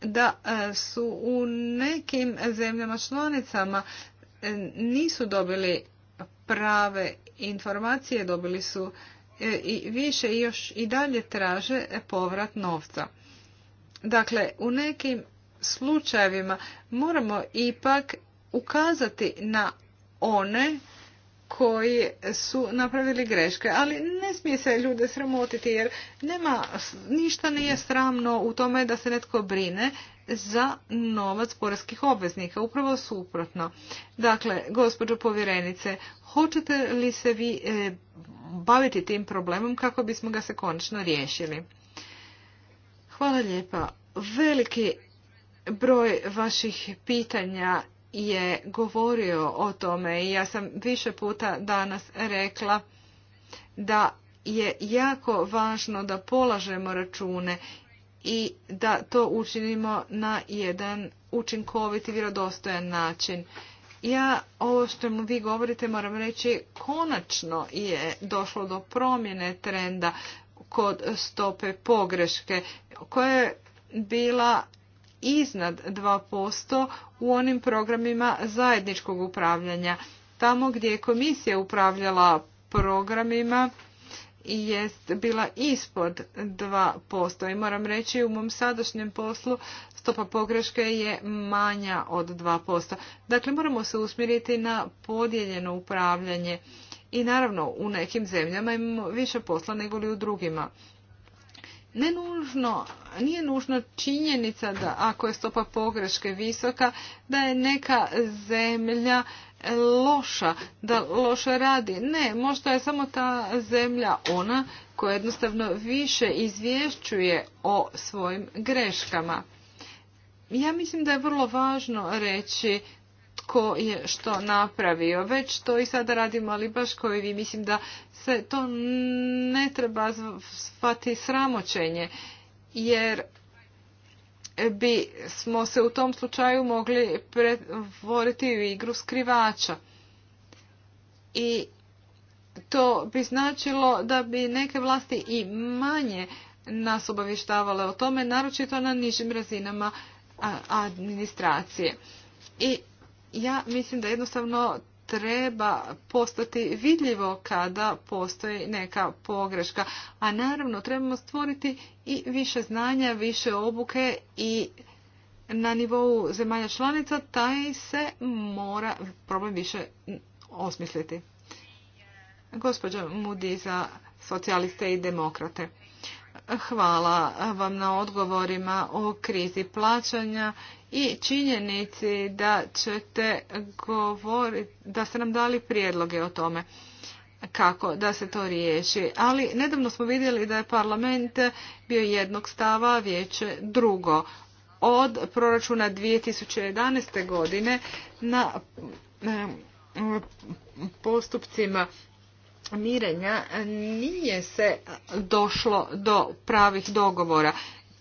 da e, su u nekim zemljama članicama e, nisu dobili prave informacije, dobili su e, i više i još i dalje traže povrat novca. Dakle, u nekim slučajevima moramo ipak ukazati na one koji su napravili greške, ali ne smije se ljude sramotiti jer nema, ništa nije sramno u tome da se netko brine za novac porezkih obveznika. Upravo suprotno. Dakle, gospođo povjerenice, hoćete li se vi e, baviti tim problemom kako bismo ga se konačno riješili? Hvala lijepa. Veliki broj vaših pitanja je govorio o tome i ja sam više puta danas rekla da je jako važno da polažemo račune i da to učinimo na jedan učinkovit i vjerodostojan način. Ja ovo što mu vi govorite moram reći konačno je došlo do promjene trenda kod stope pogreške koja je bila iznad 2% u onim programima zajedničkog upravljanja. Tamo gdje je komisija upravljala programima jest bila ispod 2%. I moram reći u mom sadašnjem poslu stopa pogreške je manja od 2%. Dakle, moramo se usmjeriti na podijeljeno upravljanje. I naravno, u nekim zemljama imamo više posla nego li u drugima. nužno, nije nužno činjenica da ako je stopa pogreške visoka, da je neka zemlja loša, da loše radi. Ne, možda je samo ta zemlja ona koja jednostavno više izvješćuje o svojim greškama. Ja mislim da je vrlo važno reći tko je što napravio. Već to i sada radimo, ali baš koji vi. Mislim da se to ne treba zvati sramoćenje, jer bi smo se u tom slučaju mogli pretvoriti u igru skrivača. I to bi značilo da bi neke vlasti i manje nas obavještavale o tome, naročito na nižim razinama administracije. I ja mislim da jednostavno treba postati vidljivo kada postoji neka pogreška. A naravno trebamo stvoriti i više znanja, više obuke i na nivou zemalja članica taj se mora problem više osmisliti. Gospođa Mudi za socijaliste i demokrate. Hvala vam na odgovorima o krizi plaćanja i činjenici da ćete govoriti, da ste nam dali prijedloge o tome kako da se to riješi. Ali nedavno smo vidjeli da je parlament bio jednog stava, vijeće drugo. Od proračuna 2011. godine na postupcima mirenja nije se došlo do pravih dogovora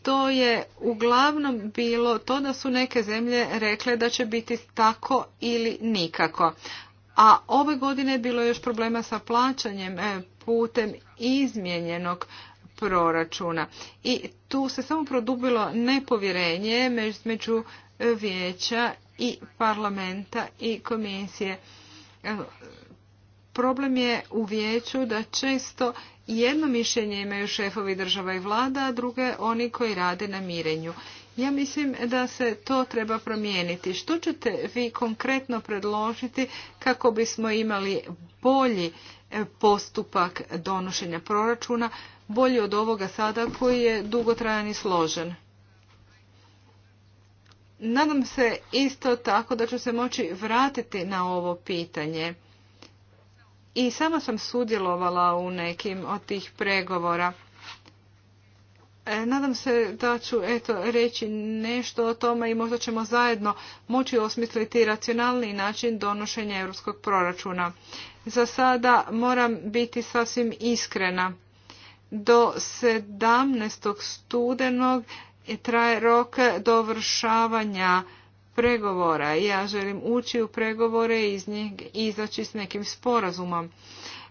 to je uglavnom bilo to da su neke zemlje rekle da će biti tako ili nikako. A ove godine je bilo još problema sa plaćanjem e, putem izmijenjenog proračuna. I tu se samo produbilo nepovjerenje među vijeća i parlamenta i komisije. E, Problem je u vijeću da često jedno mišljenje imaju šefovi država i vlada, a druge oni koji rade na mirenju. Ja mislim da se to treba promijeniti. Što ćete vi konkretno predložiti kako bismo imali bolji e, postupak donošenja proračuna, bolji od ovoga sada koji je dugotrajan i složen? Nadam se isto tako da ću se moći vratiti na ovo pitanje i sama sam sudjelovala u nekim od tih pregovora. E, nadam se da ću eto, reći nešto o tome i možda ćemo zajedno moći osmisliti racionalni način donošenja europskog proračuna. Za sada moram biti sasvim iskrena. Do 17. studenog traje rok dovršavanja pregovora. Ja želim ući u pregovore i iz njih izaći s nekim sporazumom.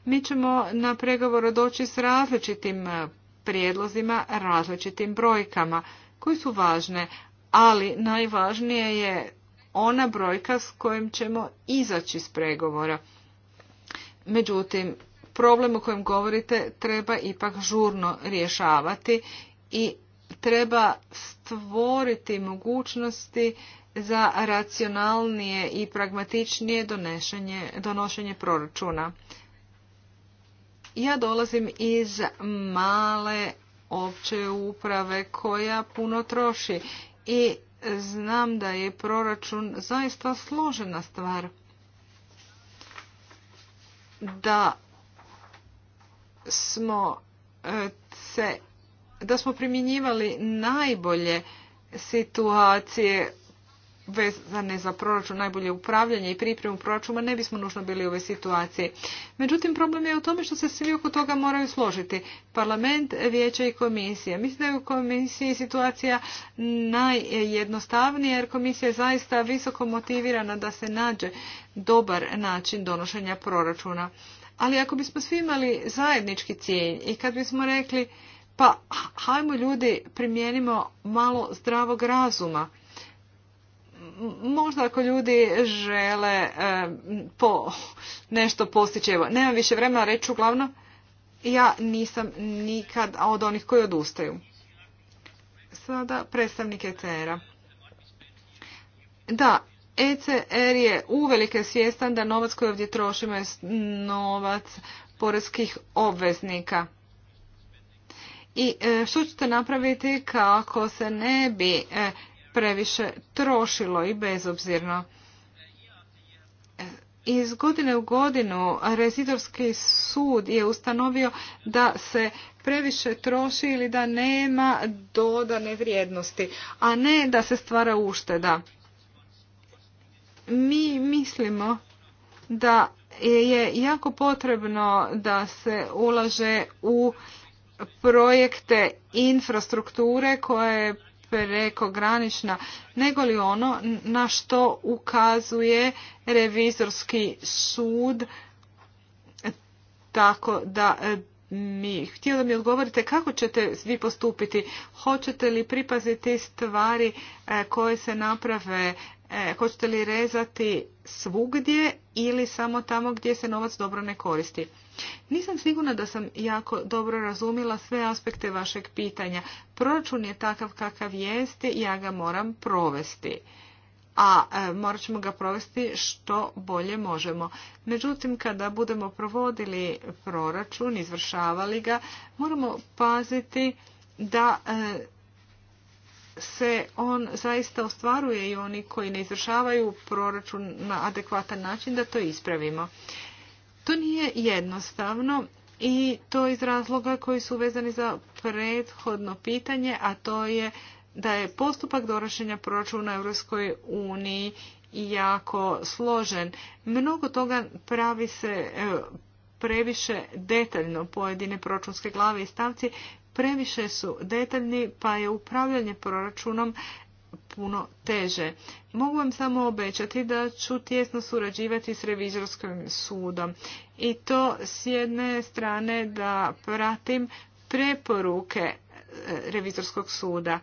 Mi ćemo na pregovoru doći s različitim e, prijedlozima, različitim brojkama koji su važne, ali najvažnije je ona brojka s kojom ćemo izaći s pregovora. Međutim, problem o kojem govorite treba ipak žurno rješavati i treba stvoriti mogućnosti za racionalnije i pragmatičnije donošenje proračuna. Ja dolazim iz male opće uprave koja puno troši i znam da je proračun zaista složena stvar. Da smo e, se da smo primjenjivali najbolje situacije vezane za proračun, najbolje upravljanje i pripremu proračuna, ne bismo nužno bili u ovoj situaciji. Međutim, problem je u tome što se svi oko toga moraju složiti. Parlament, vijeće i komisija. Mislim da je u komisiji situacija najjednostavnija jer komisija je zaista visoko motivirana da se nađe dobar način donošenja proračuna. Ali ako bismo svi imali zajednički cilj i kad bismo rekli pa hajmo ljudi primijenimo malo zdravog razuma. Možda ako ljudi žele po, nešto postići, evo, nemam više vremena reći uglavnom, ja nisam nikad od onih koji odustaju. Sada predstavnik ECR-a. Da, ECR je uvelike svjestan da novac koji ovdje trošimo je novac porezkih obveznika i e, što ćete napraviti kako se ne bi e, previše trošilo i bezobzirno. E, iz godine u godinu rezidorski sud je ustanovio da se previše troši ili da nema dodane vrijednosti, a ne da se stvara ušteda. Mi mislimo da je jako potrebno da se ulaže u projekte infrastrukture koja je prekogranična, nego li ono na što ukazuje revizorski sud tako da e, mi. Htio da mi odgovorite kako ćete vi postupiti. Hoćete li pripaziti stvari e, koje se naprave, e, hoćete li rezati svugdje ili samo tamo gdje se novac dobro ne koristi. Nisam sigurna da sam jako dobro razumjela sve aspekte vašeg pitanja. Proračun je takav kakav jeste i ja ga moram provesti. A e, morat ćemo ga provesti što bolje možemo. Međutim, kada budemo provodili proračun, izvršavali ga, moramo paziti da e, se on zaista ostvaruje i oni koji ne izvršavaju proračun na adekvatan način da to ispravimo. To nije jednostavno i to iz razloga koji su vezani za prethodno pitanje, a to je da je postupak donošenja proračuna u EU jako složen. Mnogo toga pravi se e, previše detaljno pojedine proračunske glave i stavci previše su detaljni pa je upravljanje proračunom puno teže. Mogu vam samo obećati da ću tjesno surađivati s revizorskim sudom i to s jedne strane da pratim preporuke e, revizorskog suda.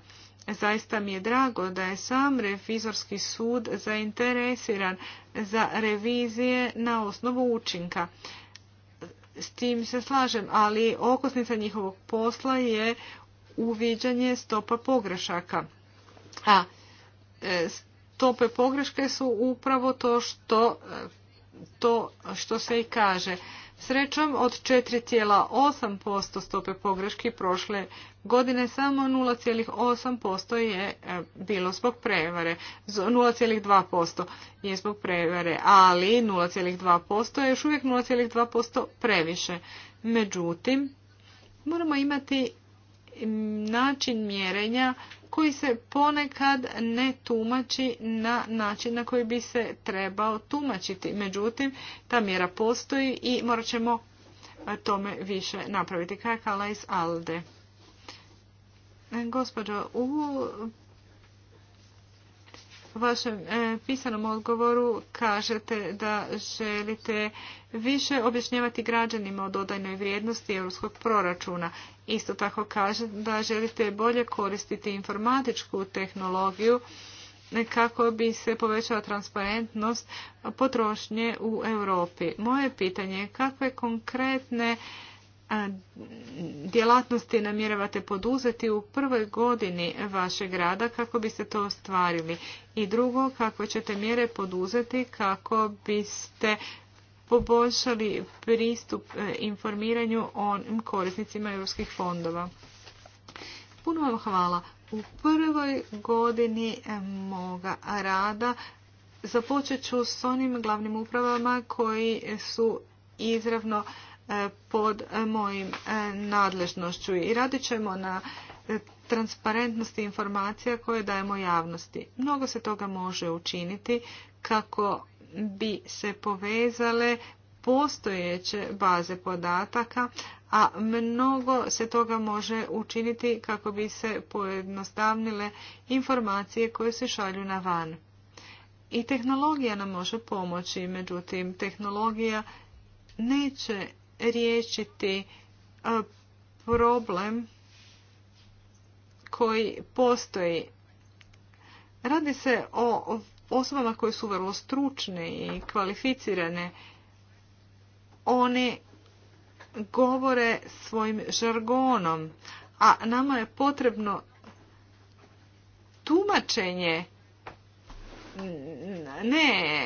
Zaista mi je drago da je sam revizorski sud zainteresiran za revizije na osnovu učinka. S tim se slažem, ali okosnica njihovog posla je uviđanje stopa pogrešaka. A E, stope pogreške su upravo to što, e, to što se i kaže. Srećom od 4,8% stope pogreški prošle godine samo 0,8% je e, bilo zbog prevare, 0,2% je zbog prevare, ali 0,2% je još uvijek 0,2% previše. Međutim, moramo imati način mjerenja koji se ponekad ne tumači na način na koji bi se trebao tumačiti. Međutim, ta mjera postoji i morat ćemo tome više napraviti. Kakala iz Alde. E, gospođo, u vašem e, pisanom odgovoru kažete da želite više objašnjavati građanima o dodajnoj vrijednosti europskog proračuna. Isto tako kaže da želite bolje koristiti informatičku tehnologiju kako bi se povećala transparentnost potrošnje u Europi. Moje pitanje je kakve konkretne djelatnosti namjeravate poduzeti u prvoj godini vašeg rada kako biste to ostvarili i drugo kako ćete mjere poduzeti kako biste poboljšali pristup e, informiranju o korisnicima europskih fondova. Puno vam hvala. U prvoj godini e, moga rada započet ću s onim glavnim upravama koji su izravno e, pod mojim nadležnošću i radit ćemo na transparentnosti informacija koje dajemo javnosti. Mnogo se toga može učiniti kako bi se povezale postojeće baze podataka, a mnogo se toga može učiniti kako bi se pojednostavnile informacije koje se šalju na van. I tehnologija nam može pomoći, međutim, tehnologija neće riješiti e, problem koji postoji. Radi se o osobama koje su vrlo stručne i kvalificirane. Oni govore svojim žargonom, a nama je potrebno tumačenje ne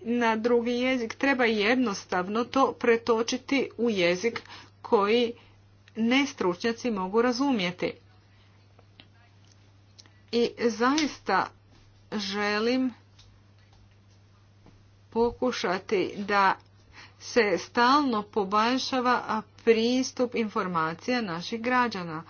na drugi jezik. Treba jednostavno to pretočiti u jezik koji ne stručnjaci mogu razumjeti. I zaista želim pokušati da se stalno poboljšava pristup informacija naših građana.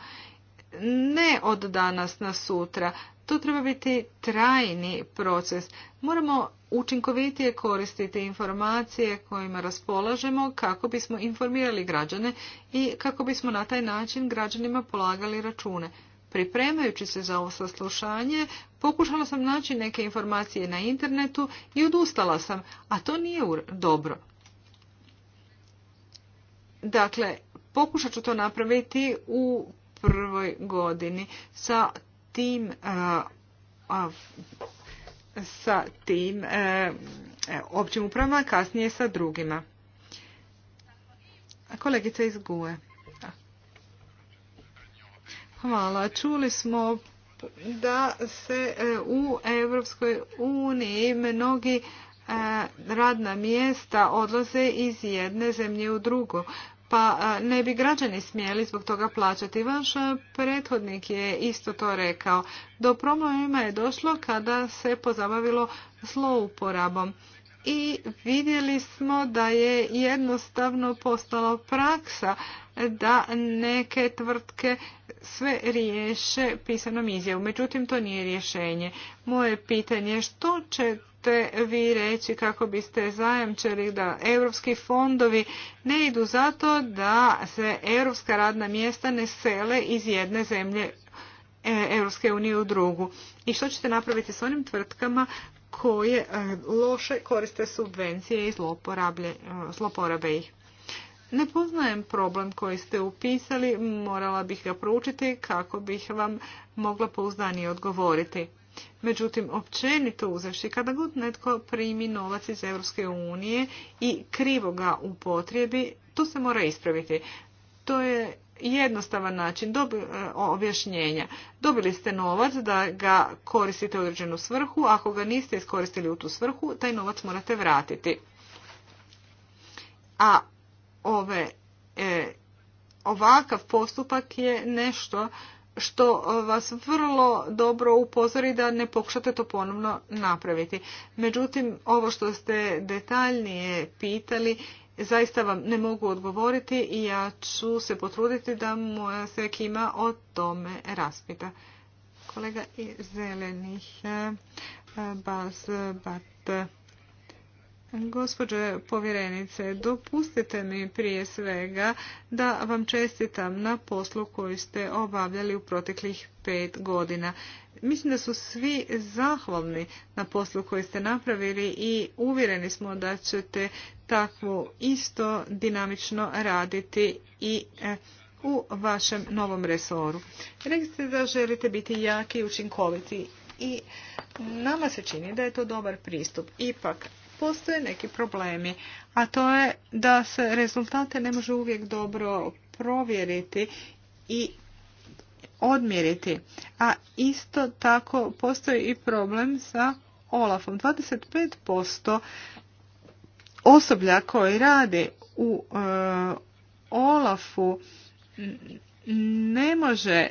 Ne od danas na sutra. To treba biti trajni proces. Moramo učinkovitije koristiti informacije kojima raspolažemo kako bismo informirali građane i kako bismo na taj način građanima polagali račune. Pripremajući se za ovo saslušanje, pokušala sam naći neke informacije na internetu i odustala sam, a to nije dobro. Dakle, pokušat ću to napraviti u prvoj godini sa tim sa tim e, e, općim upravama, kasnije sa drugima. Kolegica iz GUE. Hvala. Čuli smo da se e, u Europskoj uniji mnogi e, radna mjesta odlaze iz jedne zemlje u drugu. Pa e, ne bi građani smjeli zbog toga plaćati. Vaš prethodnik je isto to rekao. Do problema je došlo kada se pozabavilo zlouporabom. I vidjeli smo da je jednostavno postalo praksa da neke tvrtke sve riješe pisanom izjavom. Međutim, to nije rješenje. Moje pitanje je što ćete vi reći kako biste zajamčili da europski fondovi ne idu zato da se europska radna mjesta ne sele iz jedne zemlje e, Europske unije u drugu. I što ćete napraviti s onim tvrtkama koje e, loše koriste subvencije i e, zloporabe ih? Ne poznajem problem koji ste upisali, morala bih ga proučiti kako bih vam mogla pouzdanije odgovoriti. Međutim, općenito uzevši, kada god netko primi novac iz Europske unije i krivo ga upotrijebi, to se mora ispraviti. To je jednostavan način e, objašnjenja. Dobili ste novac da ga koristite u određenu svrhu, ako ga niste iskoristili u tu svrhu, taj novac morate vratiti. A ove e, ovakav postupak je nešto što vas vrlo dobro upozori da ne pokušate to ponovno napraviti. Međutim, ovo što ste detaljnije pitali, zaista vam ne mogu odgovoriti i ja ću se potruditi da moja se kima o tome raspita. Kolega iz zelenih, e, Bas Bat. Gospođe povjerenice, dopustite mi prije svega da vam čestitam na poslu koju ste obavljali u proteklih pet godina. Mislim da su svi zahvalni na poslu koji ste napravili i uvjereni smo da ćete takvu isto dinamično raditi i e, u vašem novom resoru. Rekli ste da želite biti jaki i učinkoviti i nama se čini da je to dobar pristup. Ipak, postoje neki problemi, a to je da se rezultate ne može uvijek dobro provjeriti i odmjeriti. A isto tako postoji i problem sa Olafom. 25% osoblja koji radi u e, Olafu ne može e,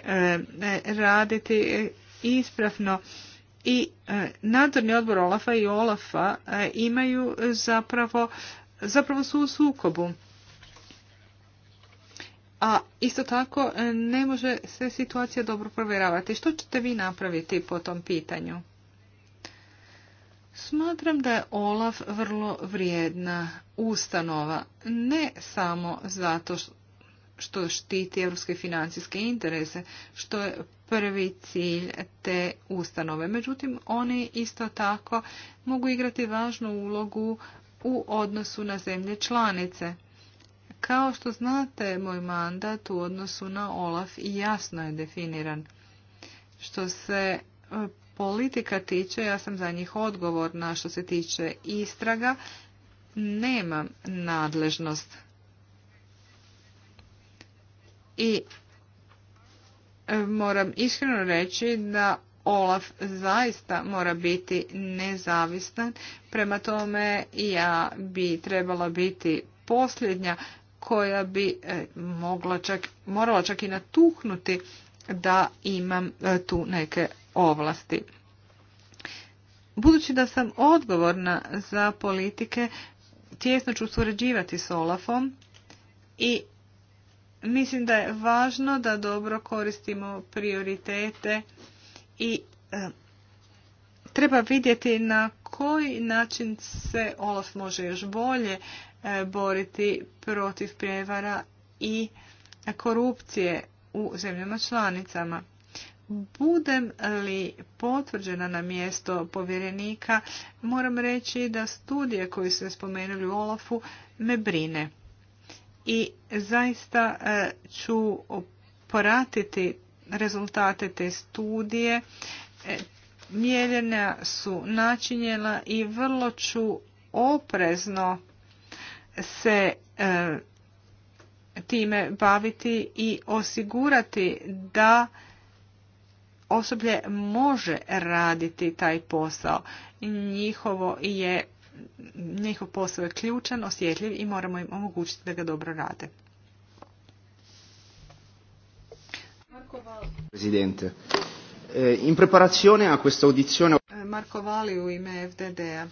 e, raditi ispravno i e, nadzorni odbor Olafa i Olafa e, imaju zapravo, zapravo su u sukobu. A isto tako e, ne može se situacija dobro provjeravati. Što ćete vi napraviti po tom pitanju? Smatram da je Olaf vrlo vrijedna ustanova, ne samo zato što štiti evropske financijske interese, što je prvi cilj te ustanove. Međutim, oni isto tako mogu igrati važnu ulogu u odnosu na zemlje članice. Kao što znate, moj mandat u odnosu na OLAF jasno je definiran. Što se e, politika tiče, ja sam za njih odgovorna. Što se tiče istraga, nemam nadležnost. I moram iskreno reći da Olaf zaista mora biti nezavistan. Prema tome ja bi trebala biti posljednja koja bi e, mogla čak, morala čak i natuhnuti da imam e, tu neke ovlasti. Budući da sam odgovorna za politike, tjesno ću surađivati s Olafom i Mislim da je važno da dobro koristimo prioritete i e, treba vidjeti na koji način se Olaf može još bolje e, boriti protiv prijevara i korupcije u zemljama članicama. Budem li potvrđena na mjesto povjerenika, moram reći da studije koje ste spomenuli u Olafu me brine i zaista e, ću poratiti rezultate te studije. E, mjerenja su načinjena i vrlo ću oprezno se e, time baviti i osigurati da osoblje može raditi taj posao. Njihovo je njihov posao je ključan, osjetljiv i moramo im omogućiti da ga dobro rade. Marko eh, in preparazione a questa eh, u ime FDD-a.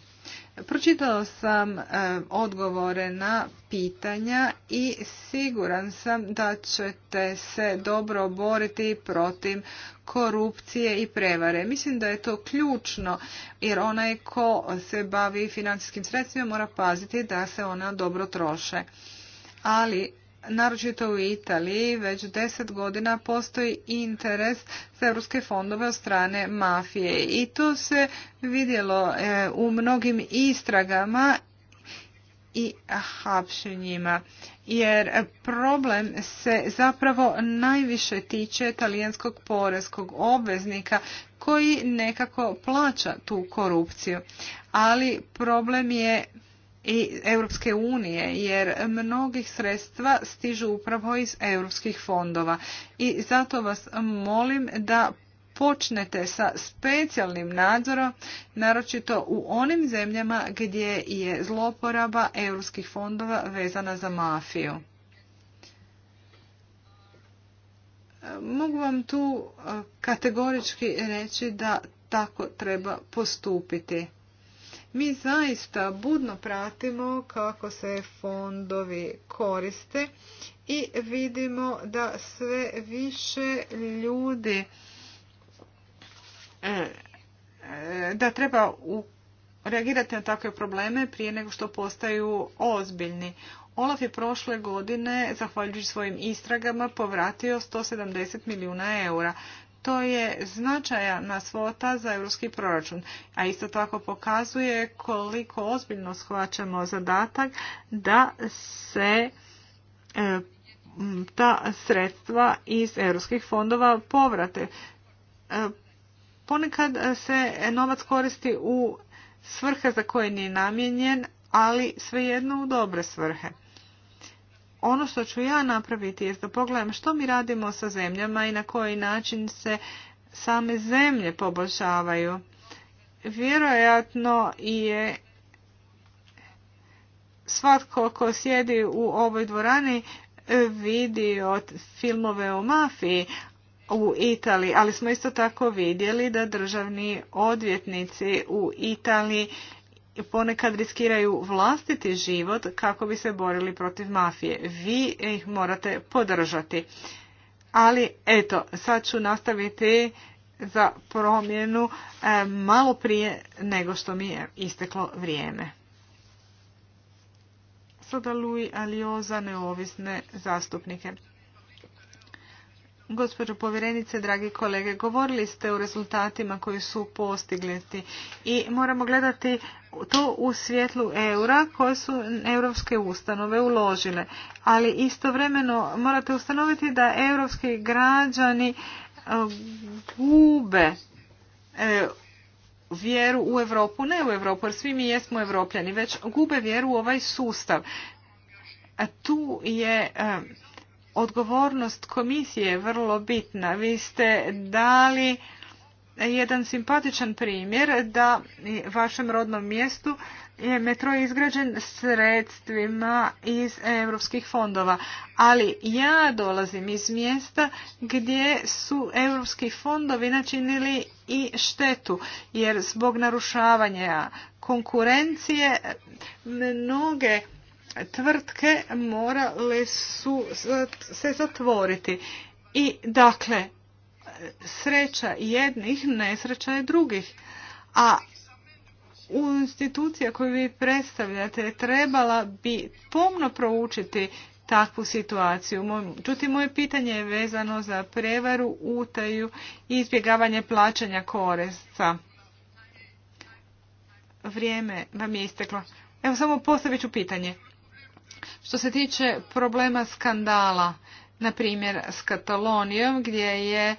Pročitao sam e, odgovore na pitanja i siguran sam da ćete se dobro boriti protiv korupcije i prevare. Mislim da je to ključno jer onaj ko se bavi financijskim sredstvima mora paziti da se ona dobro troše. Ali naročito u Italiji, već deset godina postoji interes za europske fondove od strane mafije. I to se vidjelo e, u mnogim istragama i hapšenjima. Jer problem se zapravo najviše tiče talijanskog porezkog obveznika koji nekako plaća tu korupciju. Ali problem je i Europske unije, jer mnogih sredstva stižu upravo iz europskih fondova. I zato vas molim da počnete sa specijalnim nadzorom, naročito u onim zemljama gdje je zloporaba europskih fondova vezana za mafiju. Mogu vam tu eh, kategorički reći da tako treba postupiti. Mi zaista budno pratimo kako se fondovi koriste i vidimo da sve više ljudi e, e, da treba reagirati na takve probleme prije nego što postaju ozbiljni. Olaf je prošle godine, zahvaljujući svojim istragama, povratio 170 milijuna eura. To je značajna svota za europski proračun, a isto tako pokazuje koliko ozbiljno shvaćamo zadatak da se e, ta sredstva iz europskih fondova povrate. E, ponekad se novac koristi u svrhe za koje nije namijenjen, ali svejedno u dobre svrhe ono što ću ja napraviti je da pogledam što mi radimo sa zemljama i na koji način se same zemlje poboljšavaju. Vjerojatno je svatko ko sjedi u ovoj dvorani e, vidio filmove o mafiji u Italiji, ali smo isto tako vidjeli da državni odvjetnici u Italiji ponekad riskiraju vlastiti život kako bi se borili protiv mafije. Vi ih morate podržati. Ali eto, sad ću nastaviti za promjenu e, malo prije nego što mi je isteklo vrijeme. Sada Louis Alioza, neovisne zastupnike. Gospođo povjerenice, dragi kolege, govorili ste o rezultatima koji su postignuti i moramo gledati to u svjetlu eura koje su europske ustanove uložile. Ali istovremeno morate ustanoviti da europski građani e, gube e, vjeru u Europu, ne u Europu, jer svi mi jesmo evropljani, već gube vjeru u ovaj sustav. A tu je e, odgovornost komisije je vrlo bitna. Vi ste dali jedan simpatičan primjer da vašem rodnom mjestu je metro izgrađen sredstvima iz europskih fondova. Ali ja dolazim iz mjesta gdje su europski fondovi načinili i štetu, jer zbog narušavanja konkurencije mnoge tvrtke morale su se zatvoriti. I dakle, sreća jednih, nesreća je drugih. A u institucija koju vi predstavljate trebala bi pomno proučiti takvu situaciju. Čuti moje pitanje je vezano za prevaru, utaju i izbjegavanje plaćanja koresca. Vrijeme vam je isteklo. Evo samo postavit ću pitanje. Što se tiče problema skandala, na primjer s Katalonijom gdje je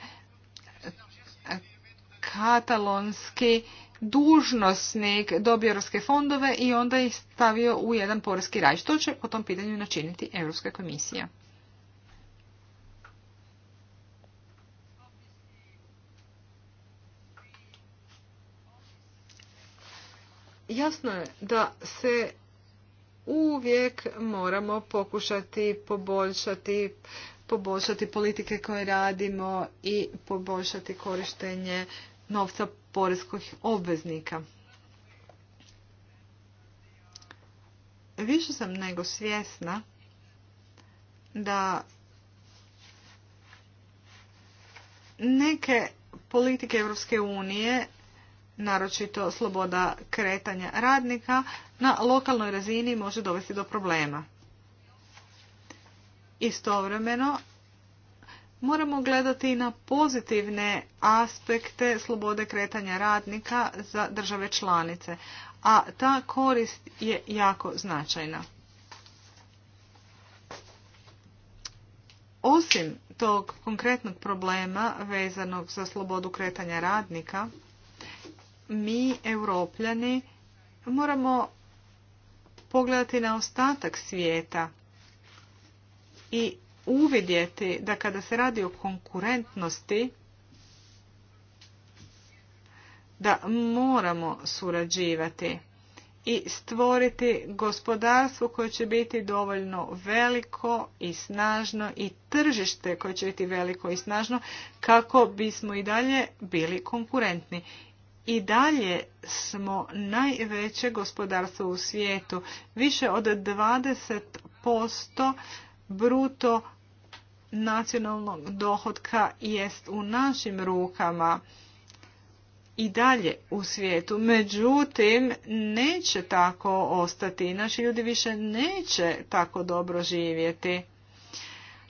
katalonski dužnosnik dobio europske fondove i onda ih stavio u jedan poreski raj. Što će po tom pitanju načiniti Europska komisija? Jasno je da se uvijek moramo pokušati poboljšati poboljšati politike koje radimo i poboljšati korištenje novca poreskih obveznika. Više sam nego svjesna da neke politike Europske unije naročito sloboda kretanja radnika, na lokalnoj razini može dovesti do problema. Istovremeno, moramo gledati i na pozitivne aspekte slobode kretanja radnika za države članice, a ta korist je jako značajna. Osim tog konkretnog problema vezanog za slobodu kretanja radnika, mi, europljani, moramo pogledati na ostatak svijeta i uvidjeti da kada se radi o konkurentnosti, da moramo surađivati i stvoriti gospodarstvo koje će biti dovoljno veliko i snažno i tržište koje će biti veliko i snažno kako bismo i dalje bili konkurentni i dalje smo najveće gospodarstvo u svijetu. Više od 20% bruto nacionalnog dohodka jest u našim rukama i dalje u svijetu. Međutim, neće tako ostati. Naši ljudi više neće tako dobro živjeti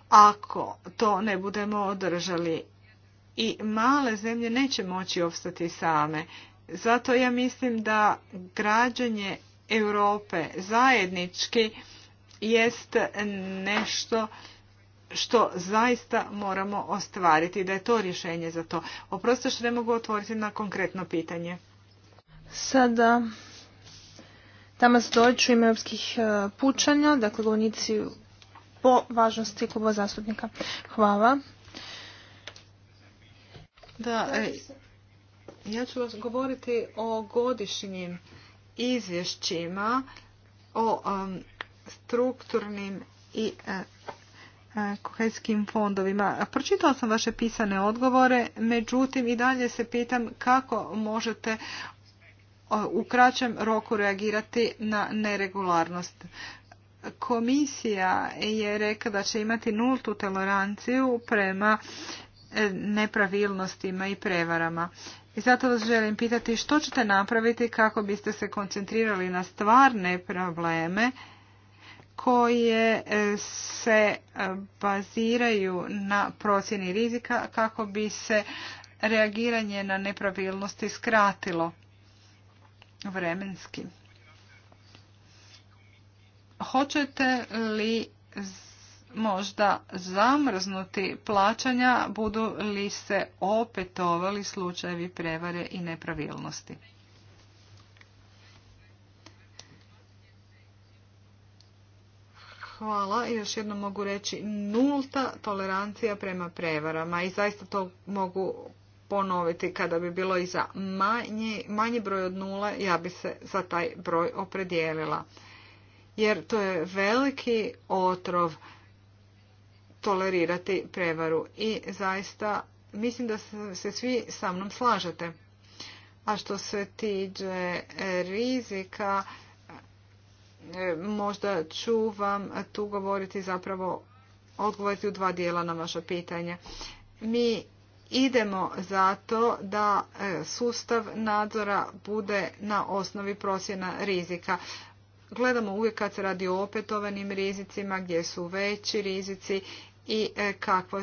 ako to ne budemo održali i male zemlje neće moći opstati same. Zato ja mislim da građanje Europe zajednički jest nešto što zaista moramo ostvariti, da je to rješenje za to. Oprosto što ne mogu otvoriti na konkretno pitanje. Sada tamo se europskih e, pučanja, dakle govornici po važnosti kluba zastupnika. Hvala. Da, e, ja ću vas govoriti o godišnjim izvješćima, o um, strukturnim i e, e, kohezijskim fondovima. Pročitala sam vaše pisane odgovore, međutim i dalje se pitam kako možete u kraćem roku reagirati na neregularnost. Komisija je rekla da će imati nultu toleranciju prema nepravilnostima i prevarama. I zato vas želim pitati što ćete napraviti kako biste se koncentrirali na stvarne probleme koje e, se e, baziraju na procjeni rizika kako bi se reagiranje na nepravilnosti skratilo vremenski. Hoćete li možda zamrznuti plaćanja budu li se opetovali slučajevi prevare i nepravilnosti. Hvala. Još jednom mogu reći nulta tolerancija prema prevarama i zaista to mogu ponoviti kada bi bilo i za manji, broj od nula, ja bi se za taj broj opredijelila. Jer to je veliki otrov tolerirati prevaru. I zaista mislim da se svi sa mnom slažete. A što se tiđe e, rizika, e, možda ću vam tu govoriti zapravo odgovoriti u dva dijela na vaše pitanje. Mi idemo zato da e, sustav nadzora bude na osnovi procjena rizika. Gledamo uvijek kad se radi o opetovanim rizicima, gdje su veći rizici i e, kako,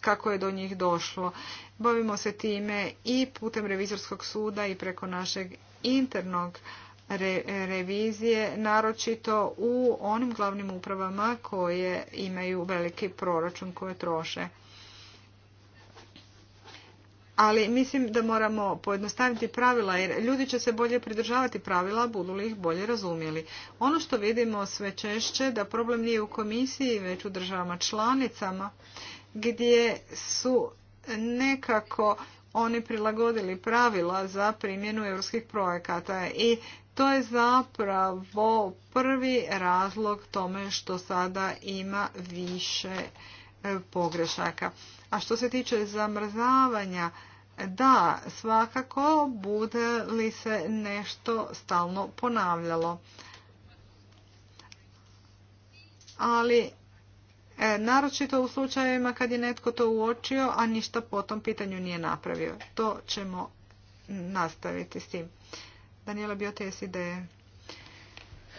kako je do njih došlo. Bavimo se time i putem revizorskog suda i preko našeg internog revizije, naročito u onim glavnim upravama koje imaju veliki proračun koje troše ali mislim da moramo pojednostaviti pravila jer ljudi će se bolje pridržavati pravila budu li ih bolje razumjeli. Ono što vidimo sve češće da problem nije u komisiji već u državama članicama gdje su nekako oni prilagodili pravila za primjenu europskih projekata i to je zapravo prvi razlog tome što sada ima više e, pogrešaka. A što se tiče zamrzavanja, da, svakako bude li se nešto stalno ponavljalo. Ali e, naročito u slučajevima kad je netko to uočio, a ništa po tom pitanju nije napravio. To ćemo nastaviti s tim. Daniela, bio te ideje.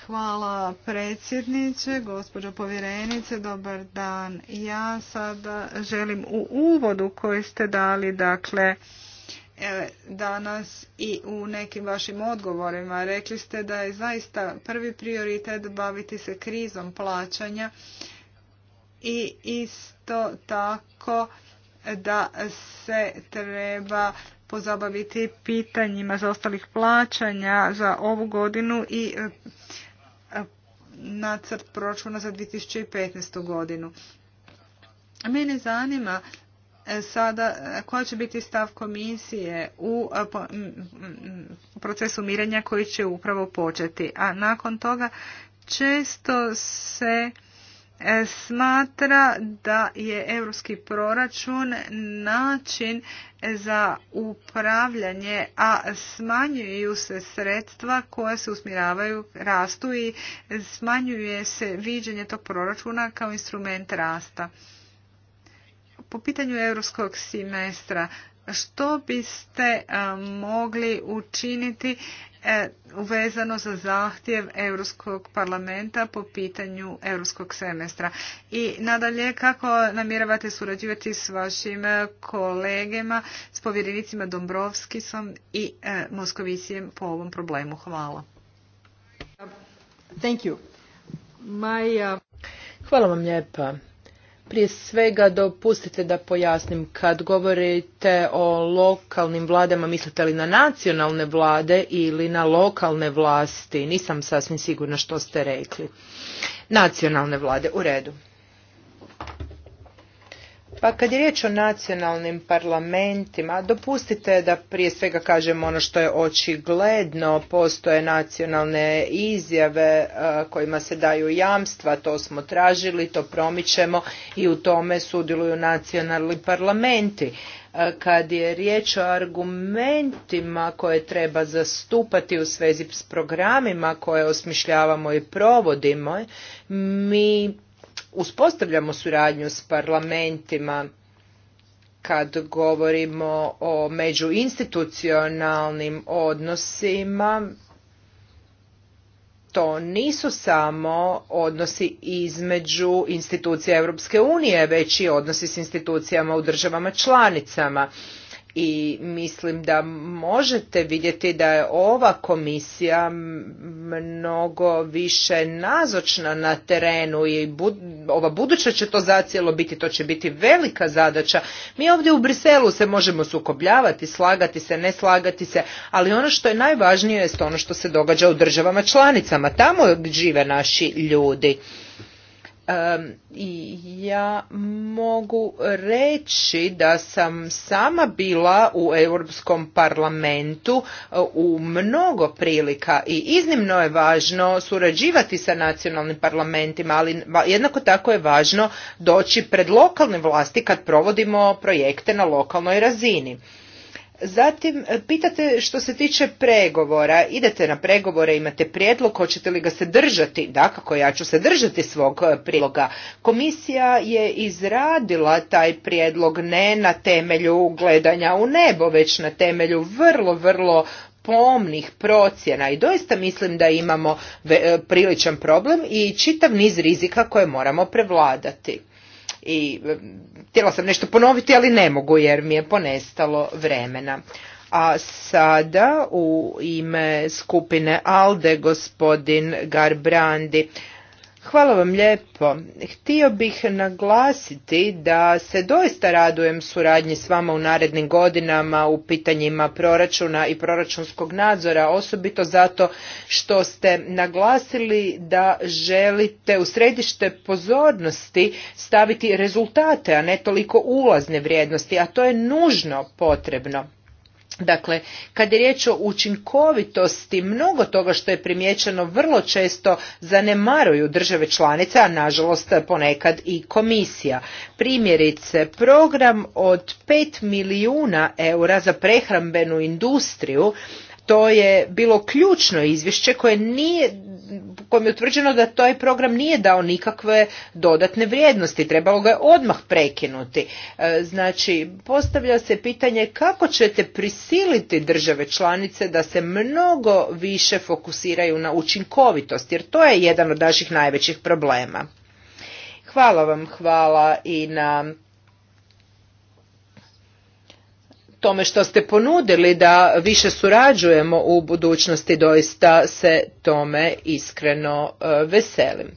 Hvala predsjedniče, gospođo povjerenice, dobar dan. Ja sada želim u uvodu koji ste dali, dakle, e, danas i u nekim vašim odgovorima. Rekli ste da je zaista prvi prioritet baviti se krizom plaćanja i isto tako da se treba pozabaviti pitanjima ostalih plaćanja za ovu godinu i nacrt proračuna za 2015. godinu. Mene zanima e, sada e, koja će biti stav komisije u e, procesu mirenja koji će upravo početi. A nakon toga često se E, smatra da je europski proračun način za upravljanje, a smanjuju se sredstva koja se usmjeravaju rastu i smanjuje se viđenje tog proračuna kao instrument rasta. Po pitanju europskog semestra što biste mogli učiniti uvezano e, za zahtjev Europskog parlamenta po pitanju Europskog semestra. I nadalje, kako namjeravate surađivati s vašim e, kolegama, s povjerenicima Dombrovskisom i e, Moskovicijem po ovom problemu? Hvala. Uh, Hvala vam lijepa. Prije svega dopustite da pojasnim kad govorite o lokalnim vladama, mislite li na nacionalne vlade ili na lokalne vlasti? Nisam sasvim sigurna što ste rekli. Nacionalne vlade, u redu. Pa kad je riječ o nacionalnim parlamentima, dopustite da prije svega kažem ono što je očigledno, postoje nacionalne izjave e, kojima se daju jamstva, to smo tražili, to promičemo i u tome sudjeluju nacionalni parlamenti e, kad je riječ o argumentima koje treba zastupati u svezi s programima koje osmišljavamo i provodimo, mi uspostavljamo suradnju s parlamentima kad govorimo o međuinstitucionalnim odnosima to nisu samo odnosi između institucija Europske unije, već i odnosi s institucijama u državama članicama i mislim da možete vidjeti da je ova komisija mnogo više nazočna na terenu i ova buduća će to zacijelo biti, to će biti velika zadaća. Mi ovdje u Briselu se možemo sukobljavati, slagati se, ne slagati se, ali ono što je najvažnije je ono što se događa u državama članicama, tamo žive naši ljudi i ja mogu reći da sam sama bila u Europskom parlamentu e, u mnogo prilika i iznimno je važno surađivati sa nacionalnim parlamentima, ali jednako tako je važno doći pred lokalne vlasti kad provodimo projekte na lokalnoj razini. Zatim, e, pitate što se tiče pregovora, idete na pregovore, imate prijedlog, hoćete li ga se držati? Da, kako ja ću se držati svog e, prijedloga. Komisija je izradila taj prijedlog ne na temelju gledanja u nebo, već na temelju vrlo, vrlo pomnih procjena i doista mislim da imamo e, priličan problem i čitav niz rizika koje moramo prevladati i htjela sam nešto ponoviti, ali ne mogu jer mi je ponestalo vremena. A sada u ime skupine ALDE gospodin Garbrandi. Hvala vam lijepo. Htio bih naglasiti da se doista radujem suradnji s vama u narednim godinama u pitanjima proračuna i proračunskog nadzora, osobito zato što ste naglasili da želite u središte pozornosti staviti rezultate, a ne toliko ulazne vrijednosti, a to je nužno potrebno. Dakle, kad je riječ o učinkovitosti, mnogo toga što je primijećeno vrlo često zanemaruju države članice, a nažalost ponekad i komisija. Primjerice, program od 5 milijuna eura za prehrambenu industriju to je bilo ključno izvješće koje nije kojim je utvrđeno da taj program nije dao nikakve dodatne vrijednosti, trebalo ga je odmah prekinuti. E, znači, postavlja se pitanje kako ćete prisiliti države članice da se mnogo više fokusiraju na učinkovitost, jer to je jedan od naših najvećih problema. Hvala vam, hvala i na tome što ste ponudili da više surađujemo u budućnosti doista se tome iskreno e, veselim.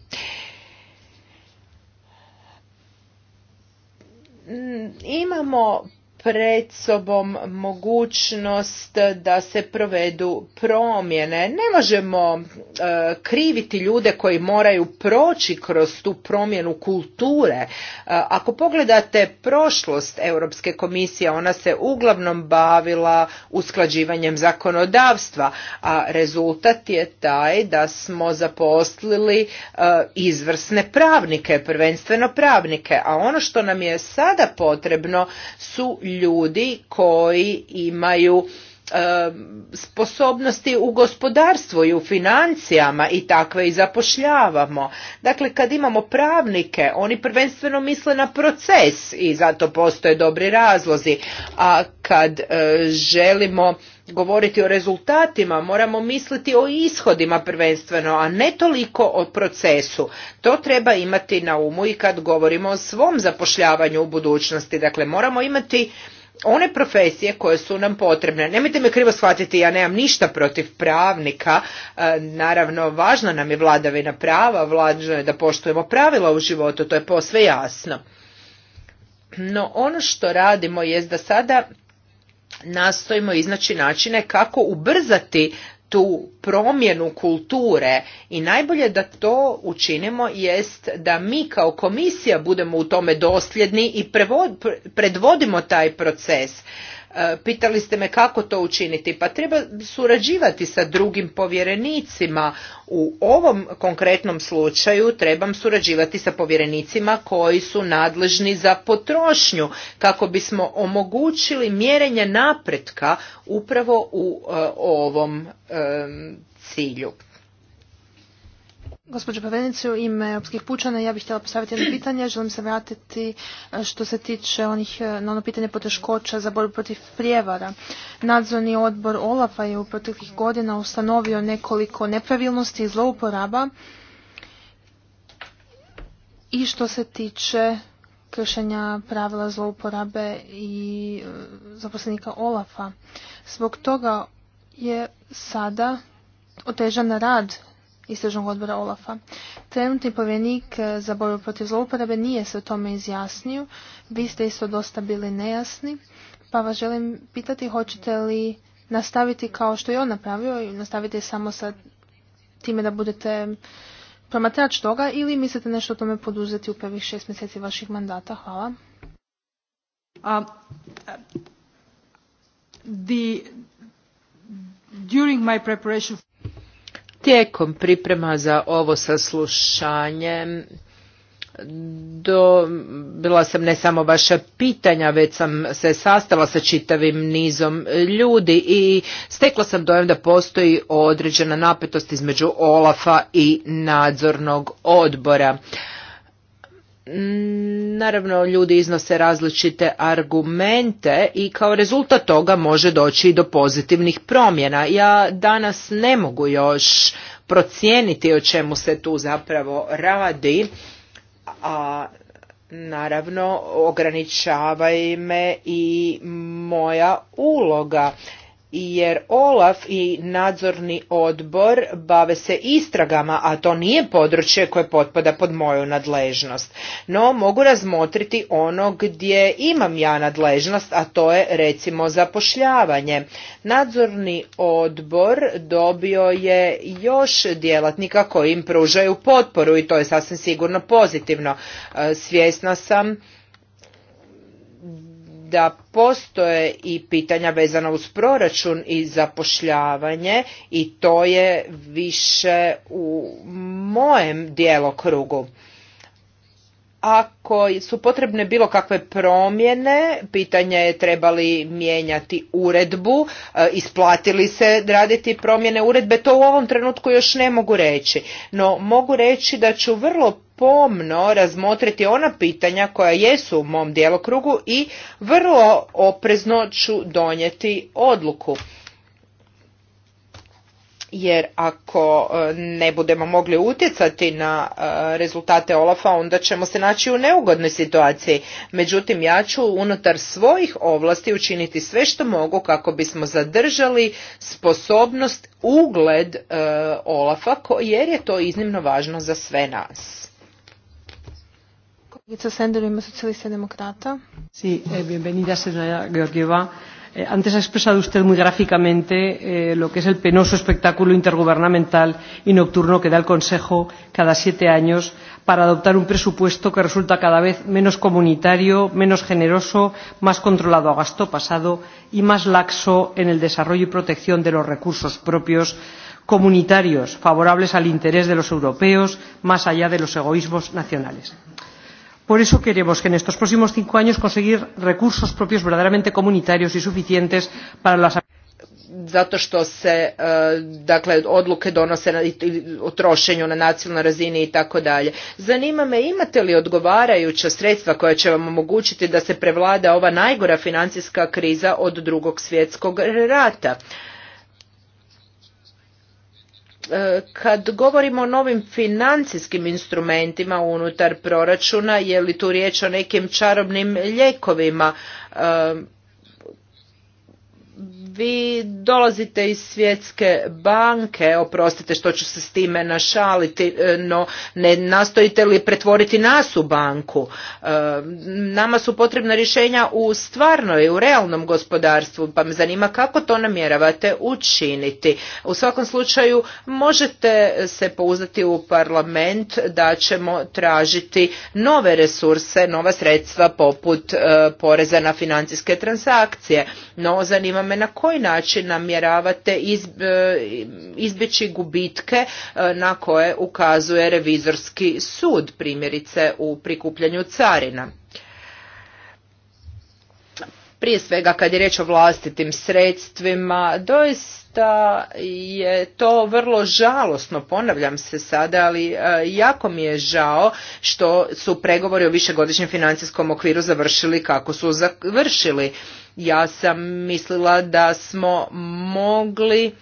Imamo pred sobom mogućnost da se provedu promjene. Ne možemo e, kriviti ljude koji moraju proći kroz tu promjenu kulture. E, ako pogledate prošlost Europske komisije, ona se uglavnom bavila usklađivanjem zakonodavstva, a rezultat je taj da smo zaposlili e, izvrsne pravnike, prvenstveno pravnike, a ono što nam je sada potrebno su ljudi koji imaju sposobnosti u gospodarstvu i u financijama i takve i zapošljavamo. Dakle, kad imamo pravnike, oni prvenstveno misle na proces i zato postoje dobri razlozi. A kad eh, želimo govoriti o rezultatima, moramo misliti o ishodima prvenstveno, a ne toliko o procesu. To treba imati na umu i kad govorimo o svom zapošljavanju u budućnosti. Dakle, moramo imati one profesije koje su nam potrebne. Nemojte me krivo shvatiti, ja nemam ništa protiv pravnika. E, naravno, važna nam je vladavina prava, važno je da poštujemo pravila u životu, to je posve jasno. No ono što radimo jest da sada nastojimo iznaći načine kako ubrzati tu promjenu kulture i najbolje da to učinimo jest da mi kao komisija budemo u tome dosljedni i predvodimo taj proces E, pitali ste me kako to učiniti. Pa treba surađivati sa drugim povjerenicima. U ovom konkretnom slučaju trebam surađivati sa povjerenicima koji su nadležni za potrošnju kako bismo omogućili mjerenje napretka upravo u e, ovom e, cilju. Gospođo Pavenice, u ime Europskih pučana ja bih htjela postaviti jedno pitanje. Želim se vratiti e, što se tiče onih, e, na ono pitanje poteškoća za borbu protiv prijevara. Nadzorni odbor Olafa je u proteklih godina ustanovio nekoliko nepravilnosti i zlouporaba i što se tiče kršenja pravila zlouporabe i e, zaposlenika Olafa. Zbog toga je sada otežan rad istražnog odbora Olafa. Trenutni povjerenik e, za borbu protiv zlouporabe nije se o tome izjasnio. Vi ste isto dosta bili nejasni, pa vas želim pitati hoćete li nastaviti kao što je on napravio i nastaviti samo sa time da budete promatrač toga ili mislite nešto o tome poduzeti u prvih šest mjeseci vaših mandata? Hvala. the, during my preparation Tijekom priprema za ovo saslušanje do, bila sam ne samo vaša pitanja, već sam se sastala sa čitavim nizom ljudi i stekla sam dojem da postoji određena napetost između Olafa i nadzornog odbora. Naravno, ljudi iznose različite argumente i kao rezultat toga može doći i do pozitivnih promjena. Ja danas ne mogu još procijeniti o čemu se tu zapravo radi, a naravno ograničava me i moja uloga jer Olaf i nadzorni odbor bave se istragama, a to nije područje koje potpada pod moju nadležnost. No mogu razmotriti ono gdje imam ja nadležnost, a to je recimo zapošljavanje. Nadzorni odbor dobio je još djelatnika koji im pružaju potporu i to je sasvim sigurno pozitivno. E, svjesna sam da postoje i pitanja vezana uz proračun i zapošljavanje i to je više u mojem djelokrugu ako su potrebne bilo kakve promjene, pitanje je trebali mijenjati uredbu, e, isplatili se raditi promjene uredbe, to u ovom trenutku još ne mogu reći. No mogu reći da ću vrlo pomno razmotriti ona pitanja koja jesu u mom djelokrugu i vrlo oprezno ću donijeti odluku jer ako e, ne budemo mogli utjecati na e, rezultate Olafa, onda ćemo se naći u neugodnoj situaciji. Međutim, ja ću unutar svojih ovlasti učiniti sve što mogu kako bismo zadržali sposobnost ugled e, Olafa, jer je to iznimno važno za sve nas. Gica Sender eh, bienvenida, senadora Georgieva. Eh, antes ha expresado usted muy gráficamente eh, lo que es el penoso espectáculo intergubernamental y nocturno que da el Consejo cada siete años para adoptar un presupuesto que resulta cada vez menos comunitario, menos generoso, más controlado a gasto pasado y más laxo en el desarrollo y protección de los recursos propios comunitarios, favorables al interés de los europeos, más allá de los egoísmos nacionales por eso queremos en estos próximos cinco años conseguir recursos propios verdaderamente comunitarios y suficientes para las zato što se e, dakle odluke donose na, o trošenju na nacionalnoj razini i tako dalje. Zanima me imate li odgovarajuća sredstva koja će vam omogućiti da se prevlada ova najgora financijska kriza od drugog svjetskog rata? E, kad govorimo o novim financijskim instrumentima unutar proračuna, je li tu riječ o nekim čarobnim ljekovima, e, vi dolazite iz svjetske banke, oprostite što ću se s time našaliti, e, no ne nastojite li pretvoriti nas u banku? E, nama su potrebna rješenja u stvarnoj, u realnom gospodarstvu, pa me zanima kako to namjeravate učiniti. U svakom slučaju možete se pouzdati u parlament da ćemo tražiti nove resurse, nova sredstva poput e, poreza na financijske transakcije, no zanima me na koji način namjeravate e, izbjeći gubitke e, na koje ukazuje revizorski sud, primjerice u prikupljanju carina prije svega kad je riječ o vlastitim sredstvima, doista zaista je to vrlo žalosno, ponavljam se sada, ali e, jako mi je žao što su pregovori o višegodišnjem financijskom okviru završili kako su završili. Ja sam mislila da smo mogli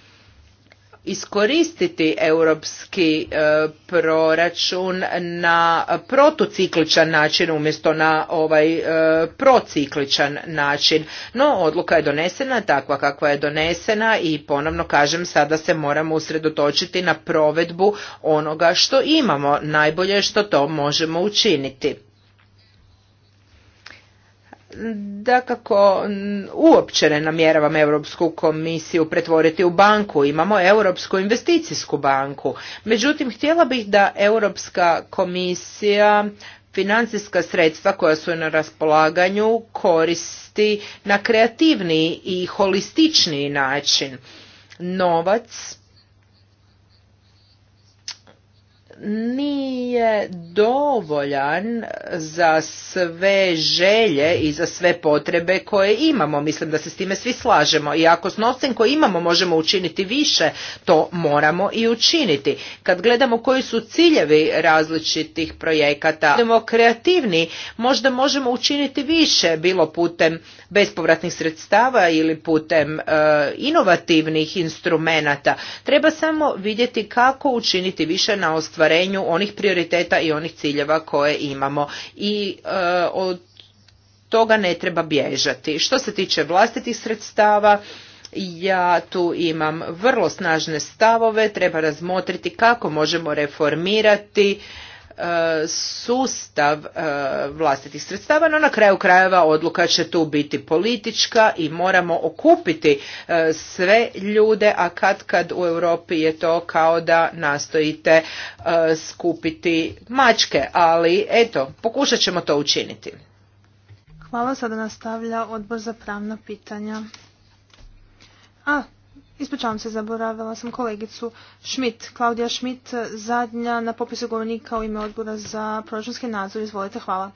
iskoristiti europski e, proračun na protucikličan način umjesto na ovaj e, procikličan način. No, odluka je donesena takva kakva je donesena i ponovno kažem sada se moramo usredotočiti na provedbu onoga što imamo. Najbolje što to možemo učiniti dakako uopće ne namjeravam Europsku komisiju pretvoriti u banku. Imamo Europsku investicijsku banku. Međutim, htjela bih da Europska komisija financijska sredstva koja su na raspolaganju koristi na kreativniji i holističniji način. Novac nije dovoljan za sve želje i za sve potrebe koje imamo. Mislim da se s time svi slažemo i ako s novcem koji imamo možemo učiniti više, to moramo i učiniti. Kad gledamo koji su ciljevi različitih projekata, budemo kreativni, možda možemo učiniti više, bilo putem bespovratnih sredstava ili putem e, inovativnih instrumenata. Treba samo vidjeti kako učiniti više na ostvarenju onih prioriteta i onih ciljeva koje imamo. I e, od toga ne treba bježati. Što se tiče vlastitih sredstava, ja tu imam vrlo snažne stavove, treba razmotriti kako možemo reformirati E, sustav e, vlastitih sredstava, no na kraju krajeva odluka će tu biti politička i moramo okupiti e, sve ljude, a kad kad u Europi je to kao da nastojite skupiti mačke, ali eto, pokušat ćemo to učiniti. Hvala, sada nastavlja odbor za pravna pitanja. A, Ispričavam se, zaboravila sam kolegicu Šmit, Klaudija Schmidt zadnja na popisu govornika u ime odbora za proračunski nadzor. Izvolite, hvala.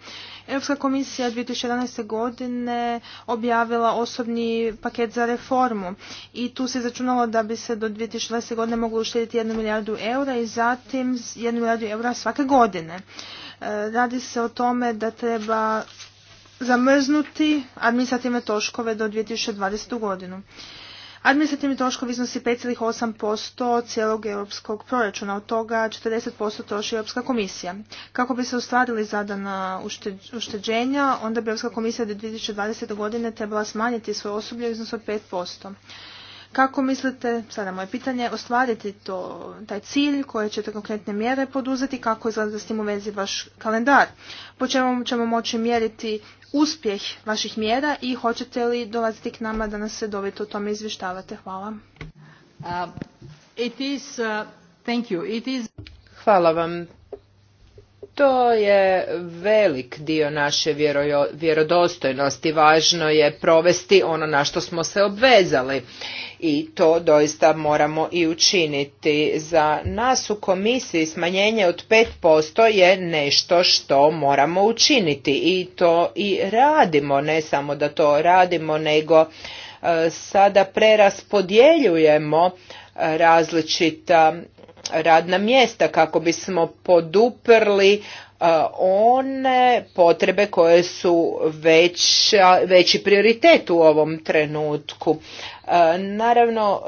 Europska komisija 2011. godine objavila osobni paket za reformu i tu se začunalo da bi se do 2020. godine moglo uštediti 1 milijardu eura i zatim 1 milijardu eura svake godine. E, radi se o tome da treba zamrznuti administrativne toškove do 2020. godinu. Administrativni troškovi iznosi 5,8% cijelog europskog proračuna, od toga 40% troši Europska komisija. Kako bi se ostvarili zadana ušteđenja, onda bi Europska komisija do 2020. godine trebala smanjiti svoje osoblje iznos od 5%. Kako mislite, sada moje pitanje, ostvariti to, taj cilj koje ćete konkretne mjere poduzeti, kako izgleda s tim u vezi vaš kalendar, po čemu ćemo moći mjeriti uspjeh vaših mjera i hoćete li dolaziti k nama da nas se dovete o tome izvještavate. Hvala. Uh, it is, uh, It is... Hvala vam to je velik dio naše vjerodostojnosti. Važno je provesti ono na što smo se obvezali i to doista moramo i učiniti. Za nas u komisiji smanjenje od 5% je nešto što moramo učiniti i to i radimo, ne samo da to radimo, nego e, sada preraspodjeljujemo e, različita radna mjesta kako bismo poduprli e, one potrebe koje su već, veći prioritet u ovom trenutku. E, naravno,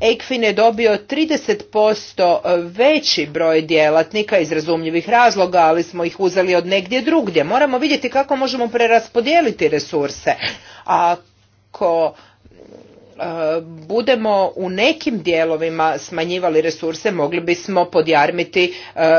ECFIN je dobio 30% veći broj djelatnika iz razumljivih razloga, ali smo ih uzeli od negdje drugdje. Moramo vidjeti kako možemo preraspodijeliti resurse. Ako E, budemo u nekim dijelovima smanjivali resurse mogli bismo podjarmiti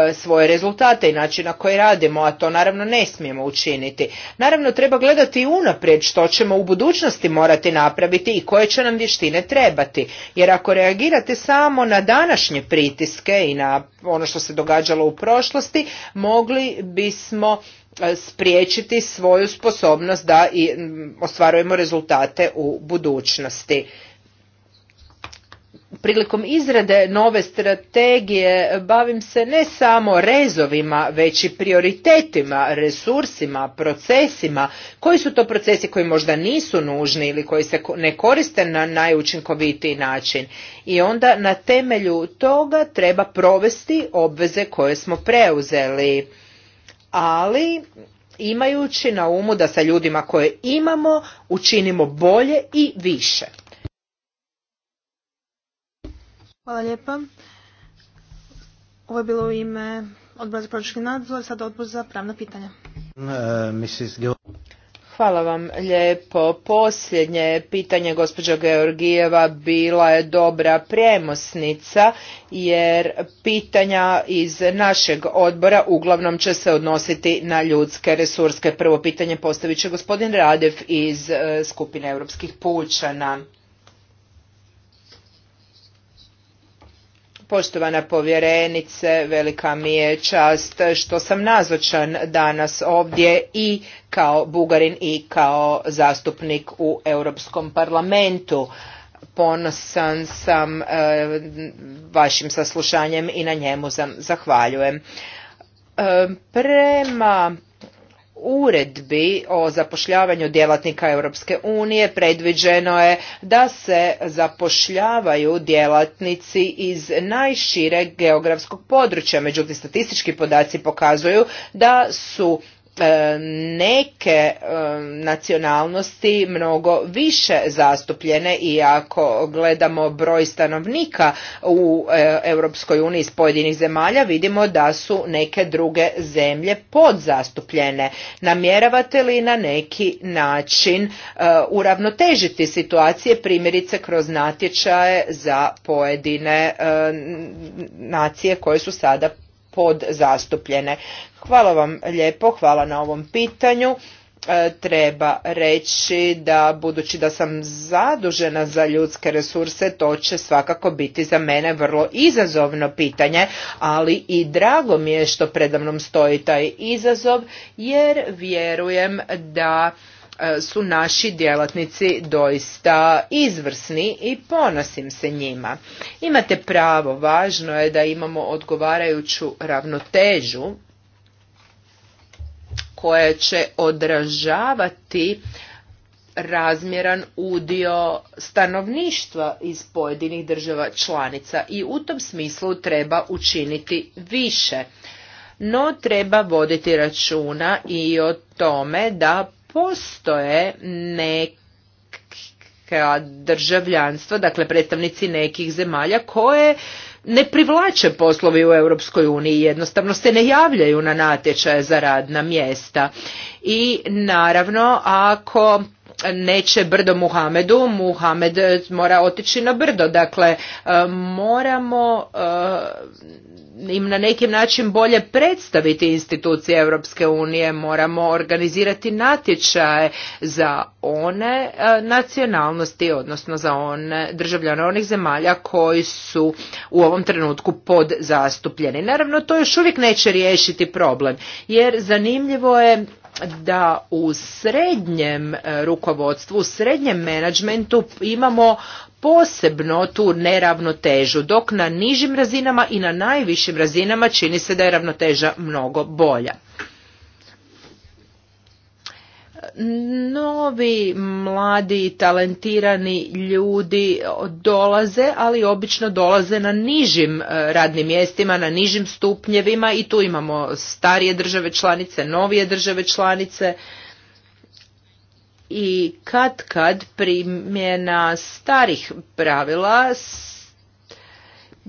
e, svoje rezultate i način na koji radimo a to naravno ne smijemo učiniti naravno treba gledati unaprijed što ćemo u budućnosti morati napraviti i koje će nam vještine trebati jer ako reagirate samo na današnje pritiske i na ono što se događalo u prošlosti mogli bismo E, spriječiti svoju sposobnost da i ostvarujemo rezultate u budućnosti. Prilikom izrade nove strategije bavim se ne samo rezovima, već i prioritetima, resursima, procesima. Koji su to procesi koji možda nisu nužni ili koji se ne koriste na najučinkovitiji način? I onda na temelju toga treba provesti obveze koje smo preuzeli ali imajući na umu da sa ljudima koje imamo učinimo bolje i više. Hvala lijepa. Ovo je bilo u ime odbora za proračunski nadzor, sada odbor za pravna pitanja. Hvala vam lijepo. Posljednje pitanje gospođa Georgijeva bila je dobra premosnica jer pitanja iz našeg odbora uglavnom će se odnositi na ljudske resurske. Prvo pitanje postavit će gospodin Radev iz eh, skupine europskih pučana. Poštovana povjerenice, velika mi je čast što sam nazočan danas ovdje i kao Bugarin i kao zastupnik u Europskom parlamentu. Ponosan sam e, vašim saslušanjem i na njemu zahvaljujem. E, prema uredbi o zapošljavanju djelatnika Europske unije predviđeno je da se zapošljavaju djelatnici iz najšireg geografskog područja. Međutim, statistički podaci pokazuju da su E, neke e, nacionalnosti mnogo više zastupljene i ako gledamo broj stanovnika u e, Europskoj uniji iz pojedinih zemalja vidimo da su neke druge zemlje podzastupljene. Namjeravate li na neki način uravnotežiti situacije primjerice kroz natječaje za pojedine nacije koje su sada podzastupljene. Hvala vam lijepo, hvala na ovom pitanju. E, treba reći da budući da sam zadužena za ljudske resurse, to će svakako biti za mene vrlo izazovno pitanje, ali i drago mi je što predavnom stoji taj izazov jer vjerujem da E, su naši djelatnici doista izvrsni i ponosim se njima. Imate pravo, važno je da imamo odgovarajuću ravnotežu koja će odražavati razmjeran udio stanovništva iz pojedinih država članica i u tom smislu treba učiniti više. No treba voditi računa i o tome da postoje neka državljanstva, dakle predstavnici nekih zemalja koje ne privlače poslovi u Europskoj uniji, jednostavno se ne javljaju na natječaje za radna mjesta. I naravno, ako neće brdo Muhamedu, Muhamed mora otići na brdo. Dakle, e, moramo e, im na neki način bolje predstaviti institucije Europske unije, moramo organizirati natječaje za one e, nacionalnosti, odnosno za one državljane onih zemalja koji su u ovom trenutku podzastupljeni. Naravno, to još uvijek neće riješiti problem, jer zanimljivo je da u srednjem e, rukovodstvu, u srednjem menadžmentu imamo posebno tu neravnotežu, dok na nižim razinama i na najvišim razinama čini se da je ravnoteža mnogo bolja. novi mladi talentirani ljudi dolaze, ali obično dolaze na nižim e, radnim mjestima, na nižim stupnjevima i tu imamo starije države članice, novije države članice i kad kad primjena starih pravila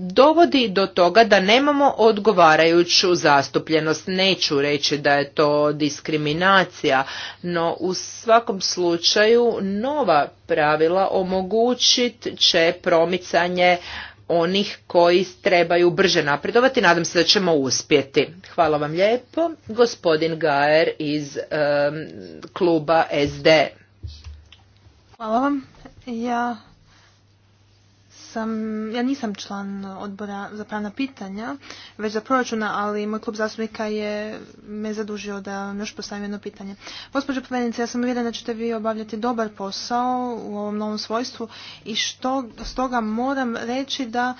dovodi do toga da nemamo odgovarajuću zastupljenost. Neću reći da je to diskriminacija, no u svakom slučaju nova pravila omogućit će promicanje onih koji trebaju brže napredovati. Nadam se da ćemo uspjeti. Hvala vam lijepo. Gospodin Gajer iz kluba SD. Hvala vam. Ja sam, ja nisam član odbora za pravna pitanja, već za proračuna, ali moj klub zastupnika je me zadužio da vam još postavim jedno pitanje. Gospođo povjednice, ja sam uvjerena da ćete vi obavljati dobar posao u ovom novom svojstvu i stoga moram reći da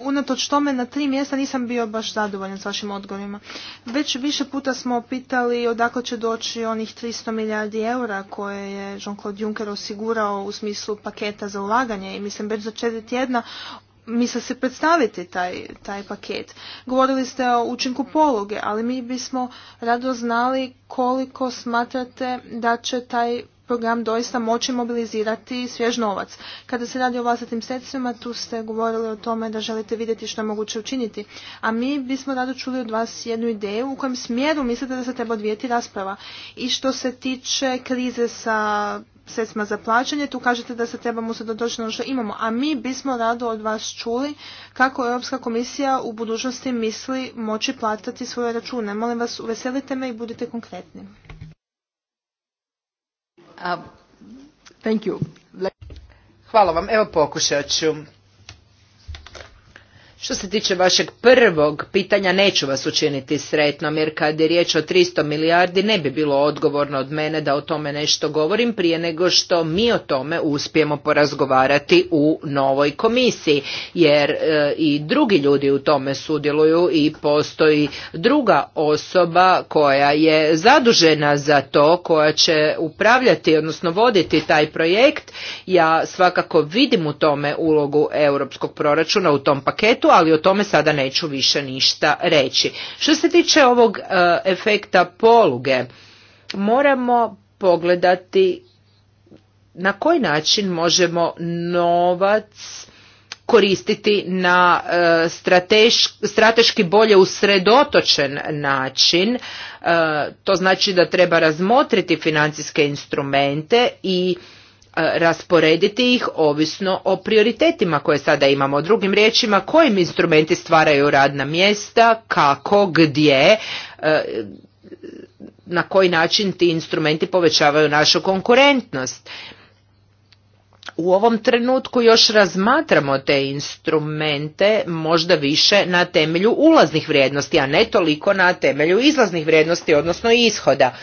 unatoč tome na tri mjesta nisam bio baš zadovoljan s vašim odgovorima. Već više puta smo pitali odakle će doći onih 300 milijardi eura koje je Jean-Claude Juncker osigurao u smislu paketa za ulaganje i mislim već za četiri tjedna misle se predstaviti taj, taj paket. Govorili ste o učinku pologe, ali mi bismo rado znali koliko smatrate da će taj program doista moći mobilizirati svjež novac. Kada se radi o vlastitim sredstvima, tu ste govorili o tome da želite vidjeti što je moguće učiniti. A mi bismo rado čuli od vas jednu ideju u kojem smjeru mislite da se treba odvijeti rasprava. I što se tiče krize sa sredstvima za plaćanje, tu kažete da se trebamo usredotočiti na ono što imamo, a mi bismo rado od vas čuli kako Europska komisija u budućnosti misli moći platiti svoje račune. Molim vas, uveselite me i budite konkretni. Um, Hvala vam. Evo pokušat ću. Što se tiče vašeg prvog pitanja, neću vas učiniti sretnom, jer kad je riječ o 300 milijardi, ne bi bilo odgovorno od mene da o tome nešto govorim prije nego što mi o tome uspijemo porazgovarati u novoj komisiji, jer e, i drugi ljudi u tome sudjeluju i postoji druga osoba koja je zadužena za to, koja će upravljati, odnosno voditi taj projekt. Ja svakako vidim u tome ulogu europskog proračuna u tom paketu, ali o tome sada neću više ništa reći. Što se tiče ovog e, efekta poluge, moramo pogledati na koji način možemo novac koristiti na e, strateški bolje usredotočen način. E, to znači da treba razmotriti financijske instrumente i E, rasporediti ih ovisno o prioritetima koje sada imamo. Drugim riječima, kojim instrumenti stvaraju radna mjesta, kako, gdje, e, na koji način ti instrumenti povećavaju našu konkurentnost. U ovom trenutku još razmatramo te instrumente možda više na temelju ulaznih vrijednosti, a ne toliko na temelju izlaznih vrijednosti, odnosno ishoda.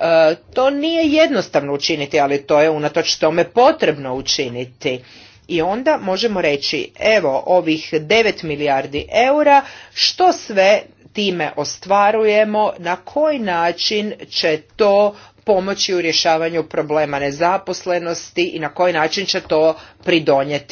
E, to nije jednostavno učiniti, ali to je unatoč tome potrebno učiniti. I onda možemo reći, evo ovih 9 milijardi eura, što sve time ostvarujemo, na koji način će to pomoći u rješavanju problema nezaposlenosti i na koji način će to pridonijeti